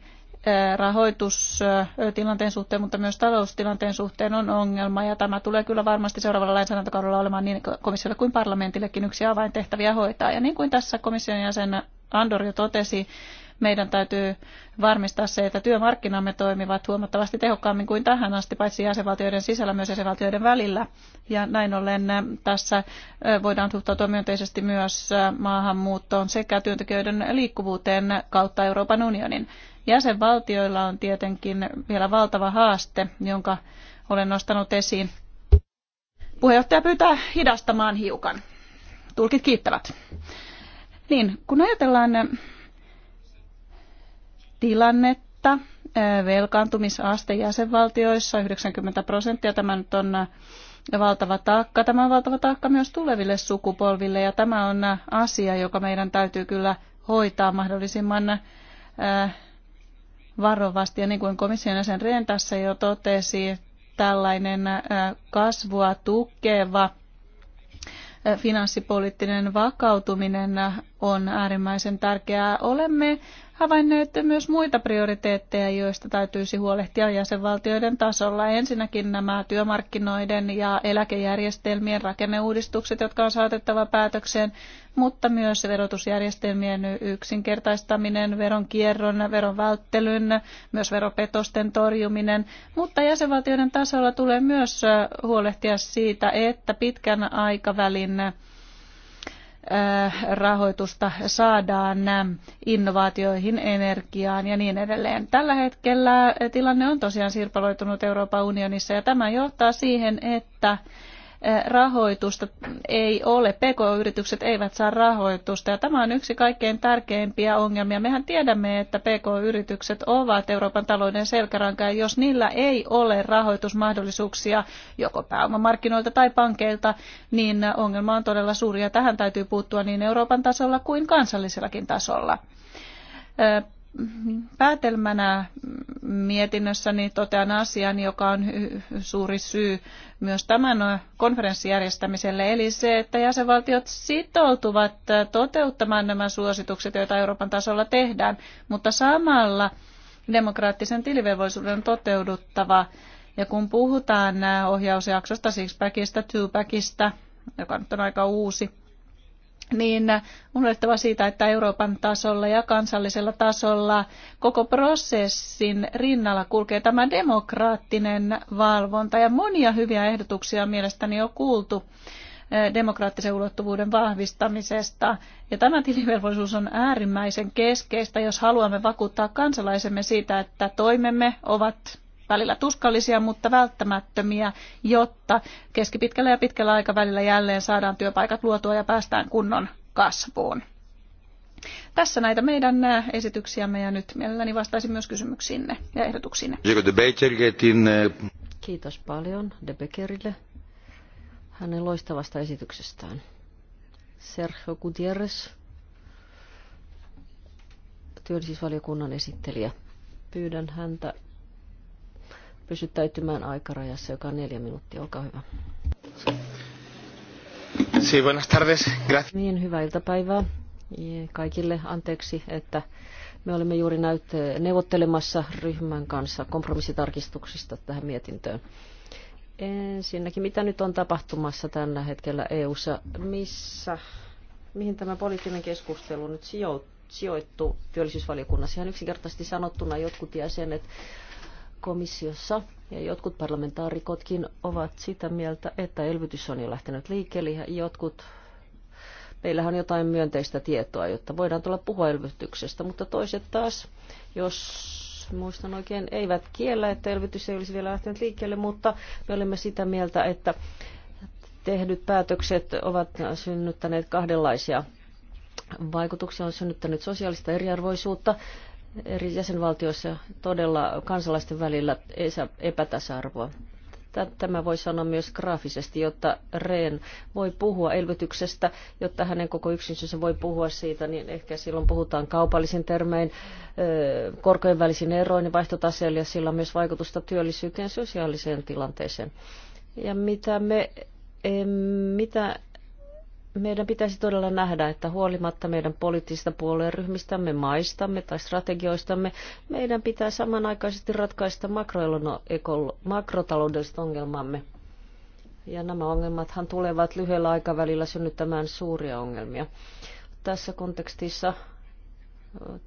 rahoitustilanteen suhteen, mutta myös taloustilanteen suhteen on ongelma. Ja tämä tulee kyllä varmasti seuraavalla lainsäädäntökaudella olemaan niin komissiolle kuin parlamentillekin yksi avaintehtäviä hoitaa. Ja niin kuin tässä komission jäsen Andor jo totesi, meidän täytyy varmistaa se, että työmarkkinamme toimivat huomattavasti tehokkaammin kuin tähän asti, paitsi jäsenvaltioiden sisällä myös jäsenvaltioiden välillä. Ja näin ollen tässä voidaan suhtautua myönteisesti myös maahanmuuttoon sekä työntekijöiden liikkuvuuteen kautta Euroopan unionin. Jäsenvaltioilla on tietenkin vielä valtava haaste, jonka olen nostanut esiin. Puheenjohtaja pyytää hidastamaan hiukan. Tulkit kiittävät. Niin, kun ajatellaan eh, tilannetta, eh, velkaantumisaste jäsenvaltioissa 90 prosenttia, tämä nyt on eh, valtava taakka. Tämä on valtava taakka myös tuleville sukupolville ja tämä on asia, joka meidän täytyy kyllä hoitaa mahdollisimman varovasti. Ja niin kuin komission jäsen Rehn tässä jo totesi, tällainen äh, kasvua tukeva äh, finanssipoliittinen vakautuminen on äärimmäisen tärkeää. Olemme havainneet myös muita prioriteetteja, joista täytyisi huolehtia jäsenvaltioiden tasolla. Ensinnäkin nämä työmarkkinoiden ja eläkejärjestelmien rakenneuudistukset, jotka on saatettava päätökseen mutta myös verotusjärjestelmien yksinkertaistaminen, veronkierron, veron välttelyn, myös veropetosten torjuminen. Mutta jäsenvaltioiden tasolla tulee myös huolehtia siitä, että pitkän aikavälin rahoitusta saadaan innovaatioihin, energiaan ja niin edelleen. Tällä hetkellä tilanne on tosiaan sirpaloitunut Euroopan unionissa ja tämä johtaa siihen, että rahoitusta ei ole. PK-yritykset eivät saa rahoitusta ja tämä on yksi kaikkein tärkeimpiä ongelmia. Mehän tiedämme, että PK-yritykset ovat Euroopan talouden selkäranka ja jos niillä ei ole rahoitusmahdollisuuksia joko pääomamarkkinoilta tai pankeilta, niin ongelma on todella suuri ja tähän täytyy puuttua niin Euroopan tasolla kuin kansallisellakin tasolla päätelmänä mietinnössäni totean asian, joka on suuri syy myös tämän konferenssin järjestämiselle, eli se, että jäsenvaltiot sitoutuvat toteuttamaan nämä suositukset, joita Euroopan tasolla tehdään, mutta samalla demokraattisen tilivelvollisuuden on toteuduttava. Ja kun puhutaan ohjausjaksosta, sixpackista, twopackista, joka nyt on aika uusi, niin on huolehdittava siitä, että Euroopan tasolla ja kansallisella tasolla koko prosessin rinnalla kulkee tämä demokraattinen valvonta. Ja monia hyviä ehdotuksia on mielestäni jo kuultu eh, demokraattisen ulottuvuuden vahvistamisesta. Ja tämä tilivelvollisuus on äärimmäisen keskeistä, jos haluamme vakuuttaa kansalaisemme siitä, että toimemme ovat välillä tuskallisia, mutta välttämättömiä, jotta keskipitkällä ja pitkällä aikavälillä jälleen saadaan työpaikat luotua ja päästään kunnon kasvuun. Tässä näitä meidän äh, esityksiämme ja nyt mielelläni vastaisin myös kysymyksiinne ja ehdotuksiinne. Äh, Kiitos paljon De Beckerille hänen loistavasta esityksestään. Sergio Gutierrez, työllisyysvaliokunnan esittelijä. Pyydän häntä pysyttäytymään aikarajassa, joka on neljä minuuttia. Olkaa hyvä. Sí, buenas tardes. Gracias. Niin, hyvää iltapäivää kaikille. Anteeksi, että me olemme juuri näyt- neuvottelemassa ryhmän kanssa kompromissitarkistuksista tähän mietintöön. Ensinnäkin, mitä nyt on tapahtumassa tällä hetkellä EU:ssa, missä, mihin tämä poliittinen keskustelu nyt sijoittuu? työllisyysvaliokunnassa. Ihan yksinkertaisesti sanottuna jotkut jäsenet komissiossa ja jotkut parlamentaarikotkin ovat sitä mieltä, että elvytys on jo lähtenyt liikkeelle ja jotkut meillähän on jotain myönteistä tietoa, jotta voidaan tulla puhua elvytyksestä, mutta toiset taas, jos muistan oikein, eivät kiellä, että elvytys ei olisi vielä lähtenyt liikkeelle, mutta me olemme sitä mieltä, että tehdyt päätökset ovat synnyttäneet kahdenlaisia vaikutuksia, on synnyttänyt sosiaalista eriarvoisuutta, eri jäsenvaltioissa todella kansalaisten välillä epätasa-arvoa. Tämä voi sanoa myös graafisesti, jotta Reen voi puhua elvytyksestä, jotta hänen koko yksinsä voi puhua siitä, niin ehkä silloin puhutaan kaupallisin termein, korkojen välisin eroin ja vaihtotaseen, ja sillä on myös vaikutusta työllisyyteen ja sosiaaliseen tilanteeseen. Ja mitä me, mitä meidän pitäisi todella nähdä, että huolimatta meidän poliittisista puolueryhmistämme, maistamme tai strategioistamme, meidän pitää samanaikaisesti ratkaista makrotaloudelliset ongelmamme. Ja nämä ongelmathan tulevat lyhyellä aikavälillä synnyttämään suuria ongelmia. Tässä kontekstissa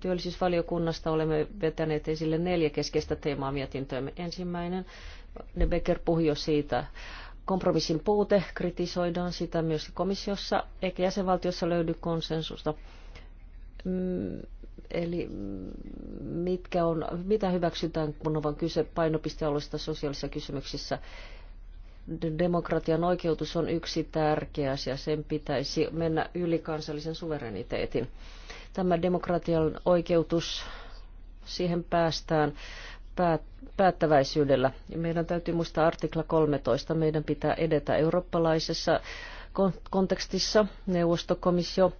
työllisyysvaliokunnasta olemme vetäneet esille neljä keskeistä teemaa mietintöömme. Ensimmäinen, Nebeker puhui jo siitä, kompromissin puute, kritisoidaan sitä myös komissiossa, eikä jäsenvaltiossa löydy konsensusta. Mm, eli mm, mitkä on, mitä hyväksytään, kun on vain kyse painopistealueista sosiaalisissa kysymyksissä. Demokratian oikeutus on yksi tärkeä asia, sen pitäisi mennä yli kansallisen suvereniteetin. Tämä demokratian oikeutus, siihen päästään päät- päättäväisyydellä. Meidän täytyy muistaa artikla 13. Meidän pitää edetä eurooppalaisessa kontekstissa. Neuvostokomissio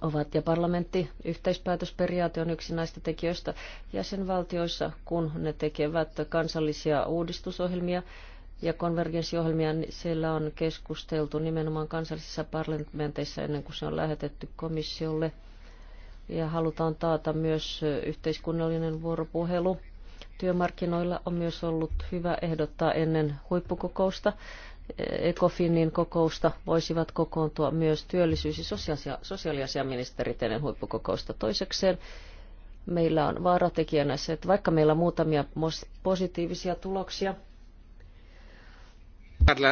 ovat ja parlamentti. Yhteispäätösperiaate on yksi näistä tekijöistä jäsenvaltioissa, kun ne tekevät kansallisia uudistusohjelmia ja konvergenssiohjelmia. Niin siellä on keskusteltu nimenomaan kansallisissa parlamenteissa ennen kuin se on lähetetty komissiolle. Ja halutaan taata myös yhteiskunnallinen vuoropuhelu Työmarkkinoilla on myös ollut hyvä ehdottaa ennen huippukokousta ECOFINin kokousta voisivat kokoontua myös työllisyys- ja sosiaaliasiaministerit ennen huippukokousta toisekseen. Meillä on vaaratekijänä se, että vaikka meillä on muutamia positiivisia tuloksia,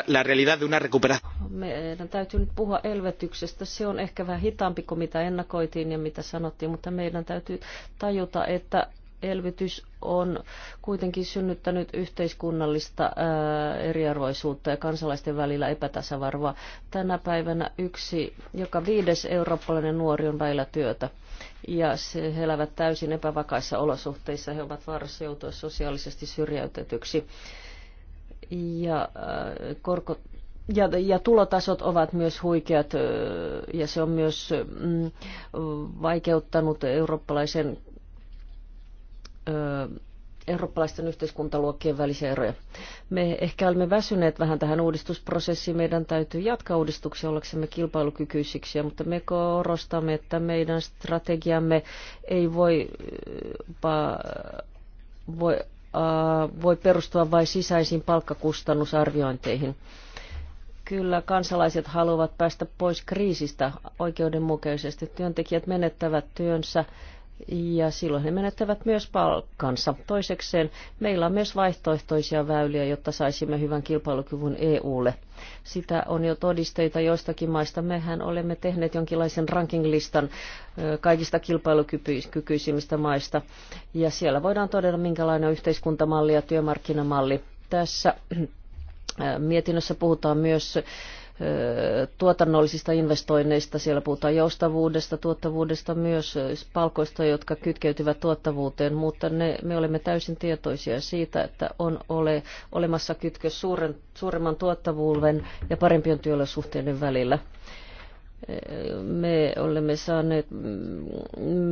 la realidad de una Meidän täytyy nyt puhua elvytyksestä. Se on ehkä vähän hitaampi kuin mitä ennakoitiin ja mitä sanottiin, mutta meidän täytyy tajuta, että elvytys on kuitenkin synnyttänyt yhteiskunnallista ää, eriarvoisuutta ja kansalaisten välillä epätasavarvoa. Tänä päivänä yksi, joka viides eurooppalainen nuori on väillä työtä ja he elävät täysin epävakaissa olosuhteissa. He ovat vaarassa joutua sosiaalisesti syrjäytetyksi ja, ää, korko, ja, ja tulotasot ovat myös huikeat ja se on myös mm, vaikeuttanut eurooppalaisen eurooppalaisten yhteiskuntaluokkien välisiä eroja. Me ehkä olemme väsyneet vähän tähän uudistusprosessiin. Meidän täytyy jatkaa uudistuksia ollaksemme kilpailukykyisiksi, mutta me korostamme, että meidän strategiamme ei voi, voi, äh, voi perustua vain sisäisiin palkkakustannusarviointeihin. Kyllä kansalaiset haluavat päästä pois kriisistä oikeudenmukaisesti. Työntekijät menettävät työnsä ja silloin he menettävät myös palkkansa. Toisekseen meillä on myös vaihtoehtoisia väyliä, jotta saisimme hyvän kilpailukyvyn EUlle. Sitä on jo todisteita joistakin maista. Mehän olemme tehneet jonkinlaisen rankinglistan kaikista kilpailukykyisimmistä maista. Ja siellä voidaan todeta, minkälainen on yhteiskuntamalli ja työmarkkinamalli. Tässä mietinnössä puhutaan myös tuotannollisista investoinneista. Siellä puhutaan joustavuudesta, tuottavuudesta myös palkoista, jotka kytkeytyvät tuottavuuteen, mutta ne, me olemme täysin tietoisia siitä, että on ole, olemassa kytkös suuren, suuremman tuottavuuden ja parempien työolosuhteiden välillä me olemme saaneet, mm,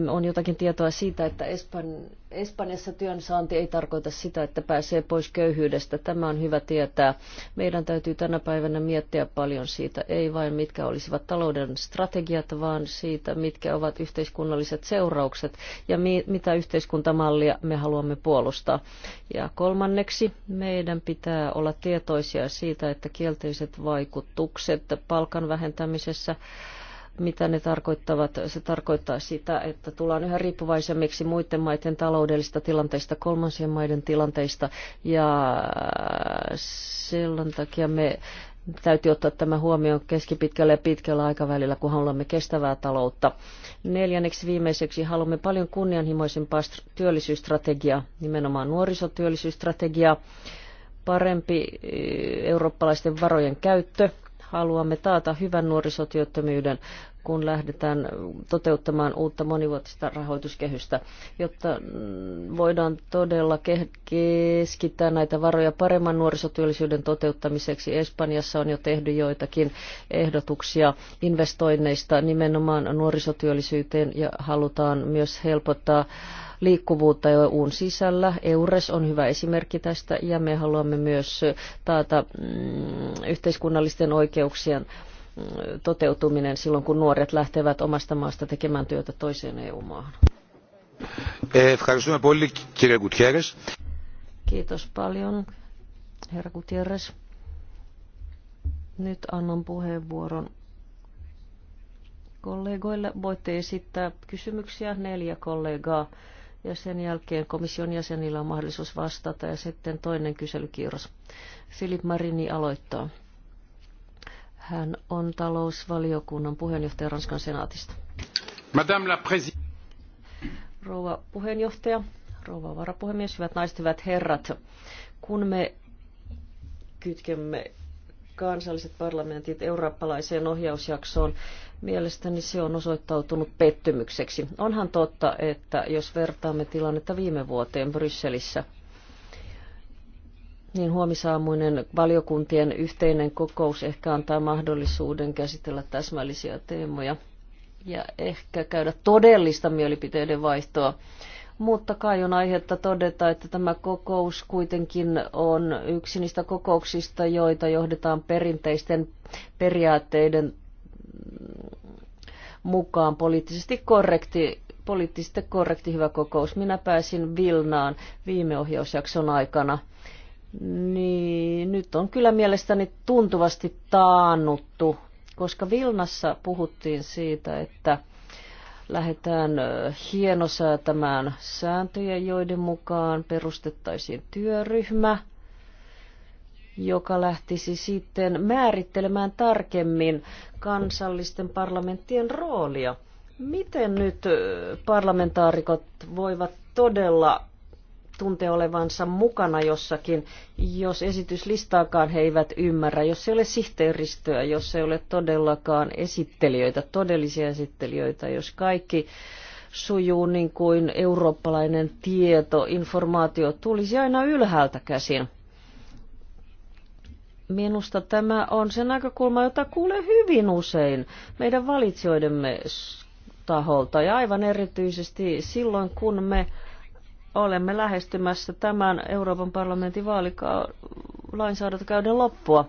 on jotakin tietoa siitä, että Espan, Espanjassa työnsaanti ei tarkoita sitä, että pääsee pois köyhyydestä. Tämä on hyvä tietää. Meidän täytyy tänä päivänä miettiä paljon siitä, ei vain mitkä olisivat talouden strategiat, vaan siitä, mitkä ovat yhteiskunnalliset seuraukset ja mi- mitä yhteiskuntamallia me haluamme puolustaa. Ja kolmanneksi, meidän pitää olla tietoisia siitä, että kielteiset vaikutukset palkan vähentämisessä mitä ne tarkoittavat. Se tarkoittaa sitä, että tullaan yhä riippuvaisemmiksi muiden maiden taloudellista tilanteista, kolmansien maiden tilanteista ja silloin takia me täytyy ottaa tämä huomioon keskipitkällä ja pitkällä aikavälillä, kun haluamme kestävää taloutta. Neljänneksi viimeiseksi haluamme paljon kunnianhimoisempaa työllisyysstrategiaa, nimenomaan nuorisotyöllisyysstrategiaa, parempi eh, eurooppalaisten varojen käyttö, haluamme taata hyvän nuorisotyöttömyyden kun lähdetään toteuttamaan uutta monivuotista rahoituskehystä, jotta voidaan todella keskittää näitä varoja paremman nuorisotyöllisyyden toteuttamiseksi. Espanjassa on jo tehty joitakin ehdotuksia investoinneista nimenomaan nuorisotyöllisyyteen ja halutaan myös helpottaa liikkuvuutta EUn sisällä. EURES on hyvä esimerkki tästä ja me haluamme myös taata mm, yhteiskunnallisten oikeuksien toteutuminen silloin, kun nuoret lähtevät omasta maasta tekemään työtä toiseen EU-maahan. Kiitos paljon, herra Gutierrez. Nyt annan puheenvuoron kollegoille. Voitte esittää kysymyksiä neljä kollegaa ja sen jälkeen komission jäsenillä on mahdollisuus vastata ja sitten toinen kyselykierros. Filip Marini aloittaa. Hän on talousvaliokunnan puheenjohtaja Ranskan senaatista. Madame la Rouva puheenjohtaja, rouva varapuhemies, hyvät naiset, hyvät herrat. Kun me kytkemme kansalliset parlamentit eurooppalaiseen ohjausjaksoon, mielestäni se on osoittautunut pettymykseksi. Onhan totta, että jos vertaamme tilannetta viime vuoteen Brysselissä, niin huomisaamuinen valiokuntien yhteinen kokous ehkä antaa mahdollisuuden käsitellä täsmällisiä teemoja ja ehkä käydä todellista mielipiteiden vaihtoa. Mutta kai on aihetta todeta, että tämä kokous kuitenkin on yksi niistä kokouksista, joita johdetaan perinteisten periaatteiden mukaan poliittisesti korrekti poliittisesti korrekti hyvä kokous. Minä pääsin Vilnaan viime ohjausjakson aikana niin nyt on kyllä mielestäni tuntuvasti taannuttu, koska Vilnassa puhuttiin siitä, että lähdetään hienosäätämään sääntöjä, joiden mukaan perustettaisiin työryhmä, joka lähtisi sitten määrittelemään tarkemmin kansallisten parlamenttien roolia. Miten nyt parlamentaarikot voivat todella tuntee olevansa mukana jossakin, jos esityslistaakaan he eivät ymmärrä, jos ei ole sihteeristöä, jos ei ole todellakaan esittelijöitä, todellisia esittelijöitä, jos kaikki sujuu niin kuin eurooppalainen tieto, informaatio tulisi aina ylhäältä käsin. Minusta tämä on se näkökulma, jota kuulee hyvin usein meidän valitsijoidemme taholta ja aivan erityisesti silloin, kun me olemme lähestymässä tämän Euroopan parlamentin vaalilainsäädäntökäyden loppua.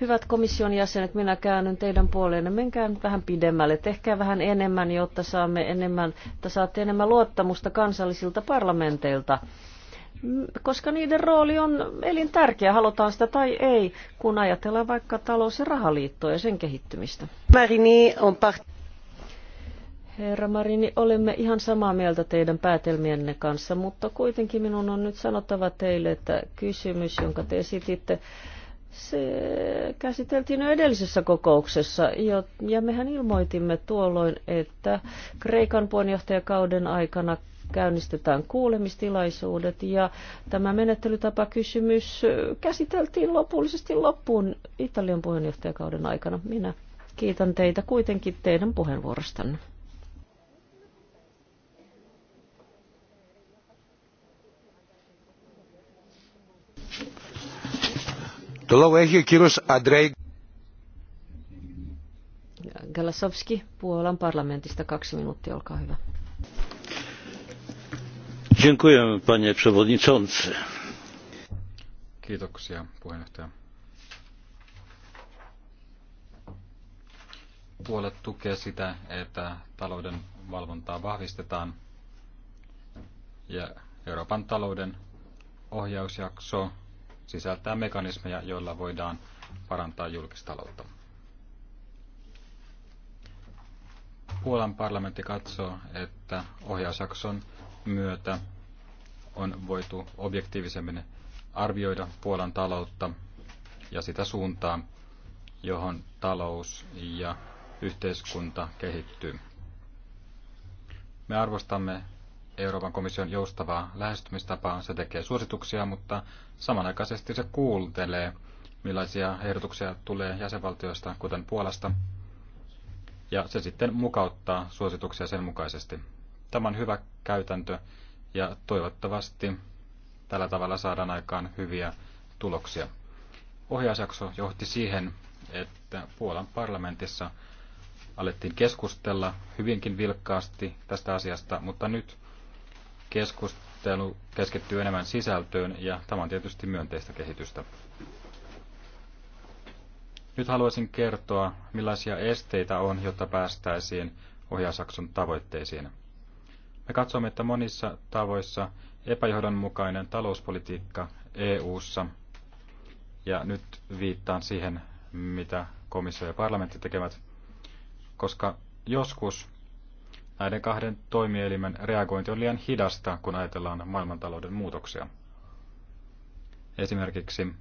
Hyvät komission jäsenet, minä käännyn teidän puoleenne. Menkää nyt vähän pidemmälle, tehkää vähän enemmän, jotta saamme enemmän, että saatte enemmän luottamusta kansallisilta parlamenteilta koska niiden rooli on elintärkeä, halutaan sitä tai ei, kun ajatellaan vaikka talous- ja rahaliittoa ja sen kehittymistä. Marini on part... Herra Marini, olemme ihan samaa mieltä teidän päätelmienne kanssa, mutta kuitenkin minun on nyt sanottava teille, että kysymys, jonka te esititte, se käsiteltiin jo edellisessä kokouksessa, ja mehän ilmoitimme tuolloin, että Kreikan puheenjohtajakauden aikana käynnistetään kuulemistilaisuudet ja tämä menettelytapakysymys käsiteltiin lopullisesti loppuun Italian puheenjohtajakauden aikana. Minä kiitän teitä kuitenkin teidän puheenvuorostanne. Το λόγο έχει ο κύριος Αντρέι Galasowski Puolan parlamentista. Kaksi minuuttia, olkaa hyvä. Dziękuję, panie przewodniczący. Kiitoksia, puheenjohtaja. Puolet tukee sitä, että talouden valvontaa vahvistetaan ja Euroopan talouden ohjausjakso sisältää mekanismeja, joilla voidaan parantaa julkistaloutta. Puolan parlamentti katsoo, että ohjausjakson myötä on voitu objektiivisemmin arvioida Puolan taloutta ja sitä suuntaa, johon talous ja yhteiskunta kehittyy. Me arvostamme Euroopan komission joustavaa lähestymistapaa. Se tekee suosituksia, mutta samanaikaisesti se kuuntelee, millaisia ehdotuksia tulee jäsenvaltioista, kuten Puolasta, ja se sitten mukauttaa suosituksia sen mukaisesti. Tämä on hyvä käytäntö, ja toivottavasti tällä tavalla saadaan aikaan hyviä tuloksia. Ohjausjakso johti siihen, että Puolan parlamentissa alettiin keskustella hyvinkin vilkkaasti tästä asiasta, mutta nyt keskustelu keskittyy enemmän sisältöön ja tämä on tietysti myönteistä kehitystä. Nyt haluaisin kertoa, millaisia esteitä on, jotta päästäisiin ohjausakson tavoitteisiin. Me katsomme, että monissa tavoissa epäjohdonmukainen talouspolitiikka EU:ssa ja nyt viittaan siihen, mitä komissio ja parlamentti tekevät, koska joskus näiden kahden toimielimen reagointi on liian hidasta, kun ajatellaan maailmantalouden muutoksia. Esimerkiksi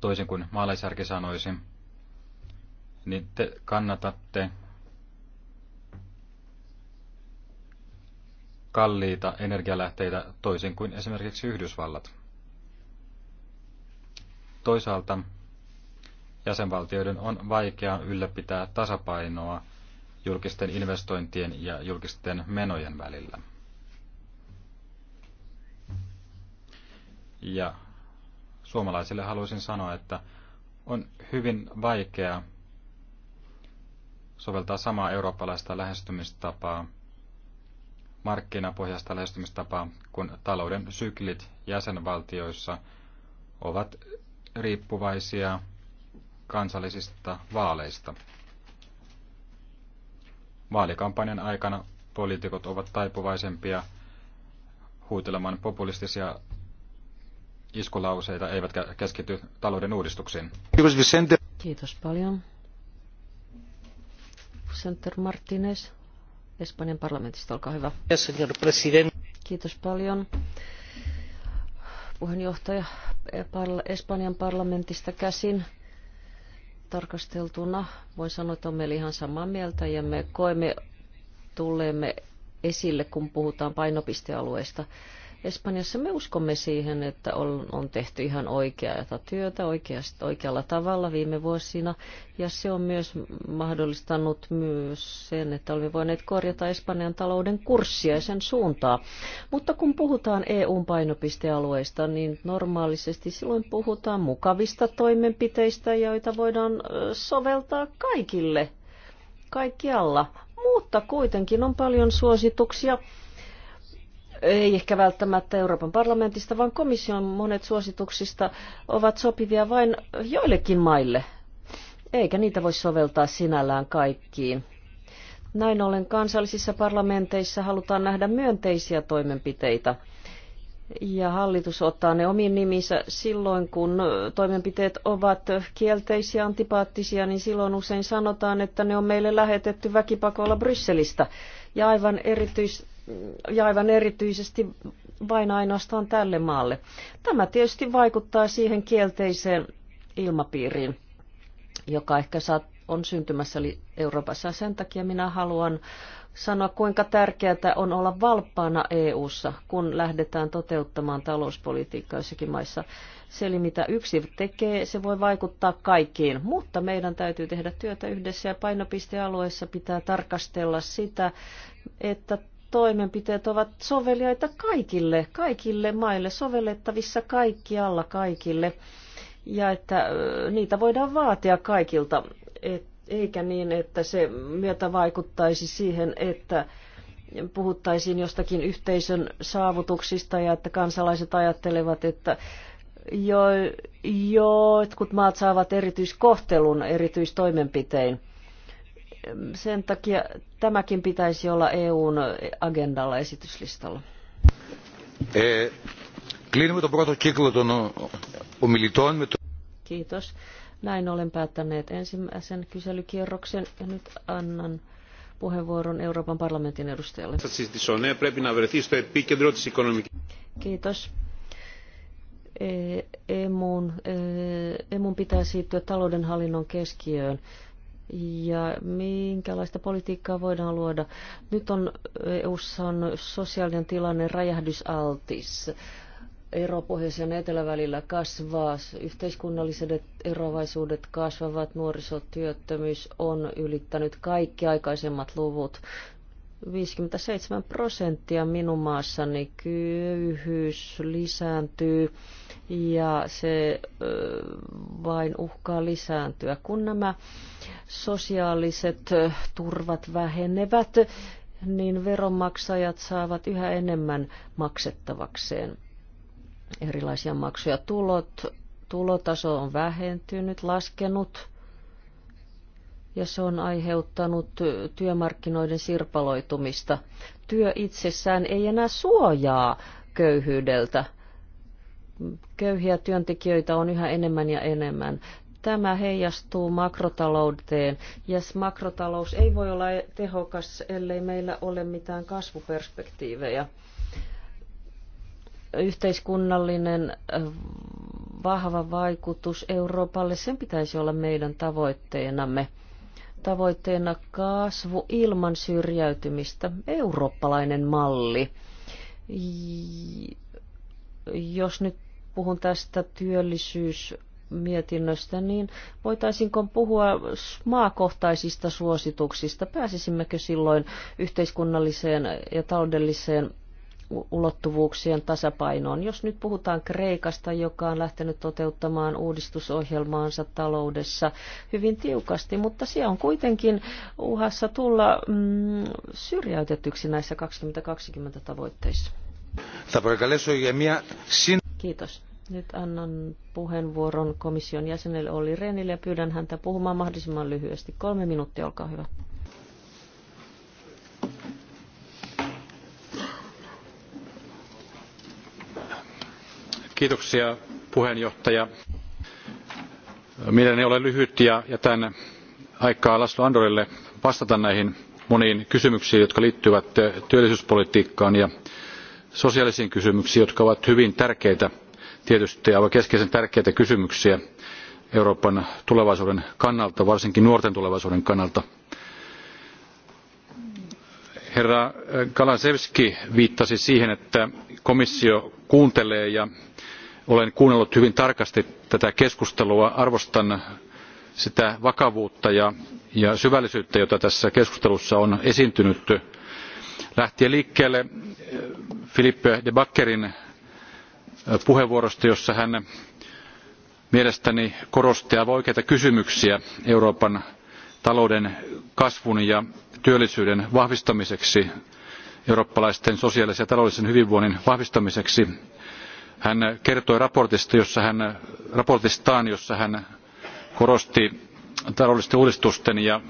toisin kuin maalaisjärki sanoisi, niin te kannatatte kalliita energialähteitä toisin kuin esimerkiksi Yhdysvallat. Toisaalta jäsenvaltioiden on vaikea ylläpitää tasapainoa julkisten investointien ja julkisten menojen välillä. Ja suomalaisille haluaisin sanoa, että on hyvin vaikea soveltaa samaa eurooppalaista lähestymistapaa, markkinapohjaista lähestymistapaa, kun talouden syklit jäsenvaltioissa ovat riippuvaisia kansallisista vaaleista. Vaalikampanjan aikana poliitikot ovat taipuvaisempia huutelemaan populistisia iskulauseita eivätkä keskity talouden uudistuksiin. Kiitos Vicente. Kiitos paljon. Center Martinez, Espanjan parlamentista, olkaa hyvä. Kiitos paljon. Puheenjohtaja Espanjan parlamentista käsin tarkasteltuna voin sanoa, että olemme ihan samaa mieltä ja me koemme tulleemme esille, kun puhutaan painopistealueista. Espanjassa me uskomme siihen, että on, on tehty ihan oikeaa työtä oikeasta, oikealla tavalla viime vuosina. Ja se on myös mahdollistanut myös sen, että olemme voineet korjata Espanjan talouden kurssia ja sen suuntaa. Mutta kun puhutaan EUn painopistealueista, niin normaalisesti silloin puhutaan mukavista toimenpiteistä, joita voidaan soveltaa kaikille, kaikkialla. Mutta kuitenkin on paljon suosituksia ei ehkä välttämättä Euroopan parlamentista, vaan komission monet suosituksista ovat sopivia vain joillekin maille, eikä niitä voi soveltaa sinällään kaikkiin. Näin ollen kansallisissa parlamenteissa halutaan nähdä myönteisiä toimenpiteitä ja hallitus ottaa ne omiin nimissä silloin, kun toimenpiteet ovat kielteisiä, antipaattisia, niin silloin usein sanotaan, että ne on meille lähetetty väkipakolla Brysselistä. Ja aivan erityis, ja aivan erityisesti vain ainoastaan tälle maalle. Tämä tietysti vaikuttaa siihen kielteiseen ilmapiiriin, joka ehkä on syntymässä eli Euroopassa. Sen takia minä haluan sanoa, kuinka tärkeää on olla valppaana EU:ssa, kun lähdetään toteuttamaan talouspolitiikkaa jossakin maissa. Se, eli mitä yksi tekee, se voi vaikuttaa kaikkiin, mutta meidän täytyy tehdä työtä yhdessä ja painopistealueessa pitää tarkastella sitä, että toimenpiteet ovat soveliaita kaikille, kaikille maille, sovellettavissa kaikkialla kaikille, ja että niitä voidaan vaatia kaikilta, et, eikä niin, että se myötä vaikuttaisi siihen, että puhuttaisiin jostakin yhteisön saavutuksista ja että kansalaiset ajattelevat, että jo, jotkut maat saavat erityiskohtelun erityistoimenpitein – sen takia tämäkin pitäisi olla EUn agendalla esityslistalla. Kiitos. Näin olen päättäneet ensimmäisen kyselykierroksen ja nyt annan puheenvuoron Euroopan parlamentin edustajalle. Kiitos. EMUn, EMUn pitää siirtyä taloudenhallinnon keskiöön ja minkälaista politiikkaa voidaan luoda. Nyt on EU:ssa on sosiaalinen tilanne räjähdysaltis. Ero pohjoisen ja etelävälillä kasvaa, yhteiskunnalliset eroavaisuudet kasvavat, nuorisotyöttömyys on ylittänyt kaikki aikaisemmat luvut. 57 prosenttia minun maassani köyhyys lisääntyy ja se vain uhkaa lisääntyä. Kun nämä sosiaaliset turvat vähenevät, niin veronmaksajat saavat yhä enemmän maksettavakseen erilaisia maksuja. Tulot, tulotaso on vähentynyt, laskenut ja se on aiheuttanut työmarkkinoiden sirpaloitumista. Työ itsessään ei enää suojaa köyhyydeltä. Köyhiä työntekijöitä on yhä enemmän ja enemmän. Tämä heijastuu makrotalouteen. Ja yes, makrotalous ei voi olla tehokas, ellei meillä ole mitään kasvuperspektiivejä. Yhteiskunnallinen vahva vaikutus Euroopalle, sen pitäisi olla meidän tavoitteenamme tavoitteena kasvu ilman syrjäytymistä, eurooppalainen malli. Jos nyt puhun tästä työllisyys mietinnöstä, niin voitaisinko puhua maakohtaisista suosituksista? Pääsisimmekö silloin yhteiskunnalliseen ja taloudelliseen ulottuvuuksien tasapainoon. Jos nyt puhutaan Kreikasta, joka on lähtenyt toteuttamaan uudistusohjelmaansa taloudessa hyvin tiukasti, mutta siellä on kuitenkin uhassa tulla mm, syrjäytetyksi näissä 2020 tavoitteissa. Kiitos. Nyt annan puheenvuoron komission jäsenelle Olli Rehnille ja pyydän häntä puhumaan mahdollisimman lyhyesti. Kolme minuuttia, olkaa hyvä. arvoisa puhemies Mielelläni olen lyhyt ja jätän aikaa Laszlo Andorille vastata näihin moniin kysymyksiin, jotka liittyvät työllisyyspolitiikkaan ja sosiaalisiin kysymyksiin, jotka ovat hyvin tärkeitä tietysti aivan keskeisen tärkeitä kysymyksiä Euroopan tulevaisuuden kannalta, varsinkin nuorten tulevaisuuden kannalta. Herra Kalasevski viittasi siihen, että komissio kuuntelee ja olen kuunnellut hyvin tarkasti tätä keskustelua. Arvostan sitä vakavuutta ja, syvällisyyttä, jota tässä keskustelussa on esiintynyt. Lähtien liikkeelle Philippe de Backerin puheenvuorosta, jossa hän mielestäni korosti aivan oikeita kysymyksiä Euroopan talouden kasvun ja työllisyyden vahvistamiseksi eurooppalaisten sosiaalisen ja taloudellisen hyvinvoinnin vahvistamiseksi hän kertoi jossa hän, raportistaan, jossa hän korosti taloudellisten uudistusten ja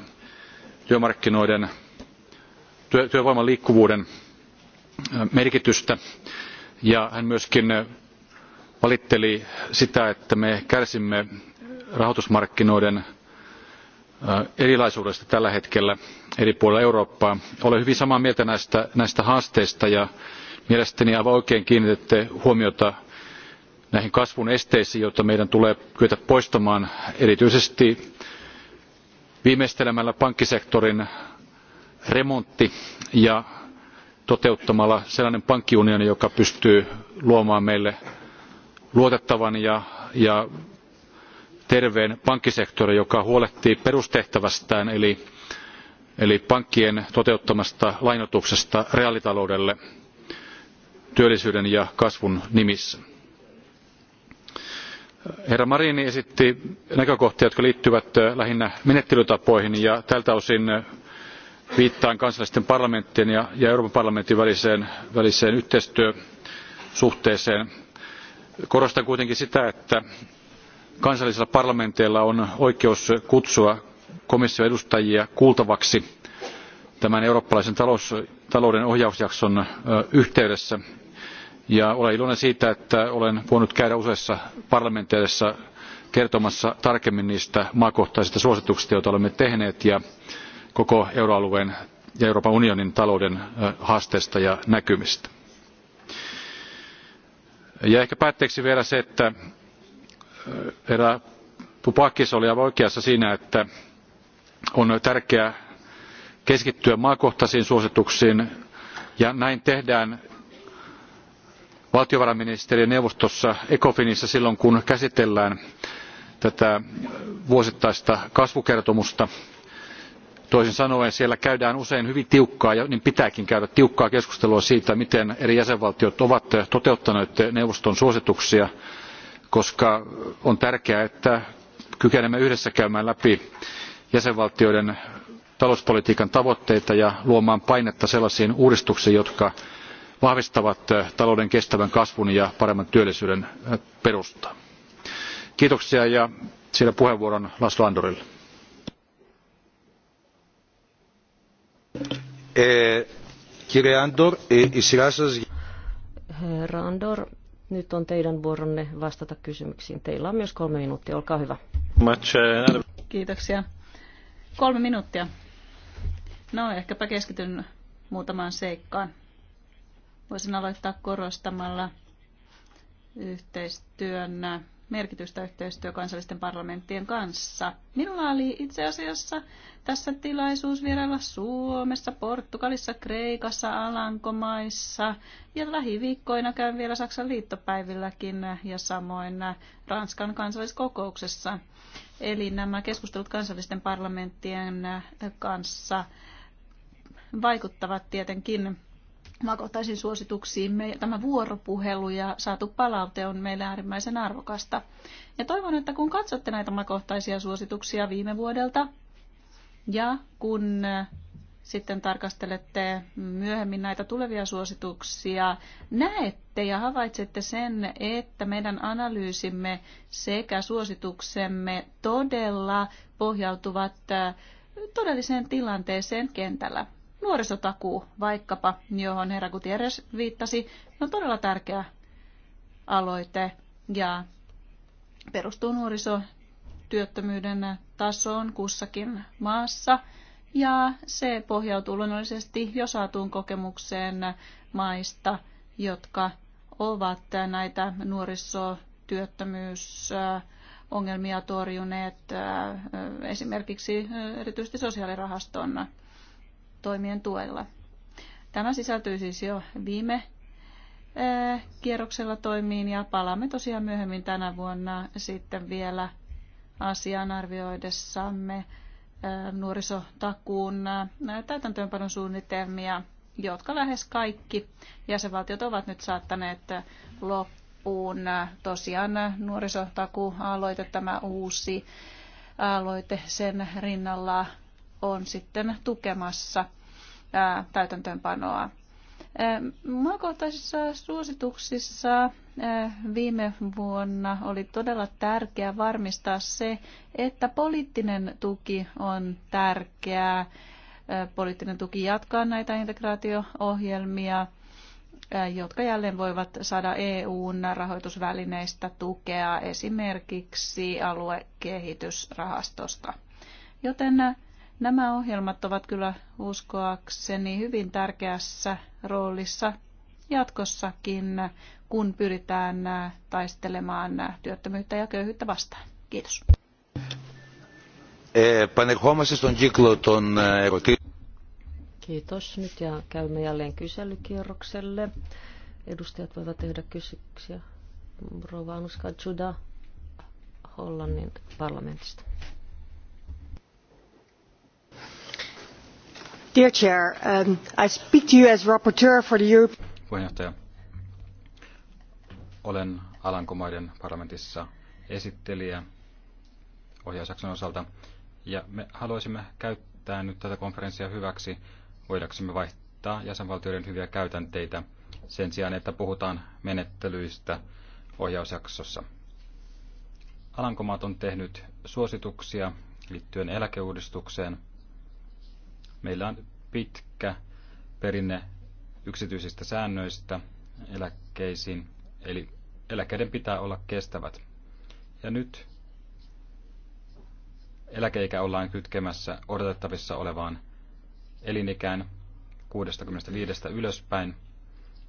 työmarkkinoiden työvoiman liikkuvuuden merkitystä ja hän myöskin valitteli sitä, että me kärsimme rahoitusmarkkinoiden erilaisuudesta tällä hetkellä eri puolilla Eurooppaa. Olen hyvin samaa mieltä näistä, haasteista ja mielestäni aivan oikein kiinnititte huomiota näihin kasvun esteisiin joita meidän tulee kyetä poistamaan erityisesti viimeistelemällä pankkisektorin remontti ja toteuttamalla sellainen pankkiunioni joka pystyy luomaan meille luotettavan ja, terveen pankkisektorin joka huolehtii perustehtävästään eli, eli pankkien toteuttamasta lainoituksesta reaalitaloudelle työllisyyden ja kasvun nimissä herra marini esitti näkökohtia jotka liittyvät lähinnä menettelytapoihin ja tältä osin viittaan kansallisten parlamenttien ja euroopan parlamentin väliseen, yhteistyösuhteeseen. korostan kuitenkin sitä että kansallisilla parlamenteilla on oikeus kutsua komission edustajia kuultavaksi tämän eurooppalaisen talouden ohjausjakson yhteydessä ja olen iloinen siitä, että olen voinut käydä useissa parlamenteissa kertomassa tarkemmin niistä maakohtaisista suosituksista, joita olemme tehneet ja koko euroalueen ja Euroopan unionin talouden haasteista ja näkymistä. Ja ehkä päätteeksi vielä se, että herra Pupakis oli aivan oikeassa siinä, että on tärkeää keskittyä maakohtaisiin suosituksiin ja näin tehdään valtiovarainministerien neuvostossa ecofinissa silloin kun käsitellään tätä vuosittaista kasvukertomusta toisin sanoen siellä käydään usein hyvin tiukkaa ja niin pitääkin käydä tiukkaa keskustelua siitä miten eri jäsenvaltiot ovat toteuttaneet neuvoston suosituksia koska on tärkeää että kykenemme yhdessä käymään läpi jäsenvaltioiden talouspolitiikan tavoitteita ja luomaan painetta sellaisiin uudistuksiin jotka vahvistavat talouden kestävän kasvun ja paremman työllisyyden perustaa. Kiitoksia ja siellä puheenvuoron Laszlo Andorille. Eh, Andor, e, Herra Andor, nyt on teidän vuoronne vastata kysymyksiin. Teillä on myös kolme minuuttia, olkaa hyvä. Kiitoksia. Kolme minuuttia. No, ehkäpä keskityn muutamaan seikkaan. Voisin aloittaa korostamalla yhteistyön merkitystä yhteistyö kansallisten parlamenttien kanssa. Minulla oli itse asiassa tässä tilaisuus vierailla Suomessa, Portugalissa, Kreikassa, Alankomaissa ja lähiviikkoina käyn vielä Saksan liittopäivilläkin ja samoin Ranskan kansalliskokouksessa. Eli nämä keskustelut kansallisten parlamenttien kanssa vaikuttavat tietenkin omakohtaisiin suosituksiin. Tämä vuoropuhelu ja saatu palaute on meille äärimmäisen arvokasta. Ja toivon, että kun katsotte näitä omakohtaisia suosituksia viime vuodelta ja kun äh, sitten tarkastelette myöhemmin näitä tulevia suosituksia, näette ja havaitsette sen, että meidän analyysimme sekä suosituksemme todella pohjautuvat äh, todelliseen tilanteeseen kentällä. Nuorisotakuu vaikkapa, johon herra Gutierrez viittasi, on todella tärkeä aloite ja perustuu nuorisotyöttömyyden tasoon kussakin maassa. Ja se pohjautuu luonnollisesti jo saatuun kokemukseen maista, jotka ovat näitä nuorisotyöttömyys ongelmia torjuneet esimerkiksi erityisesti sosiaalirahaston toimien tuella. Tämä sisältyy siis jo viime eh, kierroksella toimiin ja palaamme tosiaan myöhemmin tänä vuonna sitten vielä asian arvioidessamme eh, nuorisotakuun eh, täytäntöönpanon suunnitelmia, jotka lähes kaikki jäsenvaltiot ovat nyt saattaneet loppuun. Tosiaan nuorisotaku aloite, tämä uusi aloite sen rinnalla on sitten tukemassa täytäntöönpanoa. Maakohtaisissa suosituksissa viime vuonna oli todella tärkeää varmistaa se, että poliittinen tuki on tärkeää. Poliittinen tuki jatkaa näitä integraatio-ohjelmia, jotka jälleen voivat saada EUn rahoitusvälineistä tukea esimerkiksi aluekehitysrahastosta. Joten Nämä ohjelmat ovat kyllä uskoakseni hyvin tärkeässä roolissa jatkossakin, kun pyritään taistelemaan työttömyyttä ja köyhyyttä vastaan. Kiitos. Kiitos. Nyt ja käymme jälleen kyselykierrokselle. Edustajat voivat tehdä kysymyksiä. Rova Anuska Juda Hollannin parlamentista. Dear Chair, um, I speak to you as rapporteur for the Europe... Puheenjohtaja, olen Alankomaiden parlamentissa esittelijä ohjausjakson osalta, ja me haluaisimme käyttää nyt tätä konferenssia hyväksi, voidaksemme vaihtaa jäsenvaltioiden hyviä käytänteitä sen sijaan, että puhutaan menettelyistä ohjausjaksossa. Alankomaat on tehnyt suosituksia liittyen eläkeuudistukseen – Meillä on pitkä perinne yksityisistä säännöistä eläkkeisiin, eli eläkkeiden pitää olla kestävät. Ja nyt eläkeikä ollaan kytkemässä odotettavissa olevaan elinikään 65 ylöspäin.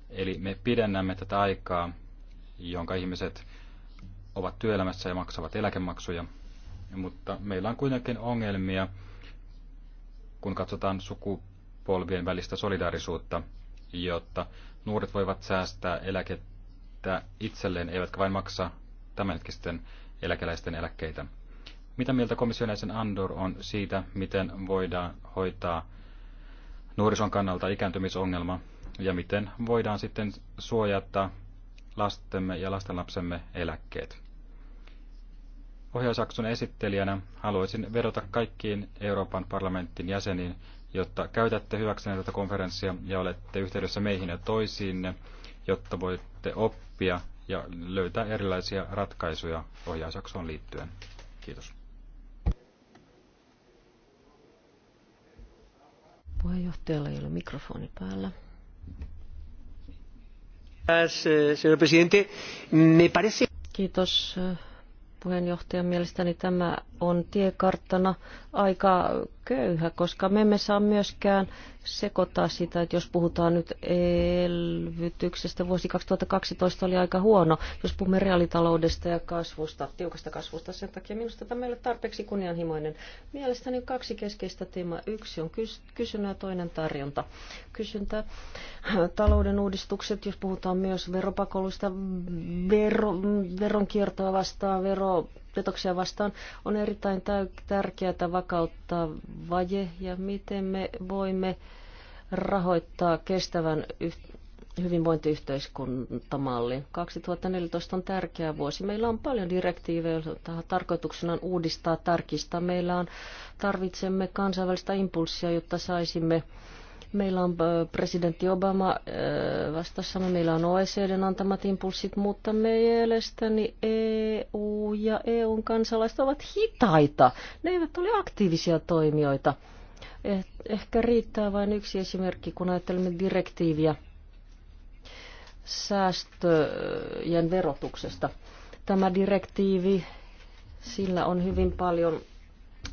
Eli me pidennämme tätä aikaa, jonka ihmiset ovat työelämässä ja maksavat eläkemaksuja. Mutta meillä on kuitenkin ongelmia kun katsotaan sukupolvien välistä solidaarisuutta, jotta nuoret voivat säästää eläkettä itselleen, eivätkä vain maksa tämänhetkisten eläkeläisten eläkkeitä. Mitä mieltä komissionäisen Andor on siitä, miten voidaan hoitaa nuorison kannalta ikääntymisongelma ja miten voidaan sitten suojata lastemme ja lastenlapsemme eläkkeet? Ohjausakson esittelijänä haluaisin vedota kaikkiin Euroopan parlamentin jäseniin, jotta käytätte hyväksenne tätä konferenssia ja olette yhteydessä meihin ja toisiinne, jotta voitte oppia ja löytää erilaisia ratkaisuja ohjausaksoon liittyen. Kiitos. Puheenjohtajalla ei ole mikrofoni päällä. Kiitos, Puheenjohtajan mielestäni tämä on tiekarttana aika köyhä, koska me emme saa myöskään sekoittaa sitä, että jos puhutaan nyt elvytyksestä, vuosi 2012 oli aika huono, jos puhumme reaalitaloudesta ja kasvusta, tiukasta kasvusta, sen takia minusta tämä ei ole tarpeeksi kunnianhimoinen. Mielestäni kaksi keskeistä teemaa. Yksi on kysynnä ja toinen tarjonta. Kysyntä, talouden uudistukset, jos puhutaan myös veropakoluista, vero, veronkiertoa vastaan, vero petoksia vastaan, on erittäin tärkeää vakauttaa vaje ja miten me voimme rahoittaa kestävän hyvinvointiyhteiskuntamallin. 2014 on tärkeä vuosi. Meillä on paljon direktiivejä, joita tarkoituksena on uudistaa, tarkistaa. Meillä on, tarvitsemme kansainvälistä impulssia, jotta saisimme Meillä on äh, presidentti Obama äh, vastassamme, meillä on OECDn antamat impulssit, mutta mielestäni EU ja EUn kansalaiset ovat hitaita. Ne eivät ole aktiivisia toimijoita. Eh, ehkä riittää vain yksi esimerkki, kun ajattelemme direktiiviä säästöjen verotuksesta. Tämä direktiivi, sillä on hyvin paljon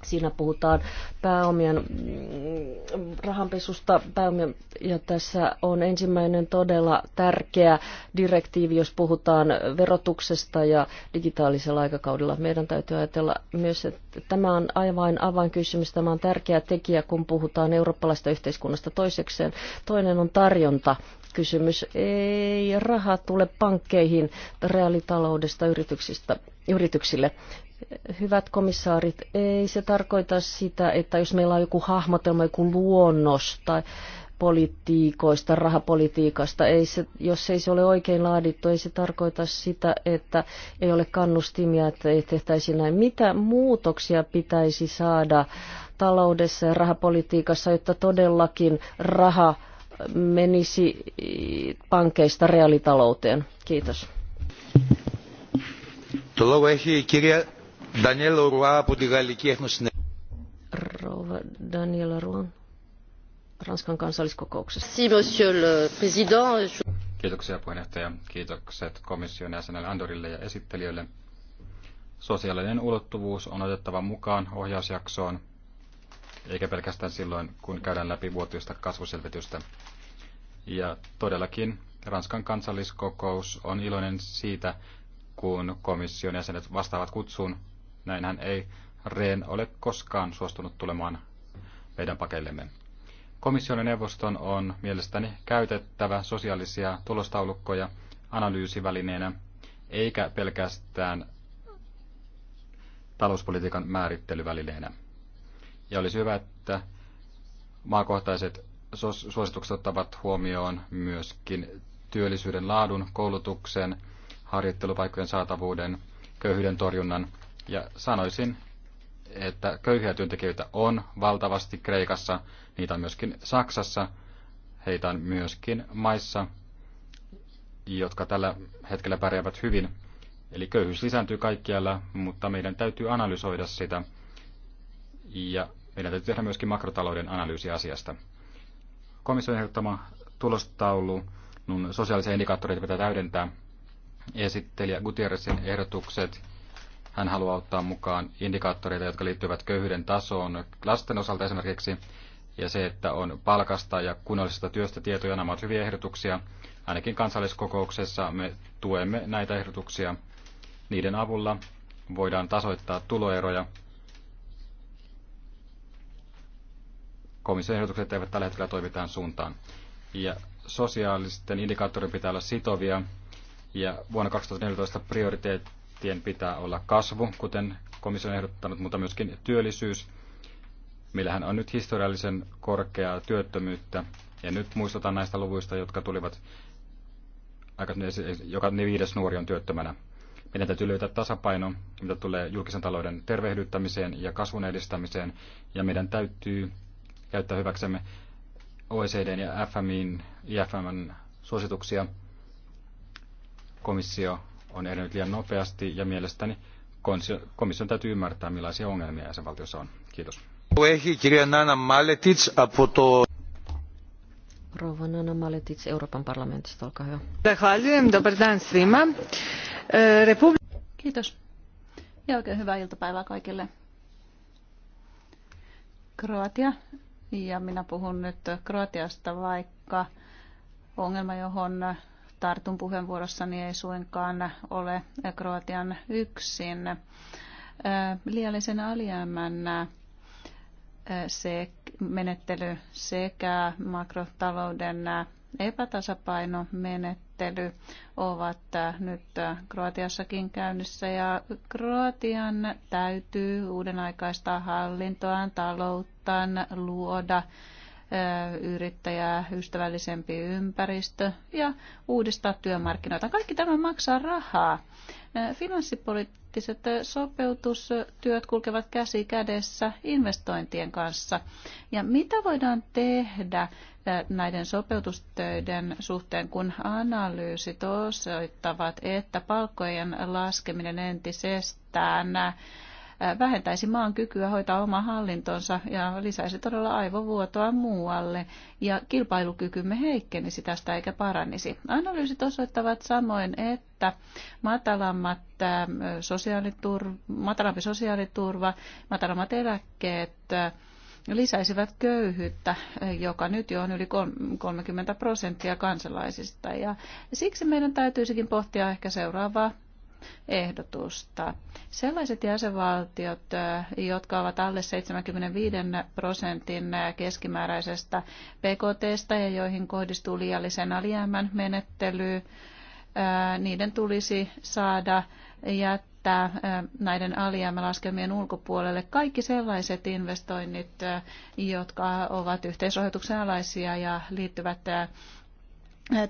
Siinä puhutaan pääomien mm, rahanpesusta pääomien, ja tässä on ensimmäinen todella tärkeä direktiivi, jos puhutaan verotuksesta ja digitaalisella aikakaudella. Meidän täytyy ajatella myös, että tämä on aivan avainkysymys, tämä on tärkeä tekijä, kun puhutaan eurooppalaista yhteiskunnasta toisekseen. Toinen on tarjonta kysymys. Ei raha tule pankkeihin reaalitaloudesta yrityksistä, yrityksille. Hyvät komissaarit, ei se tarkoita sitä, että jos meillä on joku hahmotelma, joku luonnos tai politiikoista, rahapolitiikasta, ei se, jos ei se ole oikein laadittu, ei se tarkoita sitä, että ei ole kannustimia, että ei tehtäisi näin. Mitä muutoksia pitäisi saada taloudessa ja rahapolitiikassa, jotta todellakin raha menisi pankeista reaalitalouteen? Kiitos. Το λόγο kirja. Daniel Roy από τη Γαλλική Daniel Ranskan kansalliskokouksessa. Si, monsieur le président. Kiitoksia puheenjohtaja. Kiitokset komission jäsenelle Andorille ja esittelijöille. Sosiaalinen ulottuvuus on otettava mukaan ohjausjaksoon, eikä pelkästään silloin, kun käydään läpi vuotuista kasvuselvitystä. Ja todellakin Ranskan kansalliskokous on iloinen siitä, kun komission jäsenet vastaavat kutsuun Näinhän ei reen ole koskaan suostunut tulemaan meidän pakeillemme. Komission ja neuvoston on mielestäni käytettävä sosiaalisia tulostaulukkoja analyysivälineenä, eikä pelkästään talouspolitiikan määrittelyvälineenä. Ja olisi hyvä, että maakohtaiset suositukset ottavat huomioon myöskin työllisyyden laadun, koulutuksen, harjoittelupaikkojen saatavuuden, köyhyyden torjunnan ja sanoisin, että köyhiä työntekijöitä on valtavasti Kreikassa, niitä on myöskin Saksassa, heitä on myöskin maissa, jotka tällä hetkellä pärjäävät hyvin. Eli köyhyys lisääntyy kaikkialla, mutta meidän täytyy analysoida sitä ja meidän täytyy tehdä myöskin makrotalouden analyysi asiasta. Komission ehdottama tulostaulu, nun sosiaalisia indikaattoreita pitää täydentää. Esittelijä Gutierrezin ehdotukset hän haluaa ottaa mukaan indikaattoreita, jotka liittyvät köyhyyden tasoon lasten osalta esimerkiksi, ja se, että on palkasta ja kunnollisesta työstä tietoja, nämä ovat hyviä ehdotuksia. Ainakin kansalliskokouksessa me tuemme näitä ehdotuksia. Niiden avulla voidaan tasoittaa tuloeroja. Komission ehdotukset eivät tällä hetkellä toimi tähän suuntaan. Ja sosiaalisten indikaattorien pitää olla sitovia. Ja vuonna 2014 prioriteetti prioriteettien pitää olla kasvu, kuten komissio on ehdottanut, mutta myöskin työllisyys. Meillähän on nyt historiallisen korkeaa työttömyyttä. ja nyt muistutan näistä luvuista, jotka tulivat aika, joka viides nuori on työttömänä. Meidän täytyy löytää tasapaino, mitä tulee julkisen talouden tervehdyttämiseen ja kasvun edistämiseen, ja meidän täytyy käyttää hyväksemme OECDn ja FMin, IFMn suosituksia. Komissio on edennyt liian nopeasti ja mielestäni komission täytyy ymmärtää, millaisia ongelmia jäsenvaltiossa on. Kiitos. Rouva Nana Euroopan parlamentista, olkaa hyvä. E, Kiitos. Ja oikein hyvää iltapäivää kaikille. Kroatia. Ja minä puhun nyt Kroatiasta, vaikka ongelma, johon tartun puheenvuorossani ei suinkaan ole Kroatian yksin. Liiallisen alijäämän se menettely sekä makrotalouden epätasapainomenettely ovat nyt Kroatiassakin käynnissä ja Kroatian täytyy uudenaikaista hallintoaan, talouttaan luoda yrittäjää, ystävällisempi ympäristö ja uudistaa työmarkkinoita. Kaikki tämä maksaa rahaa. Finanssipoliittiset sopeutustyöt kulkevat käsi kädessä investointien kanssa. Ja mitä voidaan tehdä näiden sopeutustöiden suhteen, kun analyysit osoittavat, että palkkojen laskeminen entisestään vähentäisi maan kykyä hoitaa oma hallintonsa ja lisäisi todella aivovuotoa muualle ja kilpailukykymme heikkenisi tästä eikä paranisi. Analyysit osoittavat samoin, että matalammat sosiaaliturva, matalampi sosiaaliturva, matalammat eläkkeet, lisäisivät köyhyyttä, joka nyt jo on yli 30 prosenttia kansalaisista. Ja siksi meidän täytyisikin pohtia ehkä seuraavaa ehdotusta. Sellaiset jäsenvaltiot, jotka ovat alle 75 prosentin keskimääräisestä PKT ja joihin kohdistuu liiallisen alijäämän menettely, niiden tulisi saada jättää näiden alijäämälaskelmien ulkopuolelle kaikki sellaiset investoinnit, jotka ovat yhteisrahoituksen alaisia ja liittyvät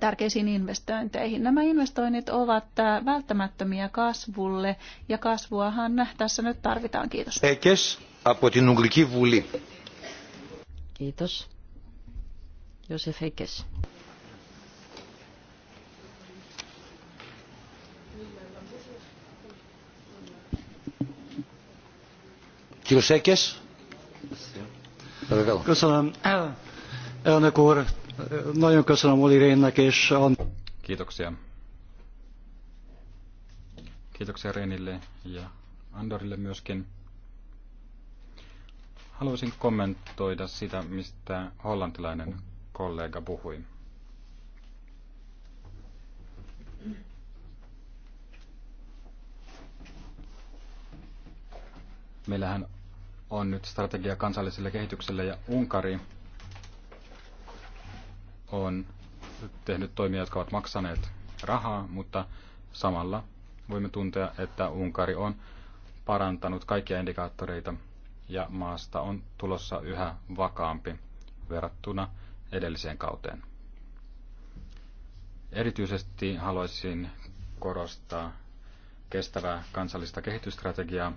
tärkeisiin investointeihin. Nämä investoinnit ovat välttämättömiä kasvulle ja kasvuahan tässä nyt tarvitaan. Kiitos. Kiitos. Josef Heikes. Kiitos Heikes. Kiitos. Kiitos. Kiitos. Nagyon köszönöm Oli Rénnek és Kiitoksia. Kiitoksia Reinille ja Andorille myöskin. Haluaisin kommentoida sitä, mistä hollantilainen kollega puhui. Meillähän on nyt strategia kansalliselle kehitykselle ja Unkari on tehnyt toimia, jotka ovat maksaneet rahaa, mutta samalla voimme tuntea, että Unkari on parantanut kaikkia indikaattoreita ja maasta on tulossa yhä vakaampi verrattuna edelliseen kauteen. Erityisesti haluaisin korostaa kestävää kansallista kehitysstrategiaa,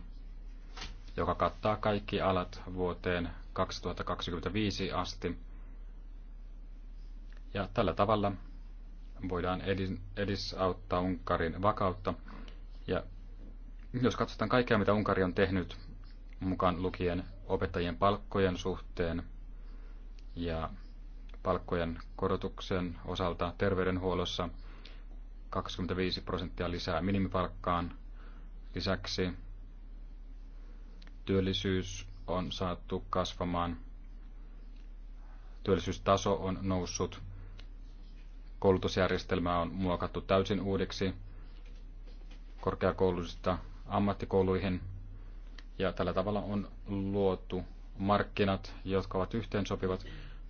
joka kattaa kaikki alat vuoteen 2025 asti – ja tällä tavalla voidaan edisauttaa Unkarin vakautta. Ja jos katsotaan kaikkea, mitä Unkari on tehnyt, mukaan lukien opettajien palkkojen suhteen ja palkkojen korotuksen osalta terveydenhuollossa 25 prosenttia lisää minimipalkkaan. Lisäksi työllisyys on saatu kasvamaan, työllisyystaso on noussut – Koulutusjärjestelmää on muokattu täysin uudeksi korkeakouluista ammattikouluihin ja tällä tavalla on luotu markkinat, jotka ovat yhteensopivat,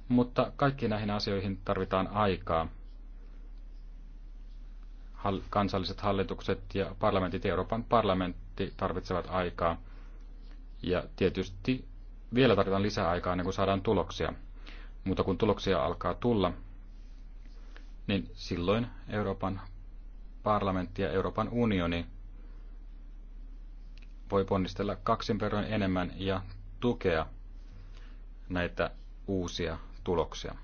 mutta kaikkiin näihin asioihin tarvitaan aikaa. kansalliset hallitukset ja parlamentit, Euroopan parlamentti tarvitsevat aikaa ja tietysti vielä tarvitaan lisää aikaa ennen kuin saadaan tuloksia. Mutta kun tuloksia alkaa tulla, niin silloin Euroopan parlamentti ja Euroopan unioni voi ponnistella kaksin verran enemmän ja tukea näitä uusia tuloksia.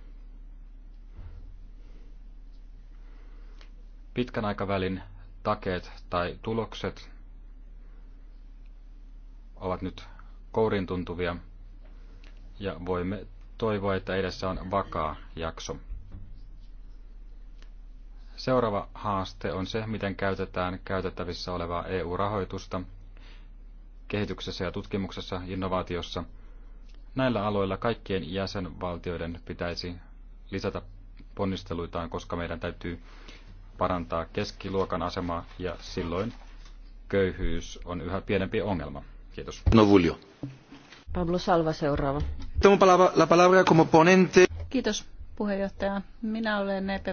Pitkän aikavälin takeet tai tulokset ovat nyt kourin tuntuvia ja voimme toivoa, että edessä on vakaa jakso. Seuraava haaste on se, miten käytetään käytettävissä olevaa EU-rahoitusta kehityksessä ja tutkimuksessa, innovaatiossa. Näillä aloilla kaikkien jäsenvaltioiden pitäisi lisätä ponnisteluitaan, koska meidän täytyy parantaa keskiluokan asemaa ja silloin köyhyys on yhä pienempi ongelma. Kiitos. No Pablo Salva seuraava. Tomo la palabra como ponente. Kiitos puheenjohtaja. Minä olen epp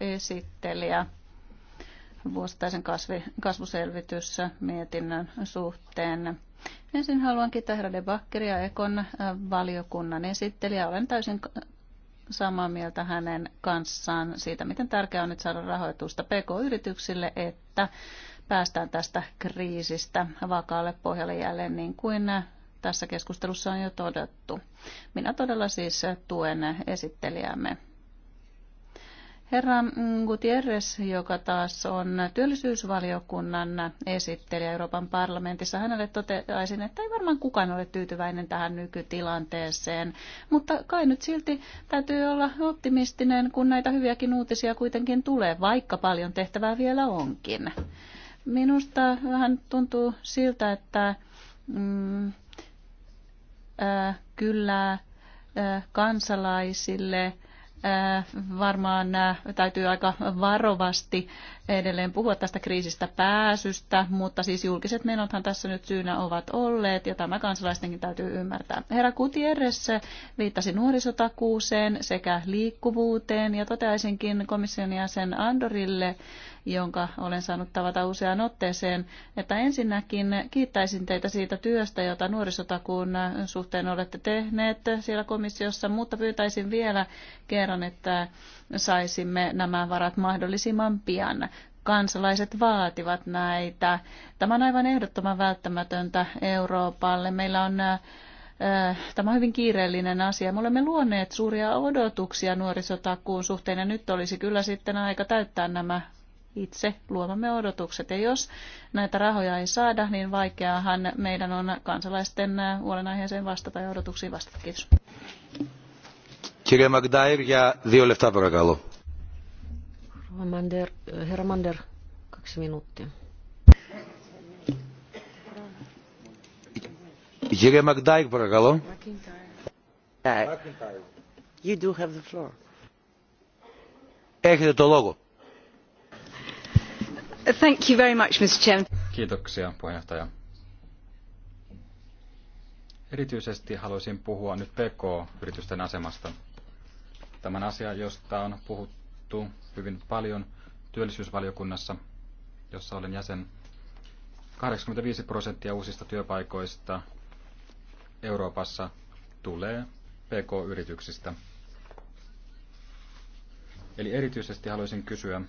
esittelijä vuosittaisen kasvi, mietinnön suhteen. Ensin haluan kiittää herra ja Ekon äh, valiokunnan esittelijä. Olen täysin samaa mieltä hänen kanssaan siitä, miten tärkeää on nyt saada rahoitusta PK-yrityksille, että päästään tästä kriisistä vakaalle pohjalle jälleen niin kuin tässä keskustelussa on jo todettu. Minä todella siis tuen esittelijämme. Herra Gutierrez, joka taas on työllisyysvaliokunnan esittelijä Euroopan parlamentissa, hänelle toteaisin, että ei varmaan kukaan ole tyytyväinen tähän nykytilanteeseen, mutta kai nyt silti täytyy olla optimistinen, kun näitä hyviäkin uutisia kuitenkin tulee, vaikka paljon tehtävää vielä onkin. Minusta vähän tuntuu siltä, että mm, kyllä kansalaisille varmaan täytyy aika varovasti edelleen puhua tästä kriisistä pääsystä, mutta siis julkiset menothan tässä nyt syynä ovat olleet, ja tämä kansalaistenkin täytyy ymmärtää. Herra Gutierrez viittasi nuorisotakuuseen sekä liikkuvuuteen, ja toteaisinkin komission jäsen Andorille, jonka olen saanut tavata useaan otteeseen, että ensinnäkin kiittäisin teitä siitä työstä, jota nuorisotakuun suhteen olette tehneet siellä komissiossa, mutta pyytäisin vielä kerran, että saisimme nämä varat mahdollisimman pian kansalaiset vaativat näitä. Tämä on aivan ehdottoman välttämätöntä Euroopalle. Meillä on äh, Tämä on hyvin kiireellinen asia. Me olemme luoneet suuria odotuksia nuorisotakuun suhteen ja nyt olisi kyllä sitten aika täyttää nämä itse luomamme odotukset. Ja jos näitä rahoja ei saada, niin vaikeahan meidän on kansalaisten huolenaiheeseen vastata ja odotuksiin vastata. Kiitos. Kirja Magdair ja δύο λεφτά herra Mander, kaksi minuuttia. Kirja Magdair, παρακαλώ. You do have the floor. Έχετε το λόγο. Thank you very much, Mr. Chairman. Kiitoksia, puheenjohtaja. Erityisesti haluaisin puhua nyt PK-yritysten asemasta. Tämän asia, josta on puhuttu hyvin paljon työllisyysvaliokunnassa, jossa olen jäsen. 85 prosenttia uusista työpaikoista Euroopassa tulee PK-yrityksistä. Eli erityisesti haluaisin kysyä,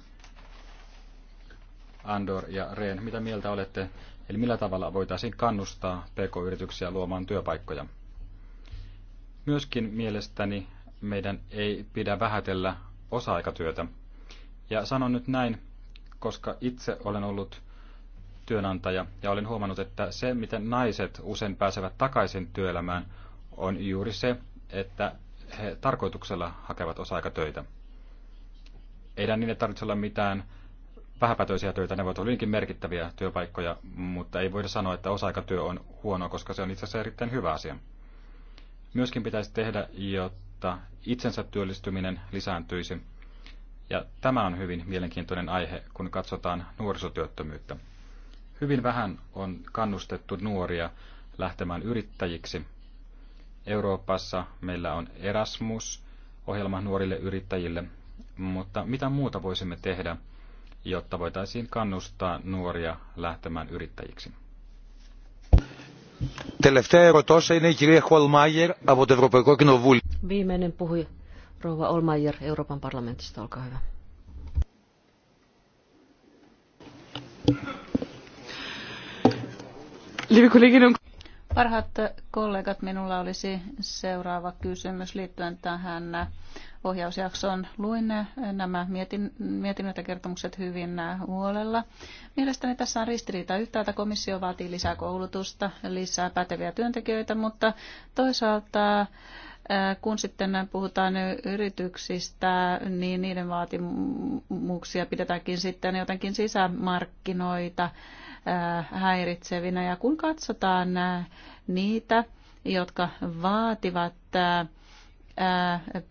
Andor ja Reen, mitä mieltä olette? Eli millä tavalla voitaisiin kannustaa pk-yrityksiä luomaan työpaikkoja? Myöskin mielestäni meidän ei pidä vähätellä osa-aikatyötä. Ja sanon nyt näin, koska itse olen ollut työnantaja ja olen huomannut, että se, miten naiset usein pääsevät takaisin työelämään, on juuri se, että he tarkoituksella hakevat osa-aikatöitä. Ei niille tarvitse olla mitään vähäpätöisiä töitä, ne voivat olla hyvinkin merkittäviä työpaikkoja, mutta ei voida sanoa, että osa-aikatyö on huono, koska se on itse asiassa erittäin hyvä asia. Myöskin pitäisi tehdä, jotta itsensä työllistyminen lisääntyisi. Ja tämä on hyvin mielenkiintoinen aihe, kun katsotaan nuorisotyöttömyyttä. Hyvin vähän on kannustettu nuoria lähtemään yrittäjiksi. Euroopassa meillä on Erasmus, ohjelma nuorille yrittäjille, mutta mitä muuta voisimme tehdä, jotta voitaisiin kannustaa nuoria lähtemään yrittäjiksi. Viimeinen puhuja, rouva Olmayer Euroopan parlamentista, olkaa hyvä. Liebe Kolleginnen und Parhaat kollegat, minulla olisi seuraava kysymys liittyen tähän ohjausjaksoon. Luin nämä mietinnöt ja kertomukset hyvin huolella. Mielestäni tässä on ristiriita. Yhtäältä komissio vaatii lisää koulutusta, lisää päteviä työntekijöitä, mutta toisaalta äh, kun sitten puhutaan yrityksistä, niin niiden vaatimuksia pidetäänkin sitten jotenkin sisämarkkinoita Äh, häiritsevinä. Ja kun katsotaan äh, niitä, jotka vaativat äh,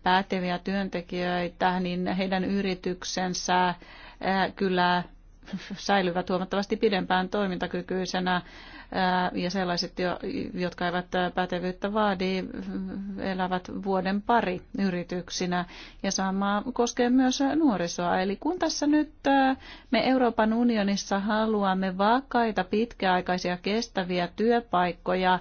päteviä työntekijöitä, niin heidän yrityksensä kyllä säilyvät huomattavasti pidempään toimintakykyisenä ja sellaiset, jotka eivät pätevyyttä vaadi, elävät vuoden pari yrityksinä. Ja sama koskee myös nuorisoa. Eli kun tässä nyt me Euroopan unionissa haluamme vakaita, pitkäaikaisia, kestäviä työpaikkoja,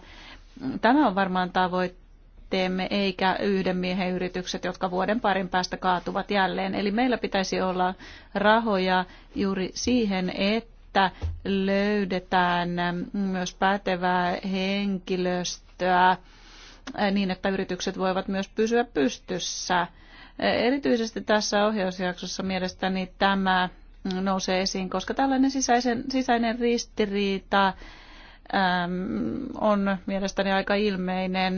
tämä on varmaan tavoitteena teemme, eikä yhden miehen yritykset, jotka vuoden parin päästä kaatuvat jälleen. Eli meillä pitäisi olla rahoja juuri siihen, että että löydetään myös pätevää henkilöstöä niin, että yritykset voivat myös pysyä pystyssä. Erityisesti tässä ohjausjaksossa mielestäni tämä nousee esiin, koska tällainen sisäisen, sisäinen ristiriita äm, on mielestäni aika ilmeinen.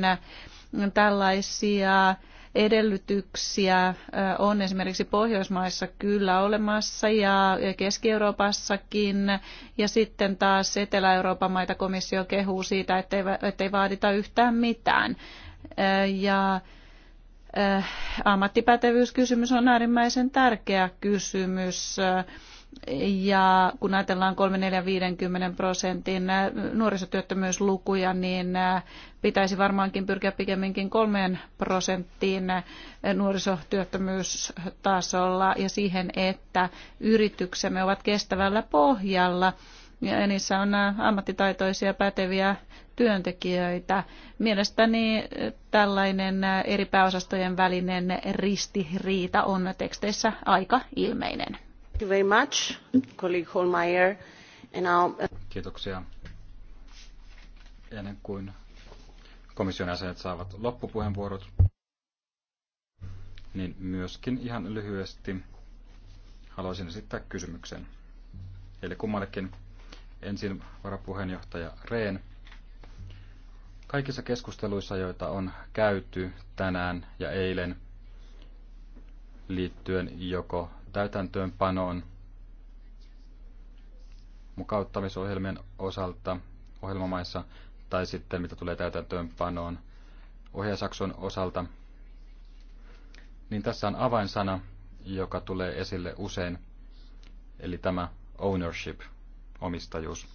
Tällaisia edellytyksiä on esimerkiksi Pohjoismaissa kyllä olemassa ja Keski-Euroopassakin. Ja sitten taas Etelä-Euroopan maita komissio kehuu siitä, ettei, ettei vaadita yhtään mitään. Ja ammattipätevyyskysymys on äärimmäisen tärkeä kysymys. Ja kun ajatellaan 3, 4, 50 prosentin nuorisotyöttömyyslukuja, niin pitäisi varmaankin pyrkiä pikemminkin 3 prosenttiin nuorisotyöttömyystasolla ja siihen, että yrityksemme ovat kestävällä pohjalla ja niissä on ammattitaitoisia päteviä työntekijöitä. Mielestäni tällainen eri pääosastojen välinen ristiriita on teksteissä aika ilmeinen. Uh, Kiitoksia. Ennen kuin komission jäsenet saavat loppupuheenvuorot, niin myöskin ihan lyhyesti haluaisin esittää kysymyksen. Eli kummallekin ensin varapuheenjohtaja Rehn. Kaikissa keskusteluissa, joita on käyty tänään ja eilen liittyen joko täytäntöönpanoon mukauttamisohjelmien osalta ohjelmamaissa tai sitten mitä tulee täytäntöönpanoon ohjausakson osalta, niin tässä on avainsana, joka tulee esille usein, eli tämä ownership, omistajuus.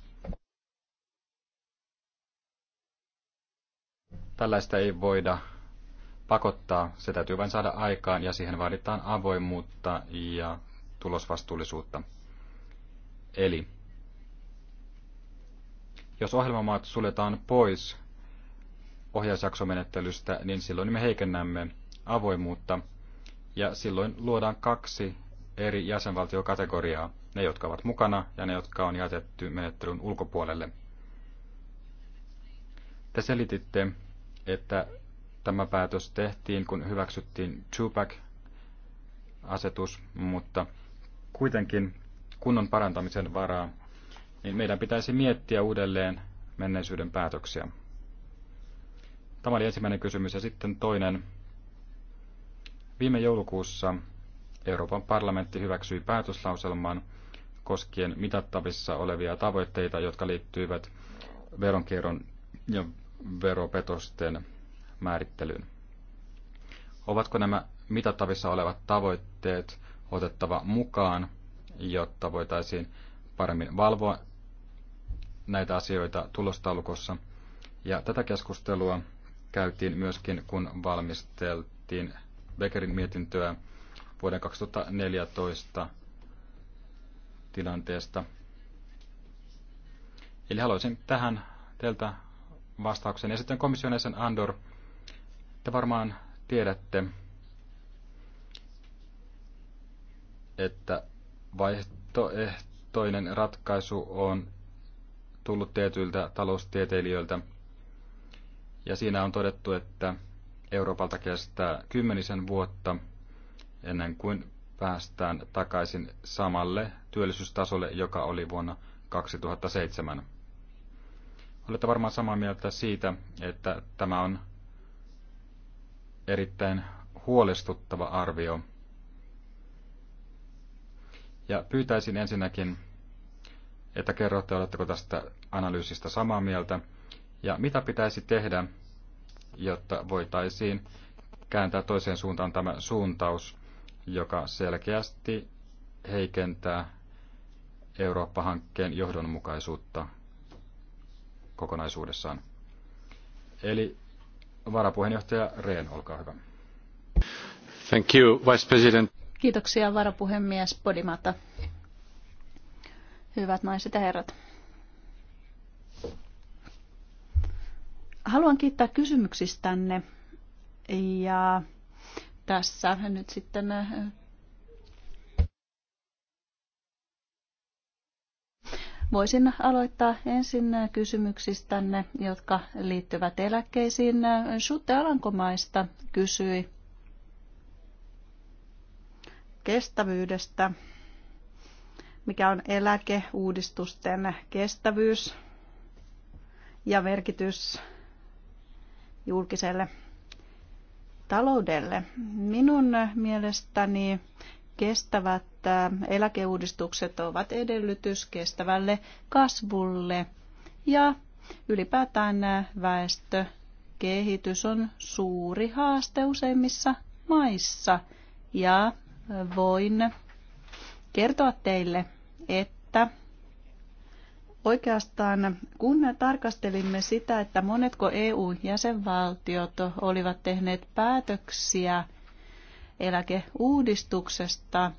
Tällaista ei voida pakottaa, se täytyy vain saada aikaan ja siihen vaaditaan avoimuutta ja tulosvastuullisuutta. Eli jos ohjelmamaat suljetaan pois ohjausjaksomenettelystä, niin silloin me heikennämme avoimuutta ja silloin luodaan kaksi eri jäsenvaltiokategoriaa, ne jotka ovat mukana ja ne jotka on jätetty menettelyn ulkopuolelle. Te selititte, että Tämä päätös tehtiin, kun hyväksyttiin Tupac-asetus, mutta kuitenkin kunnon parantamisen varaa, niin meidän pitäisi miettiä uudelleen menneisyyden päätöksiä. Tämä oli ensimmäinen kysymys ja sitten toinen. Viime joulukuussa Euroopan parlamentti hyväksyi päätöslauselman koskien mitattavissa olevia tavoitteita, jotka liittyivät veronkierron ja veropetosten määrittelyyn. Ovatko nämä mitattavissa olevat tavoitteet otettava mukaan, jotta voitaisiin paremmin valvoa näitä asioita tulostaulukossa? Ja tätä keskustelua käytiin myöskin, kun valmisteltiin Beckerin mietintöä vuoden 2014 tilanteesta. Eli haluaisin tähän teiltä vastauksen. Ja sitten komission Andor te varmaan tiedätte, että vaihtoehtoinen ratkaisu on tullut tietyiltä taloustieteilijöiltä. Ja siinä on todettu, että Euroopalta kestää kymmenisen vuotta ennen kuin päästään takaisin samalle työllisyystasolle, joka oli vuonna 2007. Olette varmaan samaa mieltä siitä, että tämä on erittäin huolestuttava arvio. Ja pyytäisin ensinnäkin, että kerrotte, oletteko tästä analyysistä samaa mieltä, ja mitä pitäisi tehdä, jotta voitaisiin kääntää toiseen suuntaan tämä suuntaus, joka selkeästi heikentää Eurooppa-hankkeen johdonmukaisuutta kokonaisuudessaan. Eli Varapuheenjohtaja Rehn, olkaa hyvä. Thank you, Vice President. Kiitoksia varapuhemies Podimata. Hyvät naiset ja herrat. Haluan kiittää kysymyksistänne ja tässä nyt sitten Voisin aloittaa ensin kysymyksistänne, jotka liittyvät eläkkeisiin. Sutte Alankomaista kysyi kestävyydestä. Mikä on eläkeuudistusten kestävyys ja merkitys julkiselle taloudelle? Minun mielestäni kestävät että eläkeuudistukset ovat edellytys kestävälle kasvulle ja ylipäätään väestökehitys on suuri haaste useimmissa maissa. Ja voin kertoa teille, että Oikeastaan kun me tarkastelimme sitä, että monetko EU-jäsenvaltiot olivat tehneet päätöksiä eläkeuudistuksesta,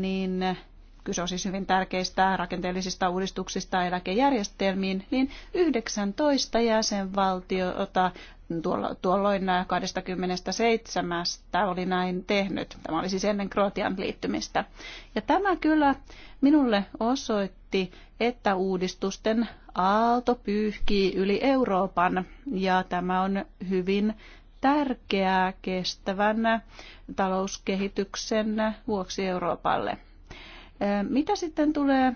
niin kyse on siis hyvin tärkeistä rakenteellisista uudistuksista eläkejärjestelmiin, niin 19 jäsenvaltiota tuolloin 27 oli näin tehnyt. Tämä oli siis ennen Kroatian liittymistä. Ja tämä kyllä minulle osoitti, että uudistusten aalto pyyhkii yli Euroopan ja tämä on hyvin tärkeää kestävän talouskehityksen vuoksi Euroopalle. Mitä sitten tulee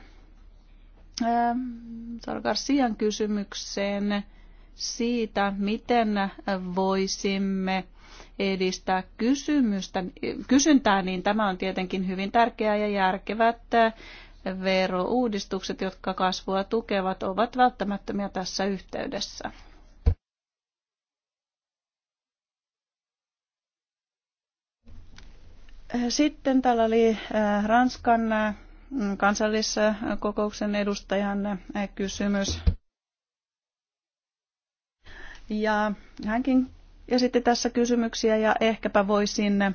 Sargarsian kysymykseen siitä, miten voisimme edistää kysymystä, kysyntää, niin tämä on tietenkin hyvin tärkeää ja järkevät verouudistukset, jotka kasvua tukevat, ovat välttämättömiä tässä yhteydessä. Sitten täällä oli äh, Ranskan äh, kansalliskokouksen edustajan äh, kysymys. Ja hänkin esitti tässä kysymyksiä ja ehkäpä voisin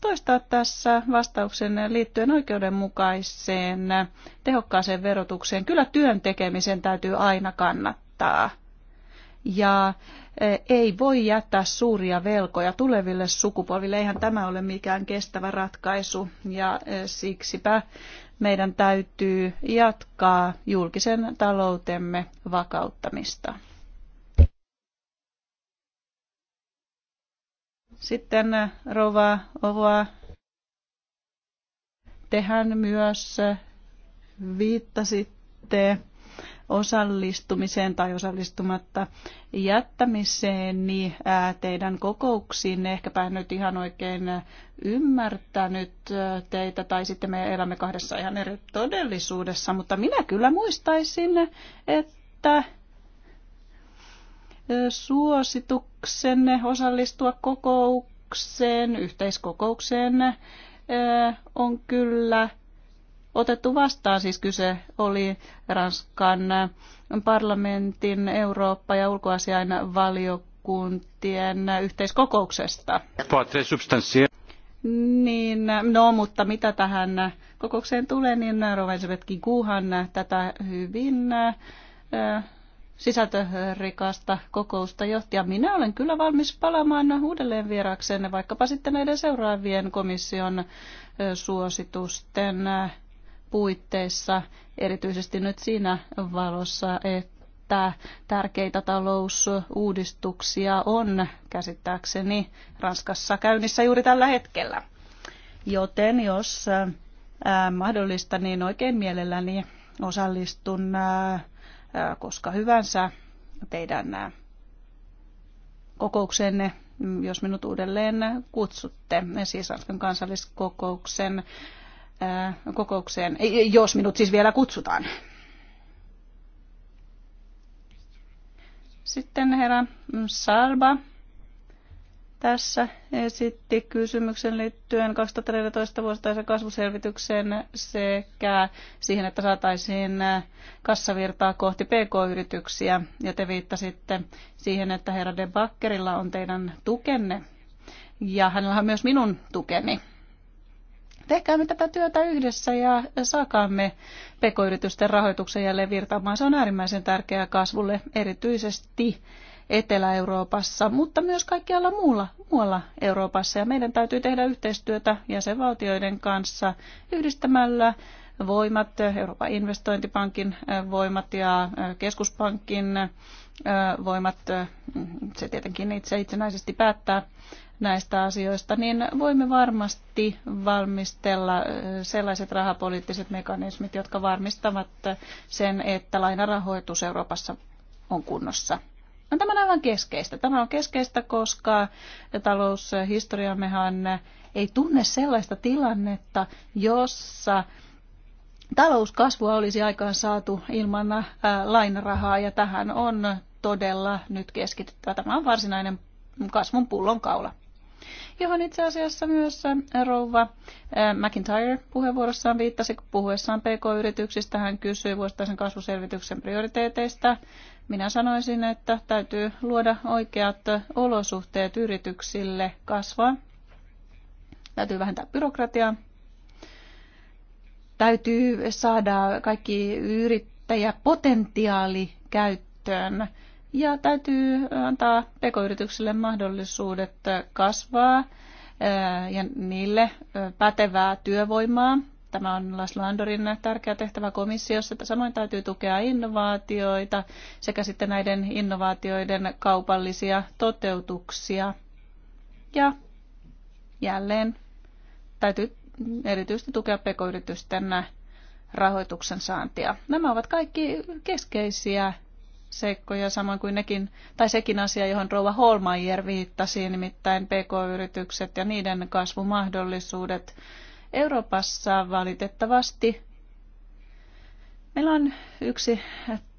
toistaa tässä vastauksen liittyen oikeudenmukaiseen tehokkaaseen verotukseen. Kyllä työn tekemisen täytyy aina kannattaa ja e, ei voi jättää suuria velkoja tuleville sukupolville. Eihän tämä ole mikään kestävä ratkaisu ja e, siksipä meidän täytyy jatkaa julkisen taloutemme vakauttamista. Sitten e, Rova ova tehän myös viittasitte osallistumiseen tai osallistumatta jättämiseen, niin teidän kokouksiin ehkäpä en nyt ihan oikein ymmärtänyt teitä, tai sitten me elämme kahdessa ihan eri todellisuudessa, mutta minä kyllä muistaisin, että suosituksenne osallistua kokoukseen, yhteiskokoukseen on kyllä otettu vastaan. Siis kyse oli Ranskan parlamentin Eurooppa- ja ulkoasiain valiokuntien yhteiskokouksesta. Niin, no mutta mitä tähän kokoukseen tulee, niin Rova Kuuhan tätä hyvin äh, sisältörikasta kokousta johti. Ja minä olen kyllä valmis palaamaan uudelleen vieraksenne, vaikkapa sitten näiden seuraavien komission äh, suositusten äh, puitteissa, erityisesti nyt siinä valossa, että tärkeitä talousuudistuksia on käsittääkseni Ranskassa käynnissä juuri tällä hetkellä. Joten jos mahdollista, niin oikein mielelläni osallistun koska hyvänsä teidän kokouksenne, mm, jos minut uudelleen kutsutte, siis Ranskan kansalliskokouksen Äh, kokoukseen, jos minut siis vielä kutsutaan. Sitten herra Salba tässä esitti kysymyksen liittyen 2014 vuosittaisen kasvuselvitykseen sekä siihen, että saataisiin äh, kassavirtaa kohti PK-yrityksiä. Ja te viittasitte siihen, että herra De Bakkerilla on teidän tukenne ja hänellä on myös minun tukeni Tehkäämme tätä työtä yhdessä ja saakaamme pekoyritysten rahoituksen jälleen virtaamaan. Se on äärimmäisen tärkeää kasvulle, erityisesti Etelä-Euroopassa, mutta myös kaikkialla muulla, muualla Euroopassa. Ja meidän täytyy tehdä yhteistyötä jäsenvaltioiden kanssa yhdistämällä voimat, Euroopan investointipankin voimat ja keskuspankin voimat, se tietenkin itse itsenäisesti päättää näistä asioista, niin voimme varmasti valmistella sellaiset rahapoliittiset mekanismit, jotka varmistavat sen, että lainarahoitus Euroopassa on kunnossa. No, tämä on aivan keskeistä. Tämä on keskeistä, koska taloushistoriammehan ei tunne sellaista tilannetta, jossa talouskasvua olisi aikaan saatu ilman äh, lainarahaa ja tähän on todella nyt keskityttävä. Tämä on varsinainen kasvun pullonkaula johon itse asiassa myös äh, rouva äh, McIntyre puheenvuorossaan viittasi, puhuessaan PK-yrityksistä. Hän kysyi vuosittaisen kasvuselvityksen prioriteeteista. Minä sanoisin, että täytyy luoda oikeat olosuhteet yrityksille kasvaa. Täytyy vähentää byrokratiaa Täytyy saada kaikki yrittäjäpotentiaali käyttöön ja täytyy antaa pekoyrityksille mahdollisuudet kasvaa eh, ja niille eh, pätevää työvoimaa. Tämä on Las Landorin tärkeä tehtävä komissiossa, että samoin täytyy tukea innovaatioita sekä sitten näiden innovaatioiden kaupallisia toteutuksia. Ja jälleen täytyy erityisesti tukea pk-yritysten rahoituksen saantia. Nämä ovat kaikki keskeisiä seikkoja, samoin kuin nekin, tai sekin asia, johon Rova Holmaier viittasi, nimittäin pk-yritykset ja niiden kasvumahdollisuudet. Euroopassa valitettavasti meillä on yksi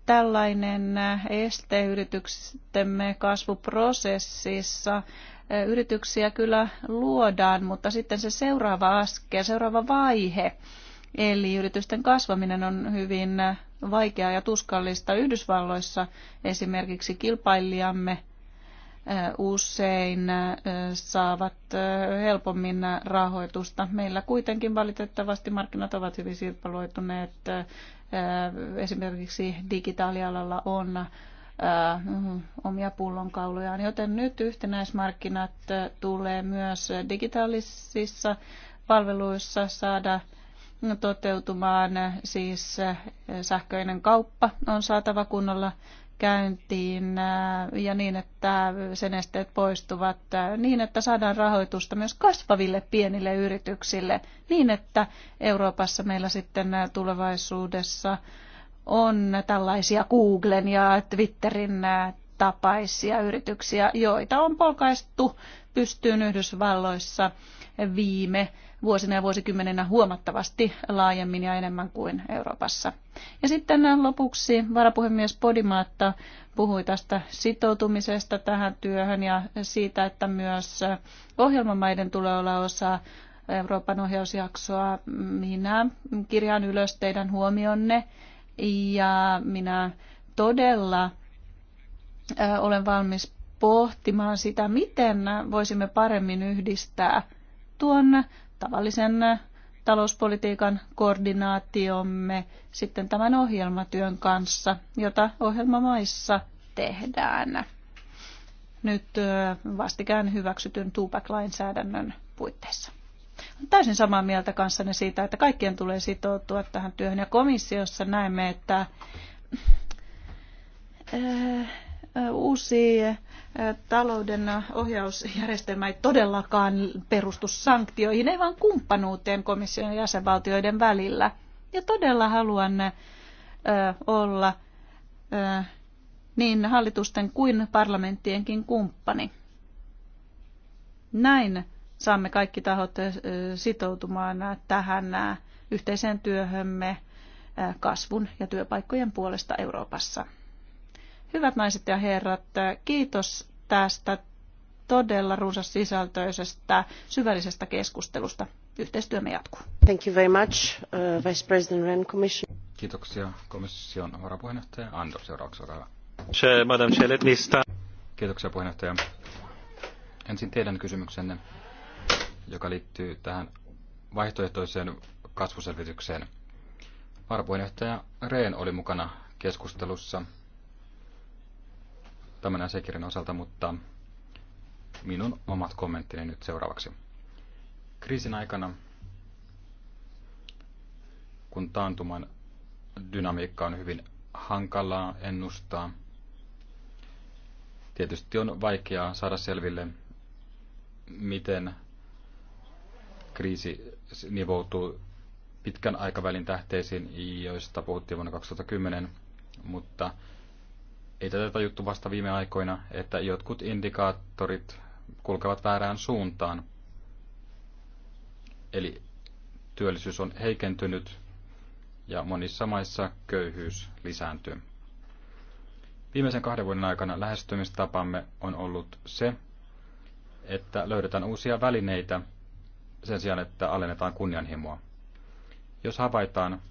tällainen este yrityksemme kasvuprosessissa yrityksiä kyllä luodaan, mutta sitten se seuraava askel, seuraava vaihe, eli yritysten kasvaminen on hyvin vaikeaa ja tuskallista. Yhdysvalloissa esimerkiksi kilpailijamme usein saavat helpommin rahoitusta. Meillä kuitenkin valitettavasti markkinat ovat hyvin sirpaloituneet. Esimerkiksi digitaalialalla on Äh, mhm, omia pullonkaulujaan. Joten nyt yhtenäismarkkinat äh, tulee myös digitaalisissa palveluissa saada toteutumaan. Siis äh, sähköinen kauppa on saatava kunnolla käyntiin ja niin, että sen esteet poistuvat niin, että saadaan rahoitusta myös kasvaville pienille yrityksille niin, että Euroopassa meillä sitten tulevaisuudessa on tällaisia Googlen ja Twitterin tapaisia yrityksiä, joita on polkaistu pystyyn Yhdysvalloissa viime vuosina ja vuosikymmeninä huomattavasti laajemmin ja enemmän kuin Euroopassa. Ja sitten lopuksi varapuhemies Podimaatta puhui tästä sitoutumisesta tähän työhön ja siitä, että myös ohjelmamaiden tulee olla osa Euroopan ohjausjaksoa. Minä kirjaan ylös teidän huomionne ja minä todella olen valmis pohtimaan sitä, miten voisimme paremmin yhdistää tuon tavallisen talouspolitiikan koordinaatiomme sitten tämän ohjelmatyön kanssa, jota ohjelmamaissa tehdään nyt vastikään hyväksytyn Tupac-lainsäädännön puitteissa täysin samaa mieltä kanssanne siitä, että kaikkien tulee sitoutua tähän työhön. Ja komissiossa näemme, että äh, äh, uusi äh, talouden ohjausjärjestelmä ei todellakaan perustu sanktioihin, ei vaan kumppanuuteen komission ja jäsenvaltioiden välillä. Ja todella haluan olla niin hallitusten kuin parlamenttienkin kumppani. Näin saamme kaikki tahot sitoutumaan tähän yhteiseen työhömme kasvun ja työpaikkojen puolesta Euroopassa. Hyvät naiset ja herrat, kiitos tästä todella runsas sisältöisestä syvällisestä keskustelusta. Yhteistyömme jatkuu. Thank you very much, uh, Vice President Ren Commission. Kiitoksia komission varapuheenjohtaja Andor seuraavaksi olkaa Madam Kiitoksia puheenjohtaja. Ensin teidän kysymyksenne joka liittyy tähän vaihtoehtoiseen kasvuselvitykseen. Varapuheenjohtaja Reen oli mukana keskustelussa tämän asiakirjan osalta, mutta minun omat kommenttini nyt seuraavaksi. Kriisin aikana, kun taantuman dynamiikka on hyvin hankalaa ennustaa, tietysti on vaikeaa saada selville, miten kriisi nivoutuu pitkän aikavälin tähteisiin, joista puhuttiin vuonna 2010, mutta ei tätä tajuttu vasta viime aikoina, että jotkut indikaattorit kulkevat väärään suuntaan. Eli työllisyys on heikentynyt ja monissa maissa köyhyys lisääntyy. Viimeisen kahden vuoden aikana lähestymistapamme on ollut se, että löydetään uusia välineitä – sen sijaan, että alennetaan kunnianhimoa. Jos havaitaan,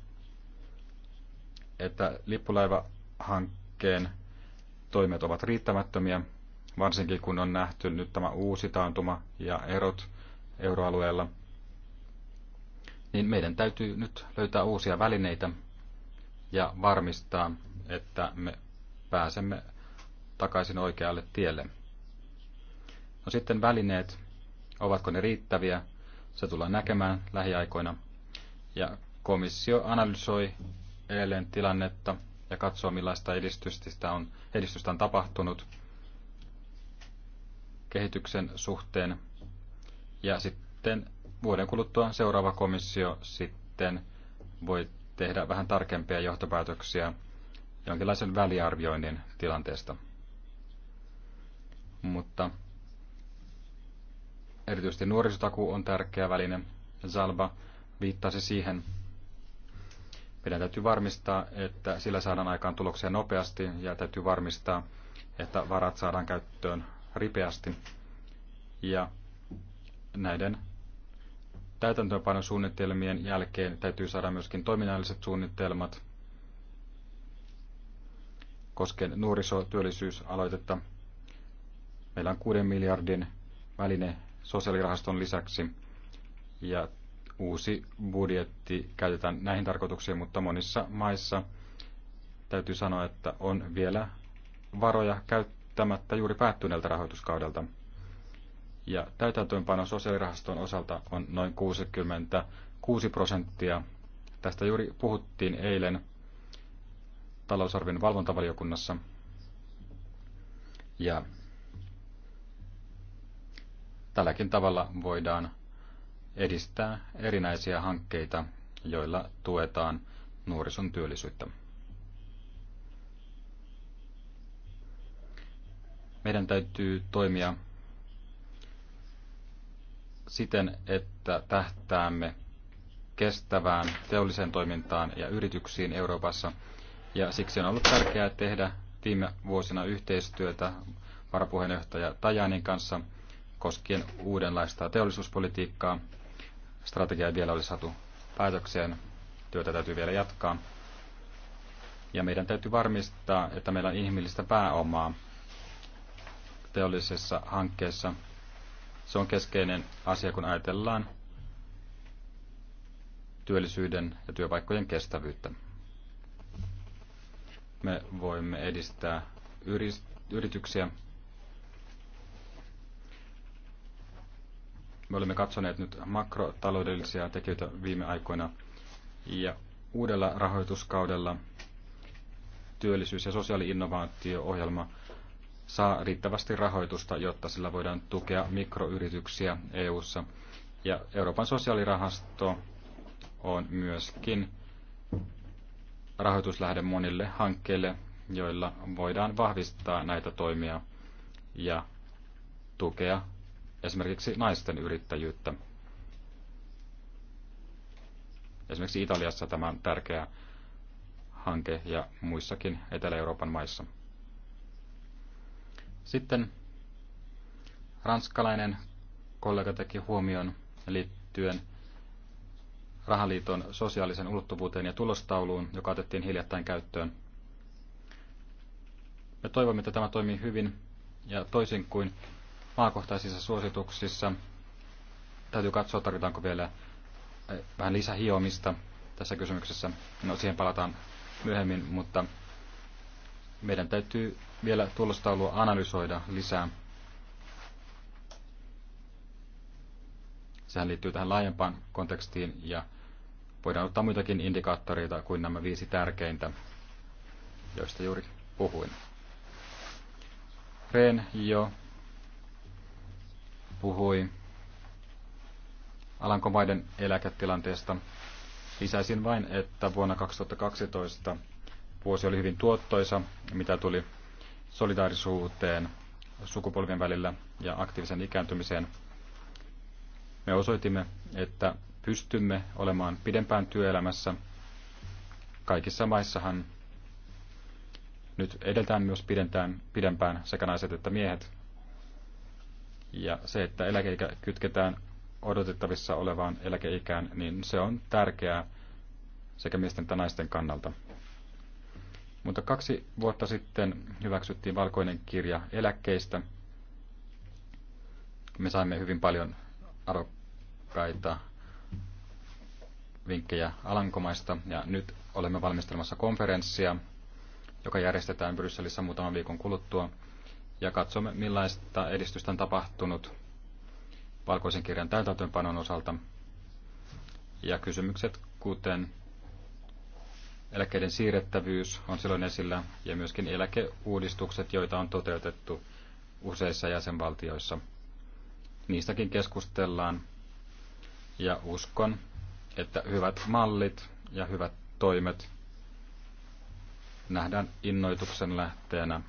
että lippulaivahankkeen toimet ovat riittämättömiä, varsinkin kun on nähty nyt tämä uusi taantuma ja erot euroalueella, niin meidän täytyy nyt löytää uusia välineitä ja varmistaa, että me pääsemme takaisin oikealle tielle. No sitten välineet, ovatko ne riittäviä se tullaan näkemään lähiaikoina. Ja komissio analysoi edelleen tilannetta ja katsoo, millaista edistystä on, edistystä on tapahtunut kehityksen suhteen. Ja sitten vuoden kuluttua seuraava komissio sitten voi tehdä vähän tarkempia johtopäätöksiä jonkinlaisen väliarvioinnin tilanteesta. Mutta Erityisesti nuorisotakuu on tärkeä väline. Zalba viittasi siihen. Meidän täytyy varmistaa, että sillä saadaan aikaan tuloksia nopeasti ja täytyy varmistaa, että varat saadaan käyttöön ripeästi. Ja näiden suunnitelmien jälkeen täytyy saada myöskin toiminnalliset suunnitelmat koskien nuorisotyöllisyysaloitetta. Meillä on 6 miljardin väline sosiaalirahaston lisäksi. Ja uusi budjetti käytetään näihin tarkoituksiin, mutta monissa maissa täytyy sanoa, että on vielä varoja käyttämättä juuri päättyneeltä rahoituskaudelta. Ja täytäntöönpano sosiaalirahaston osalta on noin 66 prosenttia. Tästä juuri puhuttiin eilen talousarvion valvontavaliokunnassa. Ja Tälläkin tavalla voidaan edistää erinäisiä hankkeita, joilla tuetaan nuorison työllisyyttä. Meidän täytyy toimia siten, että tähtäämme kestävään teolliseen toimintaan ja yrityksiin Euroopassa. Ja siksi on ollut tärkeää tehdä viime vuosina yhteistyötä varapuheenjohtaja Tajanin kanssa – koskien uudenlaista teollisuuspolitiikkaa. Strategia ei vielä ole saatu päätökseen, työtä täytyy vielä jatkaa. Ja meidän täytyy varmistaa, että meillä on ihmillistä pääomaa teollisessa hankkeessa. Se on keskeinen asia, kun ajatellaan työllisyyden ja työpaikkojen kestävyyttä. Me voimme edistää yrityksiä Me olemme katsoneet nyt makrotaloudellisia tekijöitä viime aikoina ja uudella rahoituskaudella työllisyys- ja sosiaaliinnovaatio ohjelma saa riittävästi rahoitusta, jotta sillä voidaan tukea mikroyrityksiä EU:ssa. Ja Euroopan sosiaalirahasto on myöskin rahoituslähde monille hankkeille, joilla voidaan vahvistaa näitä toimia ja tukea esimerkiksi naisten yrittäjyyttä. Esimerkiksi Italiassa tämä on tärkeä hanke ja muissakin Etelä-Euroopan maissa. Sitten ranskalainen kollega teki huomion liittyen rahaliiton sosiaalisen ulottuvuuteen ja tulostauluun, joka otettiin hiljattain käyttöön. Me toivomme, että tämä toimii hyvin ja toisin kuin maakohtaisissa suosituksissa täytyy katsoa, tarvitaanko vielä eh, vähän lisähiomista tässä kysymyksessä. No siihen palataan myöhemmin, mutta meidän täytyy vielä tulostaulua analysoida lisää. Sehän liittyy tähän laajempaan kontekstiin ja voidaan ottaa muitakin indikaattoreita kuin nämä viisi tärkeintä, joista juuri puhuin. Ren jo puhui Alankomaiden eläketilanteesta. Lisäisin vain, että vuonna 2012 vuosi oli hyvin tuottoisa, mitä tuli solidaarisuuteen sukupolvien välillä ja aktiivisen ikääntymiseen. Me osoitimme, että pystymme olemaan pidempään työelämässä. Kaikissa maissahan nyt edetään myös pidempään, pidempään sekä naiset että miehet. Ja se, että eläkeikä kytketään odotettavissa olevaan eläkeikään, niin se on tärkeää sekä miesten että naisten kannalta. Mutta kaksi vuotta sitten hyväksyttiin valkoinen kirja eläkkeistä. Me saimme hyvin paljon arvokkaita vinkkejä Alankomaista ja nyt olemme valmistelemassa konferenssia, joka järjestetään Brysselissä muutaman viikon kuluttua ja katsomme, millaista edistystä on tapahtunut valkoisen kirjan täytäntöönpanon osalta. Ja kysymykset, kuten eläkkeiden siirrettävyys on silloin esillä ja myöskin eläkeuudistukset, joita on toteutettu useissa jäsenvaltioissa. Niistäkin keskustellaan ja uskon, että hyvät mallit ja hyvät toimet nähdään innoituksen lähteenä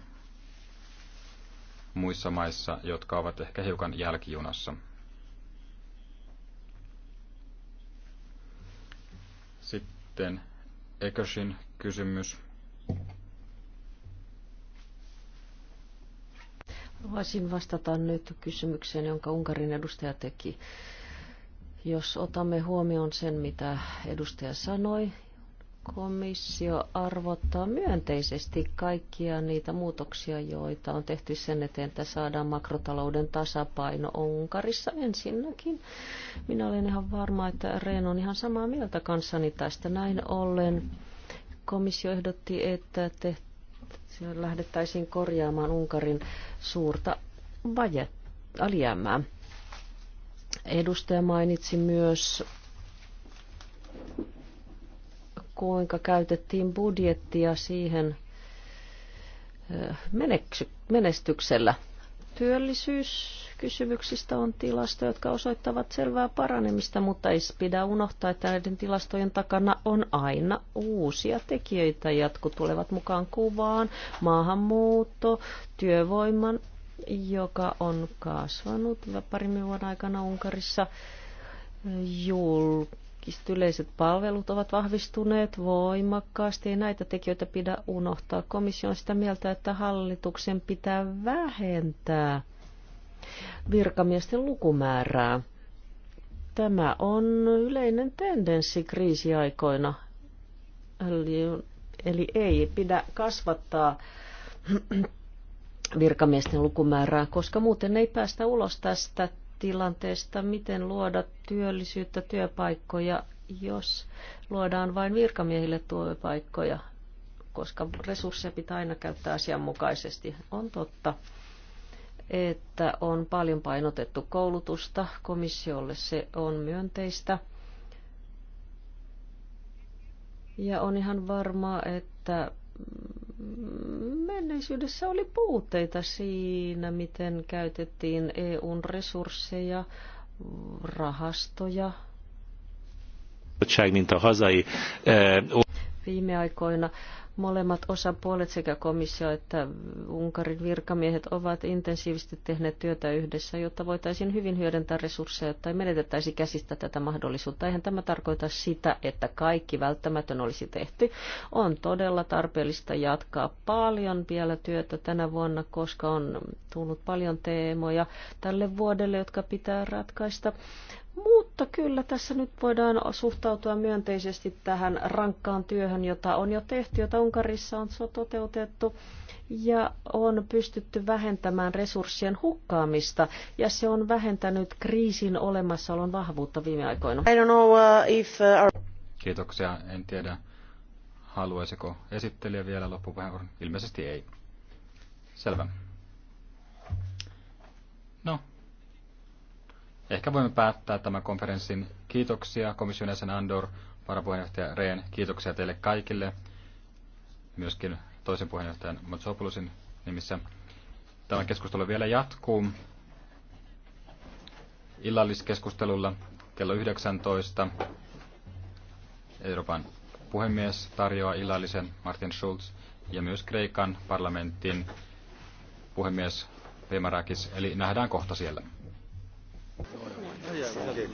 muissa maissa, jotka ovat ehkä hiukan jälkijunassa. Sitten Ekosin kysymys. Voisin vastata nyt kysymykseen, jonka Unkarin edustaja teki. Jos otamme huomioon sen, mitä edustaja sanoi, komissio arvottaa myönteisesti kaikkia niitä muutoksia, joita on tehty sen eteen, että saadaan makrotalouden tasapaino Unkarissa ensinnäkin. Minä olen ihan varma, että Reen on ihan samaa mieltä kanssani tästä. Näin ollen komissio ehdotti, että te, lähdettäisiin korjaamaan Unkarin suurta vajetta alijäämää. Edustaja mainitsi myös kuinka käytettiin budjettia siihen menestyksellä. Työllisyyskysymyksistä on tilastoja, jotka osoittavat selvää paranemista, mutta ei pidä unohtaa, että näiden tilastojen takana on aina uusia tekijöitä, jotka tulevat mukaan kuvaan. Maahanmuutto, työvoiman, joka on kasvanut parin vuoden aikana Unkarissa, julkisuus julkiset yleiset palvelut ovat vahvistuneet voimakkaasti. Ei näitä tekijöitä pidä unohtaa. Komissio on sitä mieltä, että hallituksen pitää vähentää virkamiesten lukumäärää. Tämä on yleinen tendenssi kriisiaikoina. Eli, eli ei pidä kasvattaa virkamiesten lukumäärää, koska muuten ei päästä ulos tästä tilanteesta, miten luoda työllisyyttä, työpaikkoja, jos luodaan vain virkamiehille työpaikkoja, koska resursseja pitää aina käyttää asianmukaisesti. On totta, että on paljon painotettu koulutusta. Komissiolle se on myönteistä. Ja on ihan varmaa, että menneisyydessä oli puutteita siinä, miten käytettiin EUn resursseja, rahastoja. Eh, Viime aikoina Molemmat osapuolet, sekä komissio että Unkarin virkamiehet, ovat intensiivisesti tehneet työtä yhdessä, jotta voitaisiin hyvin hyödyntää resursseja, jotta ei menetettäisi käsistä tätä mahdollisuutta. Eihän tämä tarkoita sitä, että kaikki välttämätön olisi tehty. On todella tarpeellista jatkaa paljon vielä työtä tänä vuonna, koska on tullut paljon teemoja tälle vuodelle, jotka pitää ratkaista. Mutta kyllä tässä nyt voidaan suhtautua myönteisesti tähän rankkaan työhön, jota on jo tehty, jota Unkarissa on toteutettu ja on pystytty vähentämään resurssien hukkaamista ja se on vähentänyt kriisin olemassaolon vahvuutta viime aikoina. I don't know, uh, if, our... Uh, Kiitoksia. En tiedä, haluaisiko esittelijä vielä loppupuheenvuoron. Ilmeisesti ei. Selvä. Ehkä voimme päättää tämän konferenssin. Kiitoksia komission jäsen Andor, varapuheenjohtaja Rehn, kiitoksia teille kaikille, myöskin toisen puheenjohtajan Matsopoulosin nimissä. Tämä keskustelu vielä jatkuu illalliskeskustelulla kello 19. Euroopan puhemies tarjoaa illallisen Martin Schulz ja myös Kreikan parlamentin puhemies Pemarakis, eli nähdään kohta siellä. Yeah,